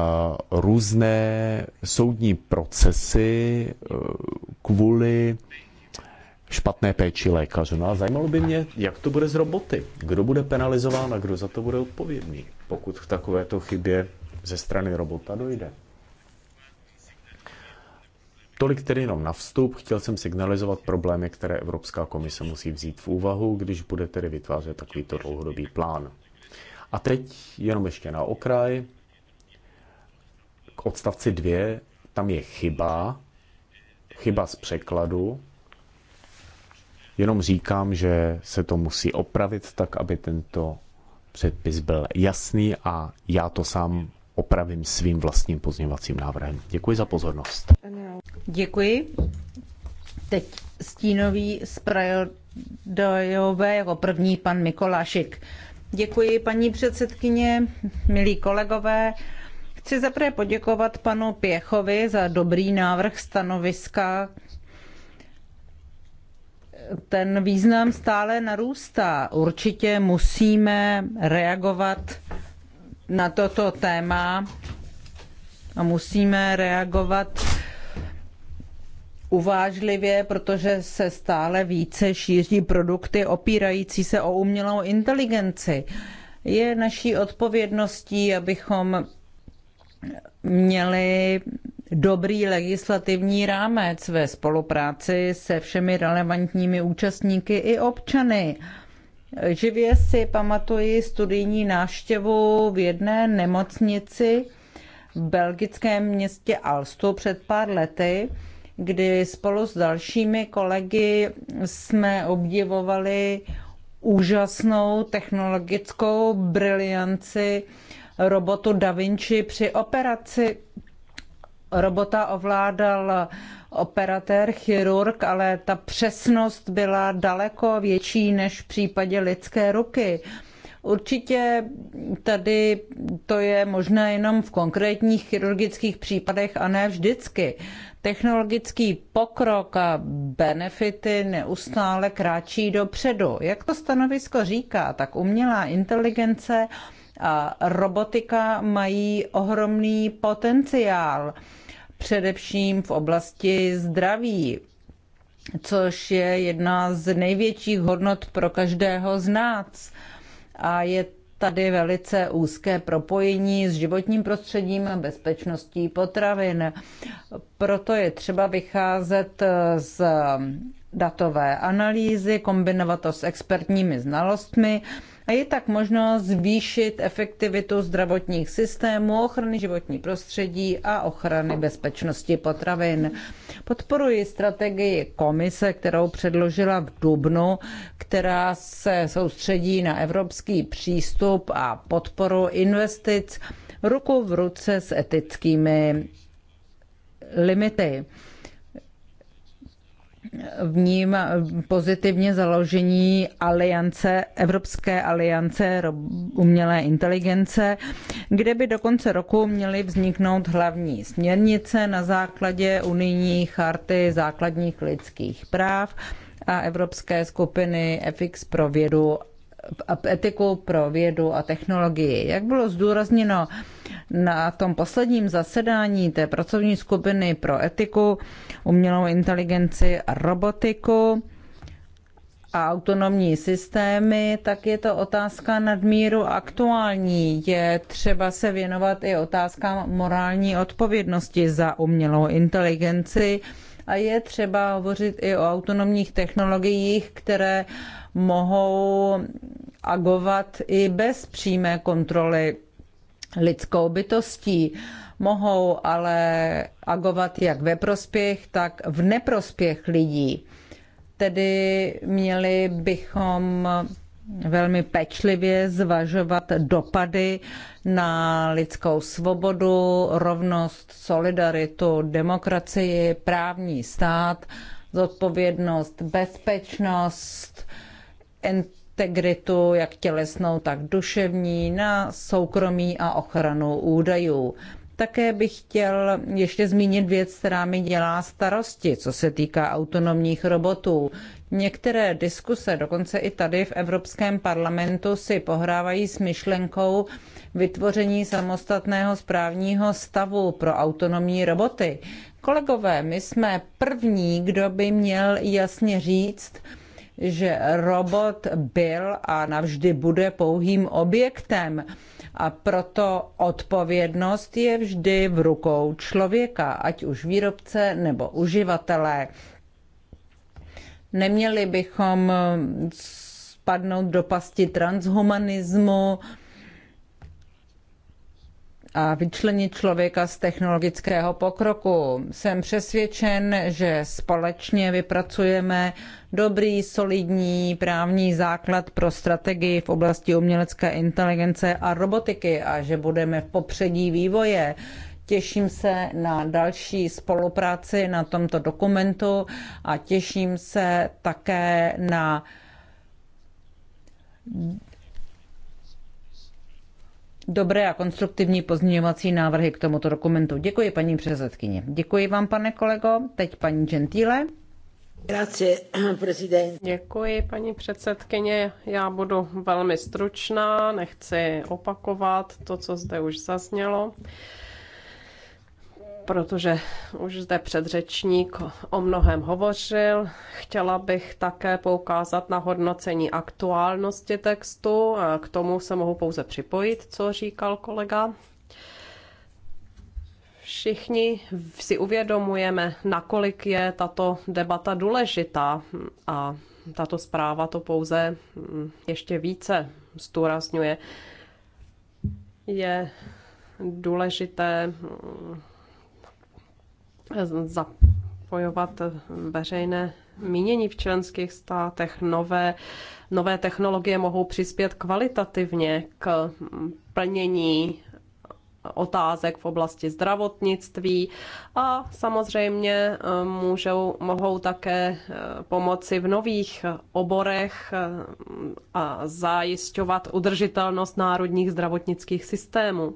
různé soudní procesy eh, kvůli špatné péči lékařů. No a zajímalo by mě, jak to bude s roboty. Kdo bude penalizován a kdo za to bude odpovědný, pokud k takovéto chybě ze strany robota dojde. Tolik tedy jenom na vstup. Chtěl jsem signalizovat problémy, které Evropská komise musí vzít v úvahu, když bude tedy vytvářet takovýto dlouhodobý plán. A teď jenom ještě na okraj. K odstavci 2 tam je chyba, chyba z překladu, Jenom říkám, že se to musí opravit tak, aby tento předpis byl jasný a já to sám opravím svým vlastním pozměvacím návrhem. Děkuji za pozornost. Děkuji. Teď stínový zpravodajové jako první pan Mikolášik. Děkuji paní předsedkyně, milí kolegové. Chci zaprvé poděkovat panu Pěchovi za dobrý návrh stanoviska ten význam stále narůstá. Určitě musíme reagovat na toto téma a musíme reagovat uvážlivě, protože se stále více šíří produkty opírající se o umělou inteligenci. Je naší odpovědností, abychom měli dobrý legislativní rámec ve spolupráci se všemi relevantními účastníky i občany. Živě si pamatuji studijní návštěvu v jedné nemocnici v belgickém městě Alstu před pár lety, kdy spolu s dalšími kolegy jsme obdivovali úžasnou technologickou brilianci robotu Da Vinci při operaci robota ovládal operatér, chirurg, ale ta přesnost byla daleko větší než v případě lidské ruky. Určitě tady to je možné jenom v konkrétních chirurgických případech a ne vždycky. Technologický pokrok a benefity neustále kráčí dopředu. Jak to stanovisko říká, tak umělá inteligence a robotika mají ohromný potenciál především v oblasti zdraví, což je jedna z největších hodnot pro každého z nás. A je tady velice úzké propojení s životním prostředím a bezpečností potravin. Proto je třeba vycházet z datové analýzy, kombinovat to s expertními znalostmi, a je tak možno zvýšit efektivitu zdravotních systémů, ochrany životní prostředí a ochrany bezpečnosti potravin. Podporuji strategii komise, kterou předložila v Dubnu, která se soustředí na evropský přístup a podporu investic ruku v ruce s etickými limity v ním pozitivně založení aliance, Evropské aliance umělé inteligence, kde by do konce roku měly vzniknout hlavní směrnice na základě unijní charty základních lidských práv a Evropské skupiny EFIX pro vědu etiku pro vědu a technologii. Jak bylo zdůrazněno na tom posledním zasedání té pracovní skupiny pro etiku, umělou inteligenci a robotiku a autonomní systémy, tak je to otázka nadmíru aktuální. Je třeba se věnovat i otázkám morální odpovědnosti za umělou inteligenci a je třeba hovořit i o autonomních technologiích, které mohou agovat i bez přímé kontroly lidskou bytostí. Mohou ale agovat jak ve prospěch, tak v neprospěch lidí. Tedy měli bychom velmi pečlivě zvažovat dopady na lidskou svobodu, rovnost, solidaritu, demokracii, právní stát, zodpovědnost, bezpečnost, integritu, jak tělesnou, tak duševní, na soukromí a ochranu údajů. Také bych chtěl ještě zmínit věc, která mi dělá starosti, co se týká autonomních robotů. Některé diskuse, dokonce i tady v Evropském parlamentu, si pohrávají s myšlenkou vytvoření samostatného správního stavu pro autonomní roboty. Kolegové, my jsme první, kdo by měl jasně říct, že robot byl a navždy bude pouhým objektem. A proto odpovědnost je vždy v rukou člověka, ať už výrobce nebo uživatelé. Neměli bychom spadnout do pasti transhumanismu, a vyčlenit člověka z technologického pokroku. Jsem přesvědčen, že společně vypracujeme dobrý, solidní právní základ pro strategii v oblasti umělecké inteligence a robotiky a že budeme v popředí vývoje. Těším se na další spolupráci na tomto dokumentu a těším se také na dobré a konstruktivní pozměňovací návrhy k tomuto dokumentu. Děkuji paní předsedkyně. Děkuji vám, pane kolego. Teď paní Gentile. Děkuji, paní předsedkyně. Já budu velmi stručná, nechci opakovat to, co zde už zaznělo protože už zde předřečník o mnohem hovořil. Chtěla bych také poukázat na hodnocení aktuálnosti textu. K tomu se mohu pouze připojit, co říkal kolega. Všichni si uvědomujeme, nakolik je tato debata důležitá a tato zpráva to pouze mm, ještě více zdůrazňuje. Je důležité mm, zapojovat veřejné mínění v členských státech. Nové, nové technologie mohou přispět kvalitativně k plnění otázek v oblasti zdravotnictví a samozřejmě eh, můžou, mohou také eh, pomoci v nových oborech eh, a zajišťovat udržitelnost národních zdravotnických systémů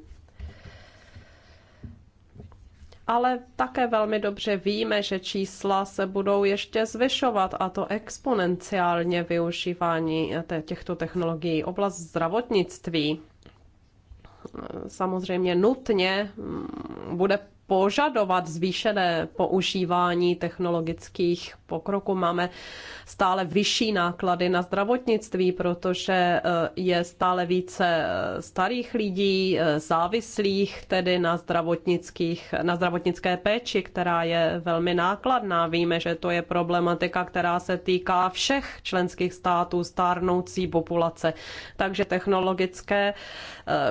ale také velmi dobře víme, že čísla se budou ještě zvyšovat a to exponenciálně využívání těchto technologií. Oblast zdravotnictví samozřejmě nutně mm, bude požadovat zvýšené používání technologických pokroků. Máme stále vyšší náklady na zdravotnictví, protože eh, je stále více eh, starých lidí, eh, závislých tedy na, zdravotnických, na zdravotnické péči, která je velmi nákladná. Víme, že to je problematika, která se týká všech členských států, stárnoucí populace. Takže technologické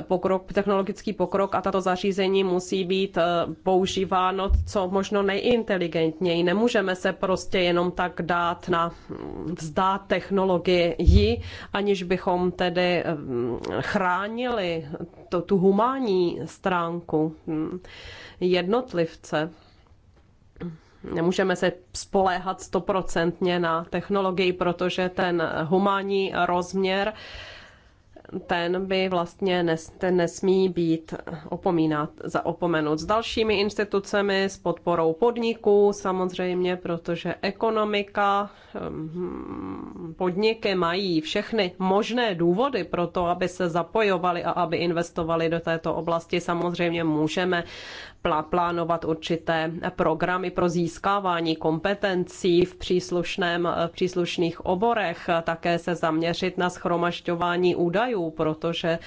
pokrok, technologický pokrok a tato zařízení musí být eh, používáno co možno nejinteligentněji. Nemůžeme se prostě jenom tak dát na mm, vzdát technologii, ji, aniž bychom tedy mm, chránili to, tu humánní stránku mm, jednotlivce. Nemůžeme se spoléhat stoprocentně na technologii, protože ten humánní rozměr ten by vlastně nes, ten nesmí být opomínat, zaopomenut s dalšími institucemi, s podporou podniků samozřejmě, protože ekonomika, ehm, podniky mají všechny možné důvody pro to, aby se zapojovali a aby investovali do této oblasti. Samozřejmě můžeme plánovat určité programy pro získávání kompetencí v, příslušném, v příslušných oborech, také se zaměřit na schromažďování údajů, protože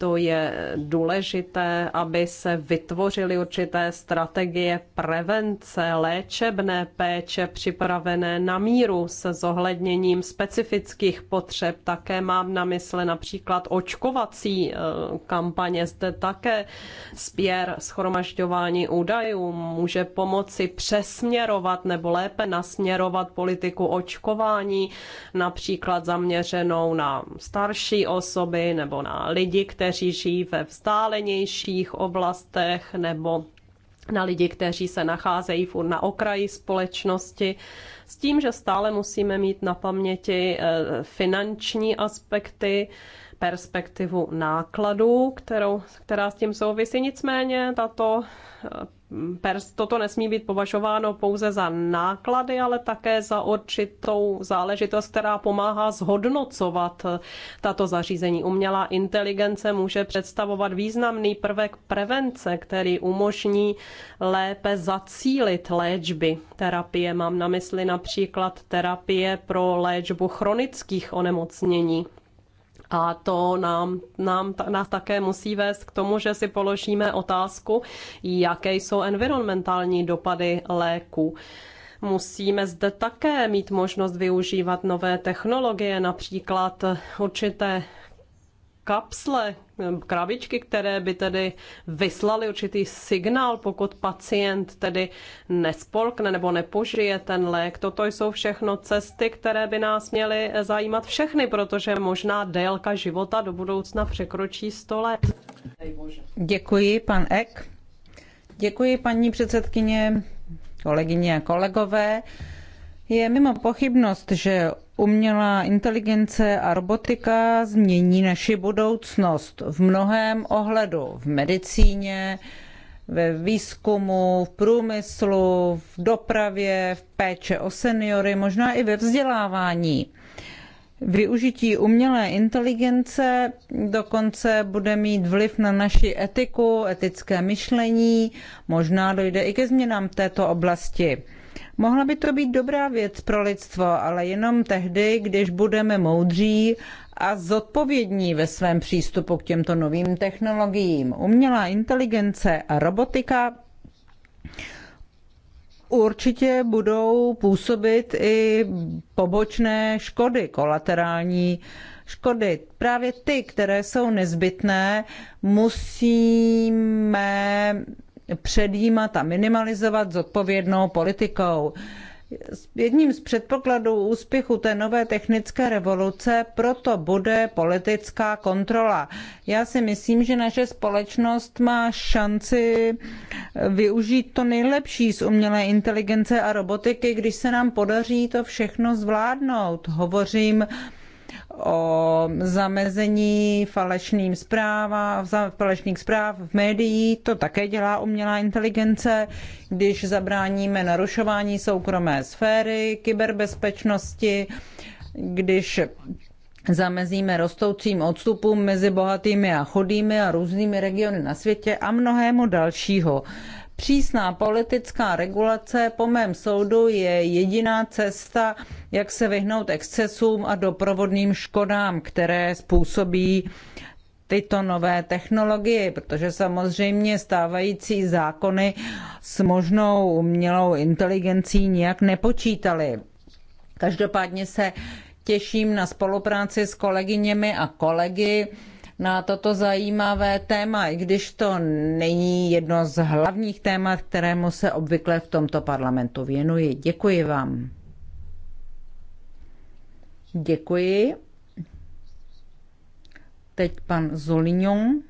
to je důležité, aby se vytvořily určité strategie prevence, léčebné péče připravené na míru se zohledněním specifických potřeb. Také mám na mysli například očkovací eh, kampaně. Zde také spěr schromažďování údajů může pomoci přesměrovat nebo lépe nasměrovat politiku očkování, například zaměřenou na starší osoby nebo na lidi, kteří kteří žijí ve vzdálenějších oblastech nebo na lidi, kteří se nacházejí furt na okraji společnosti, s tím, že stále musíme mít na paměti eh, finanční aspekty, perspektivu nákladů, kterou, která s tím souvisí. Nicméně tato eh, toto nesmí být považováno pouze za náklady, ale také za určitou záležitost, která pomáhá zhodnocovat tato zařízení. Umělá inteligence může představovat významný prvek prevence, který umožní lépe zacílit léčby terapie. Mám na mysli například terapie pro léčbu chronických onemocnění a to nám, nám, nás také musí vést k tomu, že si položíme otázku, jaké jsou environmentální dopady léku. Musíme zde také mít možnost využívat nové technologie, například určité kapsle, eh, krabičky, které by tedy vyslaly určitý signál, pokud pacient tedy nespolkne nebo nepožije ten lék. Toto jsou všechno cesty, které by nás měly eh, zajímat všechny, protože možná délka života do budoucna překročí 100 let. Děkuji, pan Ek. Děkuji, paní předsedkyně, kolegyně a kolegové. Je mimo pochybnost, že Umělá inteligence a robotika změní naši budoucnost v mnohém ohledu, v medicíně, ve výzkumu, v průmyslu, v dopravě, v péče o seniory, možná i ve vzdělávání. Využití umělé inteligence dokonce bude mít vliv na naši etiku, etické myšlení, možná dojde i ke změnám v této oblasti. Mohla by to být dobrá věc pro lidstvo, ale jenom tehdy, když budeme moudří a zodpovědní ve svém přístupu k těmto novým technologiím. Umělá inteligence a robotika určitě budou působit i pobočné škody, kolaterální škody. Právě ty, které jsou nezbytné, musíme předjímat a minimalizovat zodpovědnou politikou. Jedním z předpokladů úspěchu té nové technické revoluce proto bude politická kontrola. Já si myslím, že naše společnost má šanci využít to nejlepší z umělé inteligence a robotiky, když se nám podaří to všechno zvládnout. Hovořím o zamezení falešným zpráv, falešných zpráv v médiích. To také dělá umělá inteligence, když zabráníme narušování soukromé sféry, kyberbezpečnosti, když zamezíme rostoucím odstupům mezi bohatými a chudými a různými regiony na světě a mnohému dalšího. Přísná politická regulace po mém soudu je jediná cesta, jak se vyhnout excesům a doprovodným škodám, které způsobí tyto nové technologie, protože samozřejmě stávající zákony s možnou umělou inteligencí nijak nepočítaly. Každopádně se těším na spolupráci s kolegyněmi a kolegy na toto zajímavé téma, i když to není jedno z hlavních témat, kterému se obvykle v tomto parlamentu věnuji. Děkuji vám. Děkuji. Teď pan Zolignon.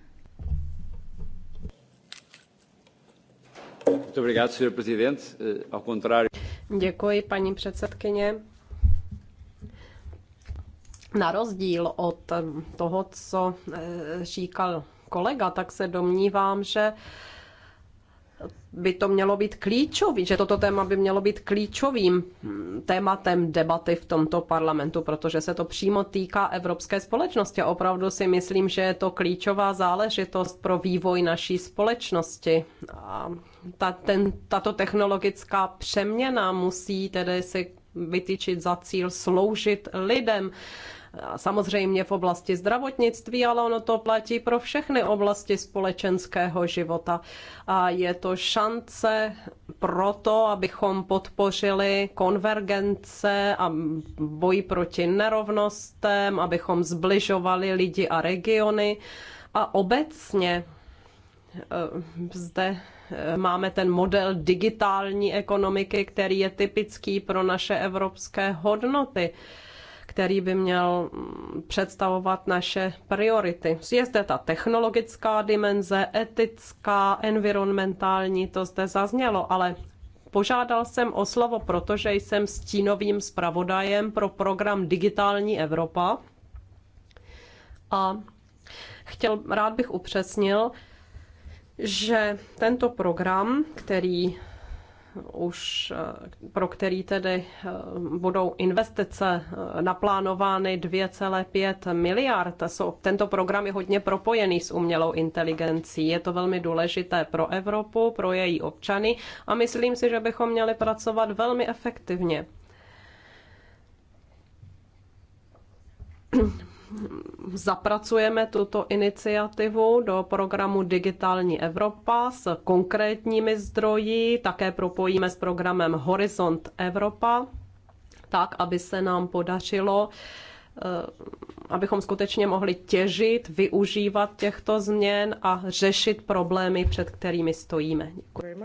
Eh, Děkuji, paní předsedkyně. Na rozdíl od eh, toho, co eh, říkal kolega, tak se domnívám, že by to mělo být klíčový, že toto téma by mělo být klíčovým hm, tématem debaty v tomto parlamentu, protože se to přímo týká evropské společnosti. A opravdu si myslím, že je to klíčová záležitost pro vývoj naší společnosti. A ta, ten, tato technologická přeměna musí tedy si vytyčit za cíl sloužit lidem, samozřejmě v oblasti zdravotnictví, ale ono to platí pro všechny oblasti společenského života. A je to šance pro to, abychom podpořili konvergence a boj proti nerovnostem, abychom zbližovali lidi a regiony. A obecně e, zde e, máme ten model digitální ekonomiky, který je typický pro naše evropské hodnoty který by měl mm, představovat naše priority. Je zde ta technologická dimenze, etická, environmentální, to zde zaznělo, ale Požádal jsem o slovo, protože jsem stínovým zpravodajem pro program Digitální Evropa. A chtěl, rád bych upřesnil, že tento program, který už, eh, pro který tedy eh, budou investice eh, naplánovány 2,5 miliard. tento program je hodně propojený s umělou inteligencí. Je to velmi důležité pro Evropu, pro její občany a myslím si, že bychom měli pracovat velmi efektivně zapracujeme tuto iniciativu do programu Digitální Evropa s konkrétními zdroji, také propojíme s programem Horizont Evropa, tak, aby se nám podařilo eh, abychom skutečně mohli těžit, využívat těchto změn a řešit problémy, před kterými stojíme. Děkuji.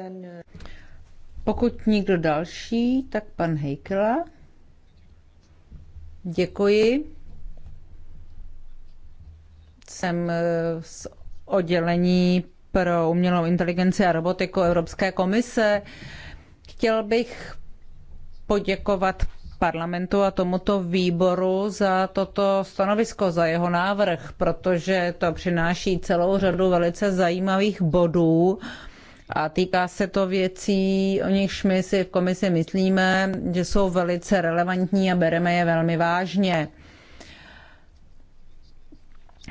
Eh, Pokud nikdo další, tak pan Hejkela. Děkuji. Jsem eh, z oddělení pro umělou inteligenci a robotiku Evropské komise. Chtěl bych poděkovat parlamentu a tomuto výboru za toto stanovisko, za jeho návrh, protože to přináší celou řadu velice zajímavých bodů, a týká se to věcí, o nichž my si v komisi myslíme, že jsou velice relevantní a bereme je velmi vážně.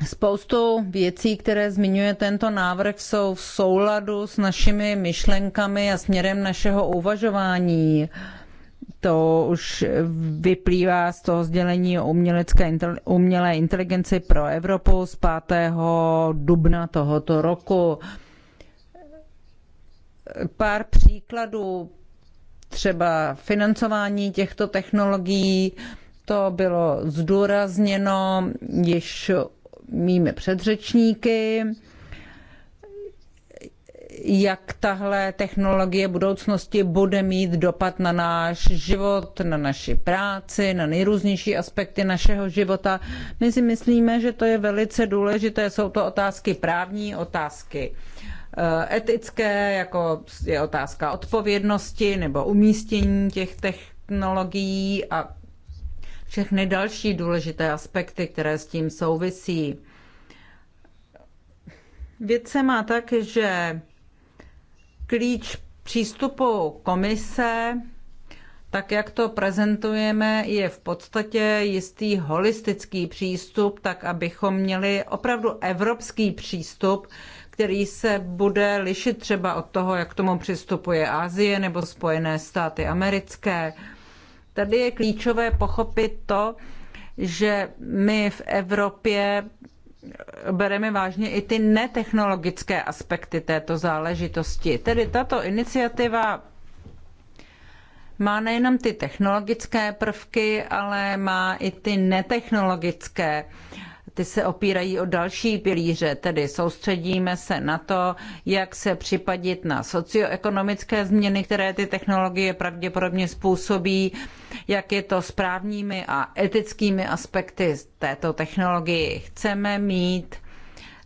Spoustu věcí, které zmiňuje tento návrh, jsou v souladu s našimi myšlenkami a směrem našeho uvažování. To už vyplývá z toho sdělení o umělecké, umělé inteligenci pro Evropu z 5. dubna tohoto roku pár příkladů, třeba financování těchto technologií, to bylo zdůrazněno již mými předřečníky, jak tahle technologie budoucnosti bude mít dopad na náš život, na naši práci, na nejrůznější aspekty našeho života. My si myslíme, že to je velice důležité. Jsou to otázky právní, otázky uh, Eh, etické, jako je otázka odpovědnosti nebo umístění těch technologií a všechny další důležité aspekty, které s tím souvisí. Věc se má tak, že klíč přístupu komise, tak jak to prezentujeme, je v podstatě jistý holistický přístup, tak abychom měli opravdu evropský přístup, který se bude lišit třeba od toho, jak k tomu přistupuje Asie nebo Spojené státy americké. Tady je klíčové pochopit to, že my v Evropě bereme vážně i ty netechnologické aspekty této záležitosti. Tedy tato iniciativa má nejenom ty technologické prvky, ale má i ty netechnologické ty se opírají o další pilíře, tedy soustředíme se na to, jak se připadit na socioekonomické změny, které ty technologie pravděpodobně způsobí, jak je to s právními a etickými aspekty této technologie. Chceme mít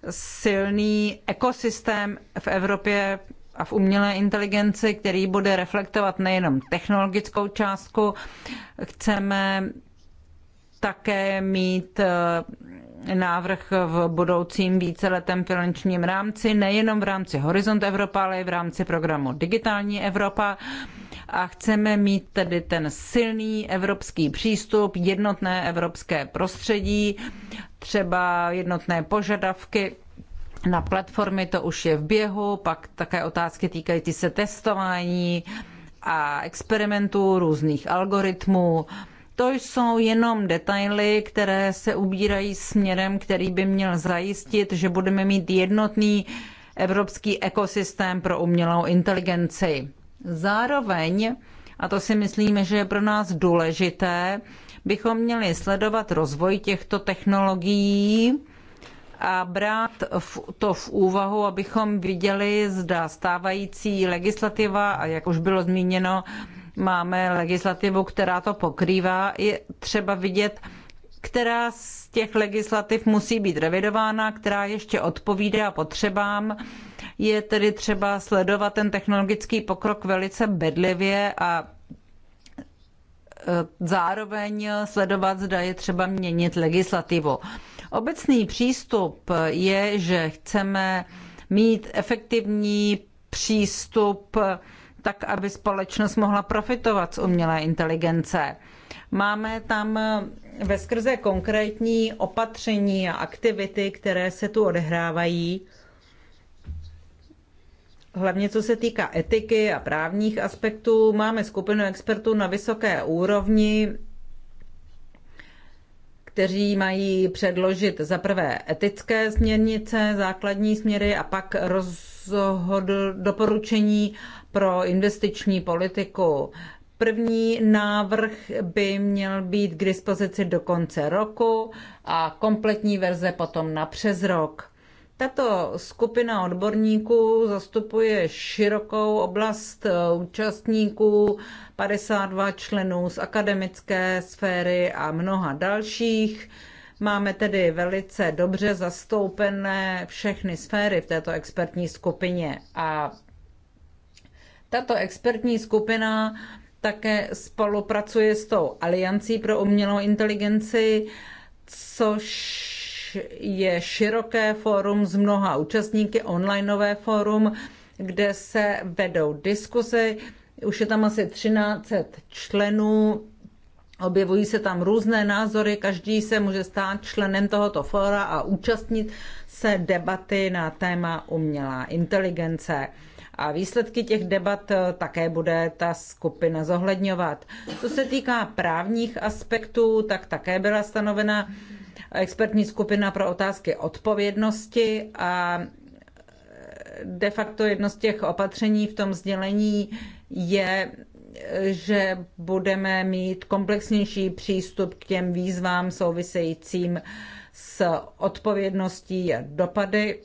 silný ekosystém v Evropě a v umělé inteligenci, který bude reflektovat nejenom technologickou částku, chceme také mít návrh v budoucím víceletém finančním rámci, nejenom v rámci Horizont Evropa, ale i v rámci programu Digitální Evropa. A chceme mít tedy ten silný evropský přístup, jednotné evropské prostředí, třeba jednotné požadavky na platformy, to už je v běhu, pak také otázky týkající se testování a experimentů, různých algoritmů. To jsou jenom detaily, které se ubírají směrem, který by měl zajistit, že budeme mít jednotný evropský ekosystém pro umělou inteligenci. Zároveň, a to si myslíme, že je pro nás důležité, bychom měli sledovat rozvoj těchto technologií a brát to v úvahu, abychom viděli, zda stávající legislativa, a jak už bylo zmíněno, máme legislativu, která to pokrývá. Je třeba vidět, která z těch legislativ musí být revidována, která ještě odpovídá potřebám. Je tedy třeba sledovat ten technologický pokrok velice bedlivě a e, zároveň sledovat, zda je třeba měnit legislativu. Obecný přístup je, že chceme mít efektivní přístup tak aby společnost mohla profitovat z umělé inteligence. Máme tam ve skrze konkrétní opatření a aktivity, které se tu odehrávají, hlavně co se týká etiky a právních aspektů, máme skupinu expertů na vysoké úrovni, kteří mají předložit za prvé etické směrnice, základní směry a pak rozhodl doporučení pro investiční politiku. První návrh by měl být k dispozici do konce roku a kompletní verze potom na přes rok. Tato skupina odborníků zastupuje širokou oblast eh, účastníků, 52 členů z akademické sféry a mnoha dalších. Máme tedy velice dobře zastoupené všechny sféry v této expertní skupině a tato expertní skupina také spolupracuje s tou Aliancí pro umělou inteligenci, což je široké fórum s mnoha účastníky, onlineové fórum, kde se vedou diskuze. Už je tam asi 13 členů, objevují se tam různé názory, každý se může stát členem tohoto fóra a účastnit se debaty na téma umělá inteligence a výsledky těch debat eh, také bude ta skupina zohledňovat. Co se týká právních aspektů, tak také byla stanovena expertní skupina pro otázky odpovědnosti a eh, de facto jedno z těch opatření v tom sdělení je, eh, že budeme mít komplexnější přístup k těm výzvám souvisejícím s odpovědností a dopady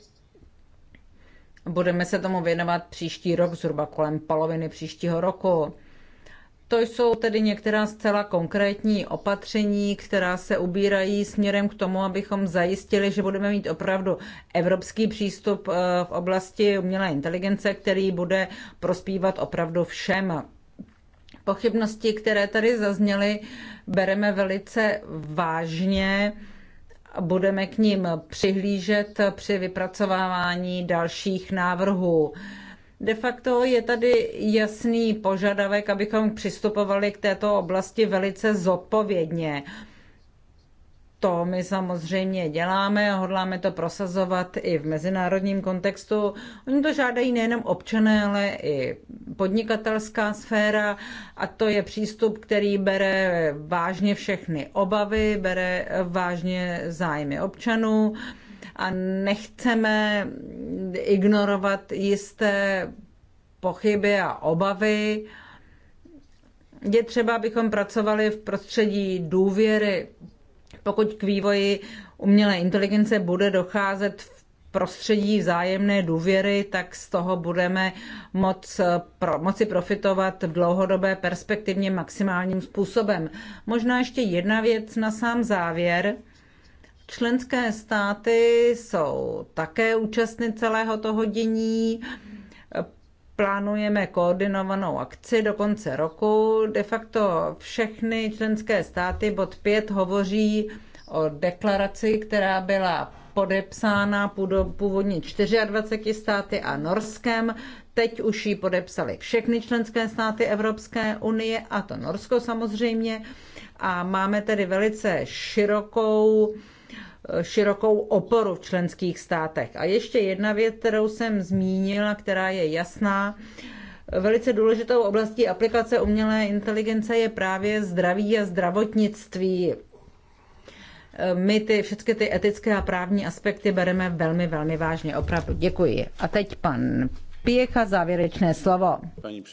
Budeme se tomu věnovat příští rok, zhruba kolem poloviny příštího roku. To jsou tedy některá zcela konkrétní opatření, která se ubírají směrem k tomu, abychom zajistili, že budeme mít opravdu evropský přístup eh, v oblasti umělé inteligence, který bude prospívat opravdu všem. Pochybnosti, které tady zazněly, bereme velice vážně budeme k ním přihlížet při vypracovávání dalších návrhů. De facto je tady jasný požadavek, abychom přistupovali k této oblasti velice zodpovědně. To my samozřejmě děláme a hodláme to prosazovat i v mezinárodním kontextu. Oni to žádají nejenom občané, ale i podnikatelská sféra a to je přístup, který bere vážně všechny obavy, bere vážně zájmy občanů a nechceme ignorovat jisté pochyby a obavy. Je třeba, abychom pracovali v prostředí důvěry pokud k vývoji umělé inteligence bude docházet v prostředí vzájemné důvěry, tak z toho budeme moc, pro, moci profitovat v dlouhodobé perspektivně maximálním způsobem. Možná ještě jedna věc na sám závěr. Členské státy jsou také účastny celého toho dění plánujeme koordinovanou akci do konce roku. De facto všechny členské státy bod 5 hovoří o deklaraci, která byla podepsána původně 24 státy a Norskem. Teď už ji podepsali všechny členské státy Evropské unie a to Norsko samozřejmě. A máme tedy velice širokou širokou oporu v členských státech. A ještě jedna věc, kterou jsem zmínila, která je jasná. Velice důležitou oblastí aplikace umělé inteligence je právě zdraví a zdravotnictví. My ty, všechny ty etické a právní aspekty bereme velmi, velmi vážně. Opravdu děkuji. A teď pan Pěcha závěrečné slovo. Paní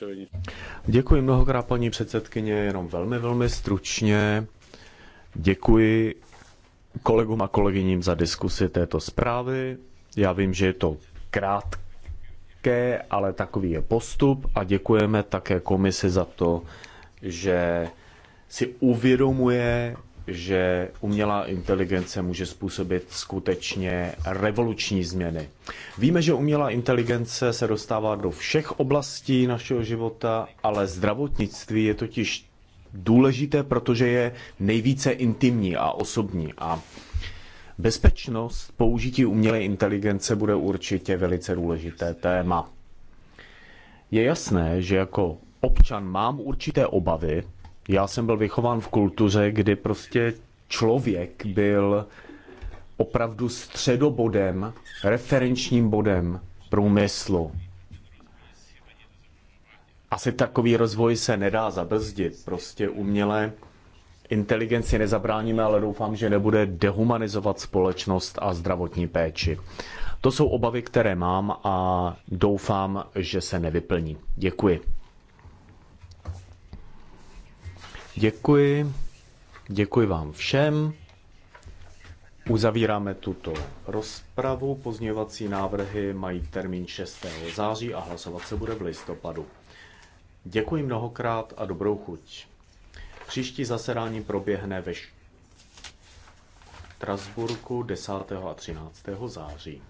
Děkuji mnohokrát, paní předsedkyně, jenom velmi, velmi stručně. Děkuji kolegům a kolegyním za diskusi této zprávy. Já vím, že je to krátké, ale takový je postup a děkujeme také komisi za to, že si uvědomuje, že umělá inteligence může způsobit skutečně revoluční změny. Víme, že umělá inteligence se dostává do všech oblastí našeho života, ale zdravotnictví je totiž důležité, protože je nejvíce intimní a osobní. A bezpečnost použití umělé inteligence bude určitě velice důležité téma. Je jasné, že jako občan mám určité obavy. Já jsem byl vychován v kultuře, kdy prostě člověk byl opravdu středobodem, referenčním bodem průmyslu, asi takový rozvoj se nedá zabrzdit. Prostě uměle inteligenci nezabráníme, ale doufám, že nebude dehumanizovat společnost a zdravotní péči. To jsou obavy, které mám a doufám, že se nevyplní. Děkuji. Děkuji. Děkuji vám všem. Uzavíráme tuto rozpravu. Pozměňovací návrhy mají termín 6. září a hlasovat se bude v listopadu. Děkuji mnohokrát a dobrou chuť. Příští zasedání proběhne ve Štrasburku 10. a 13. září.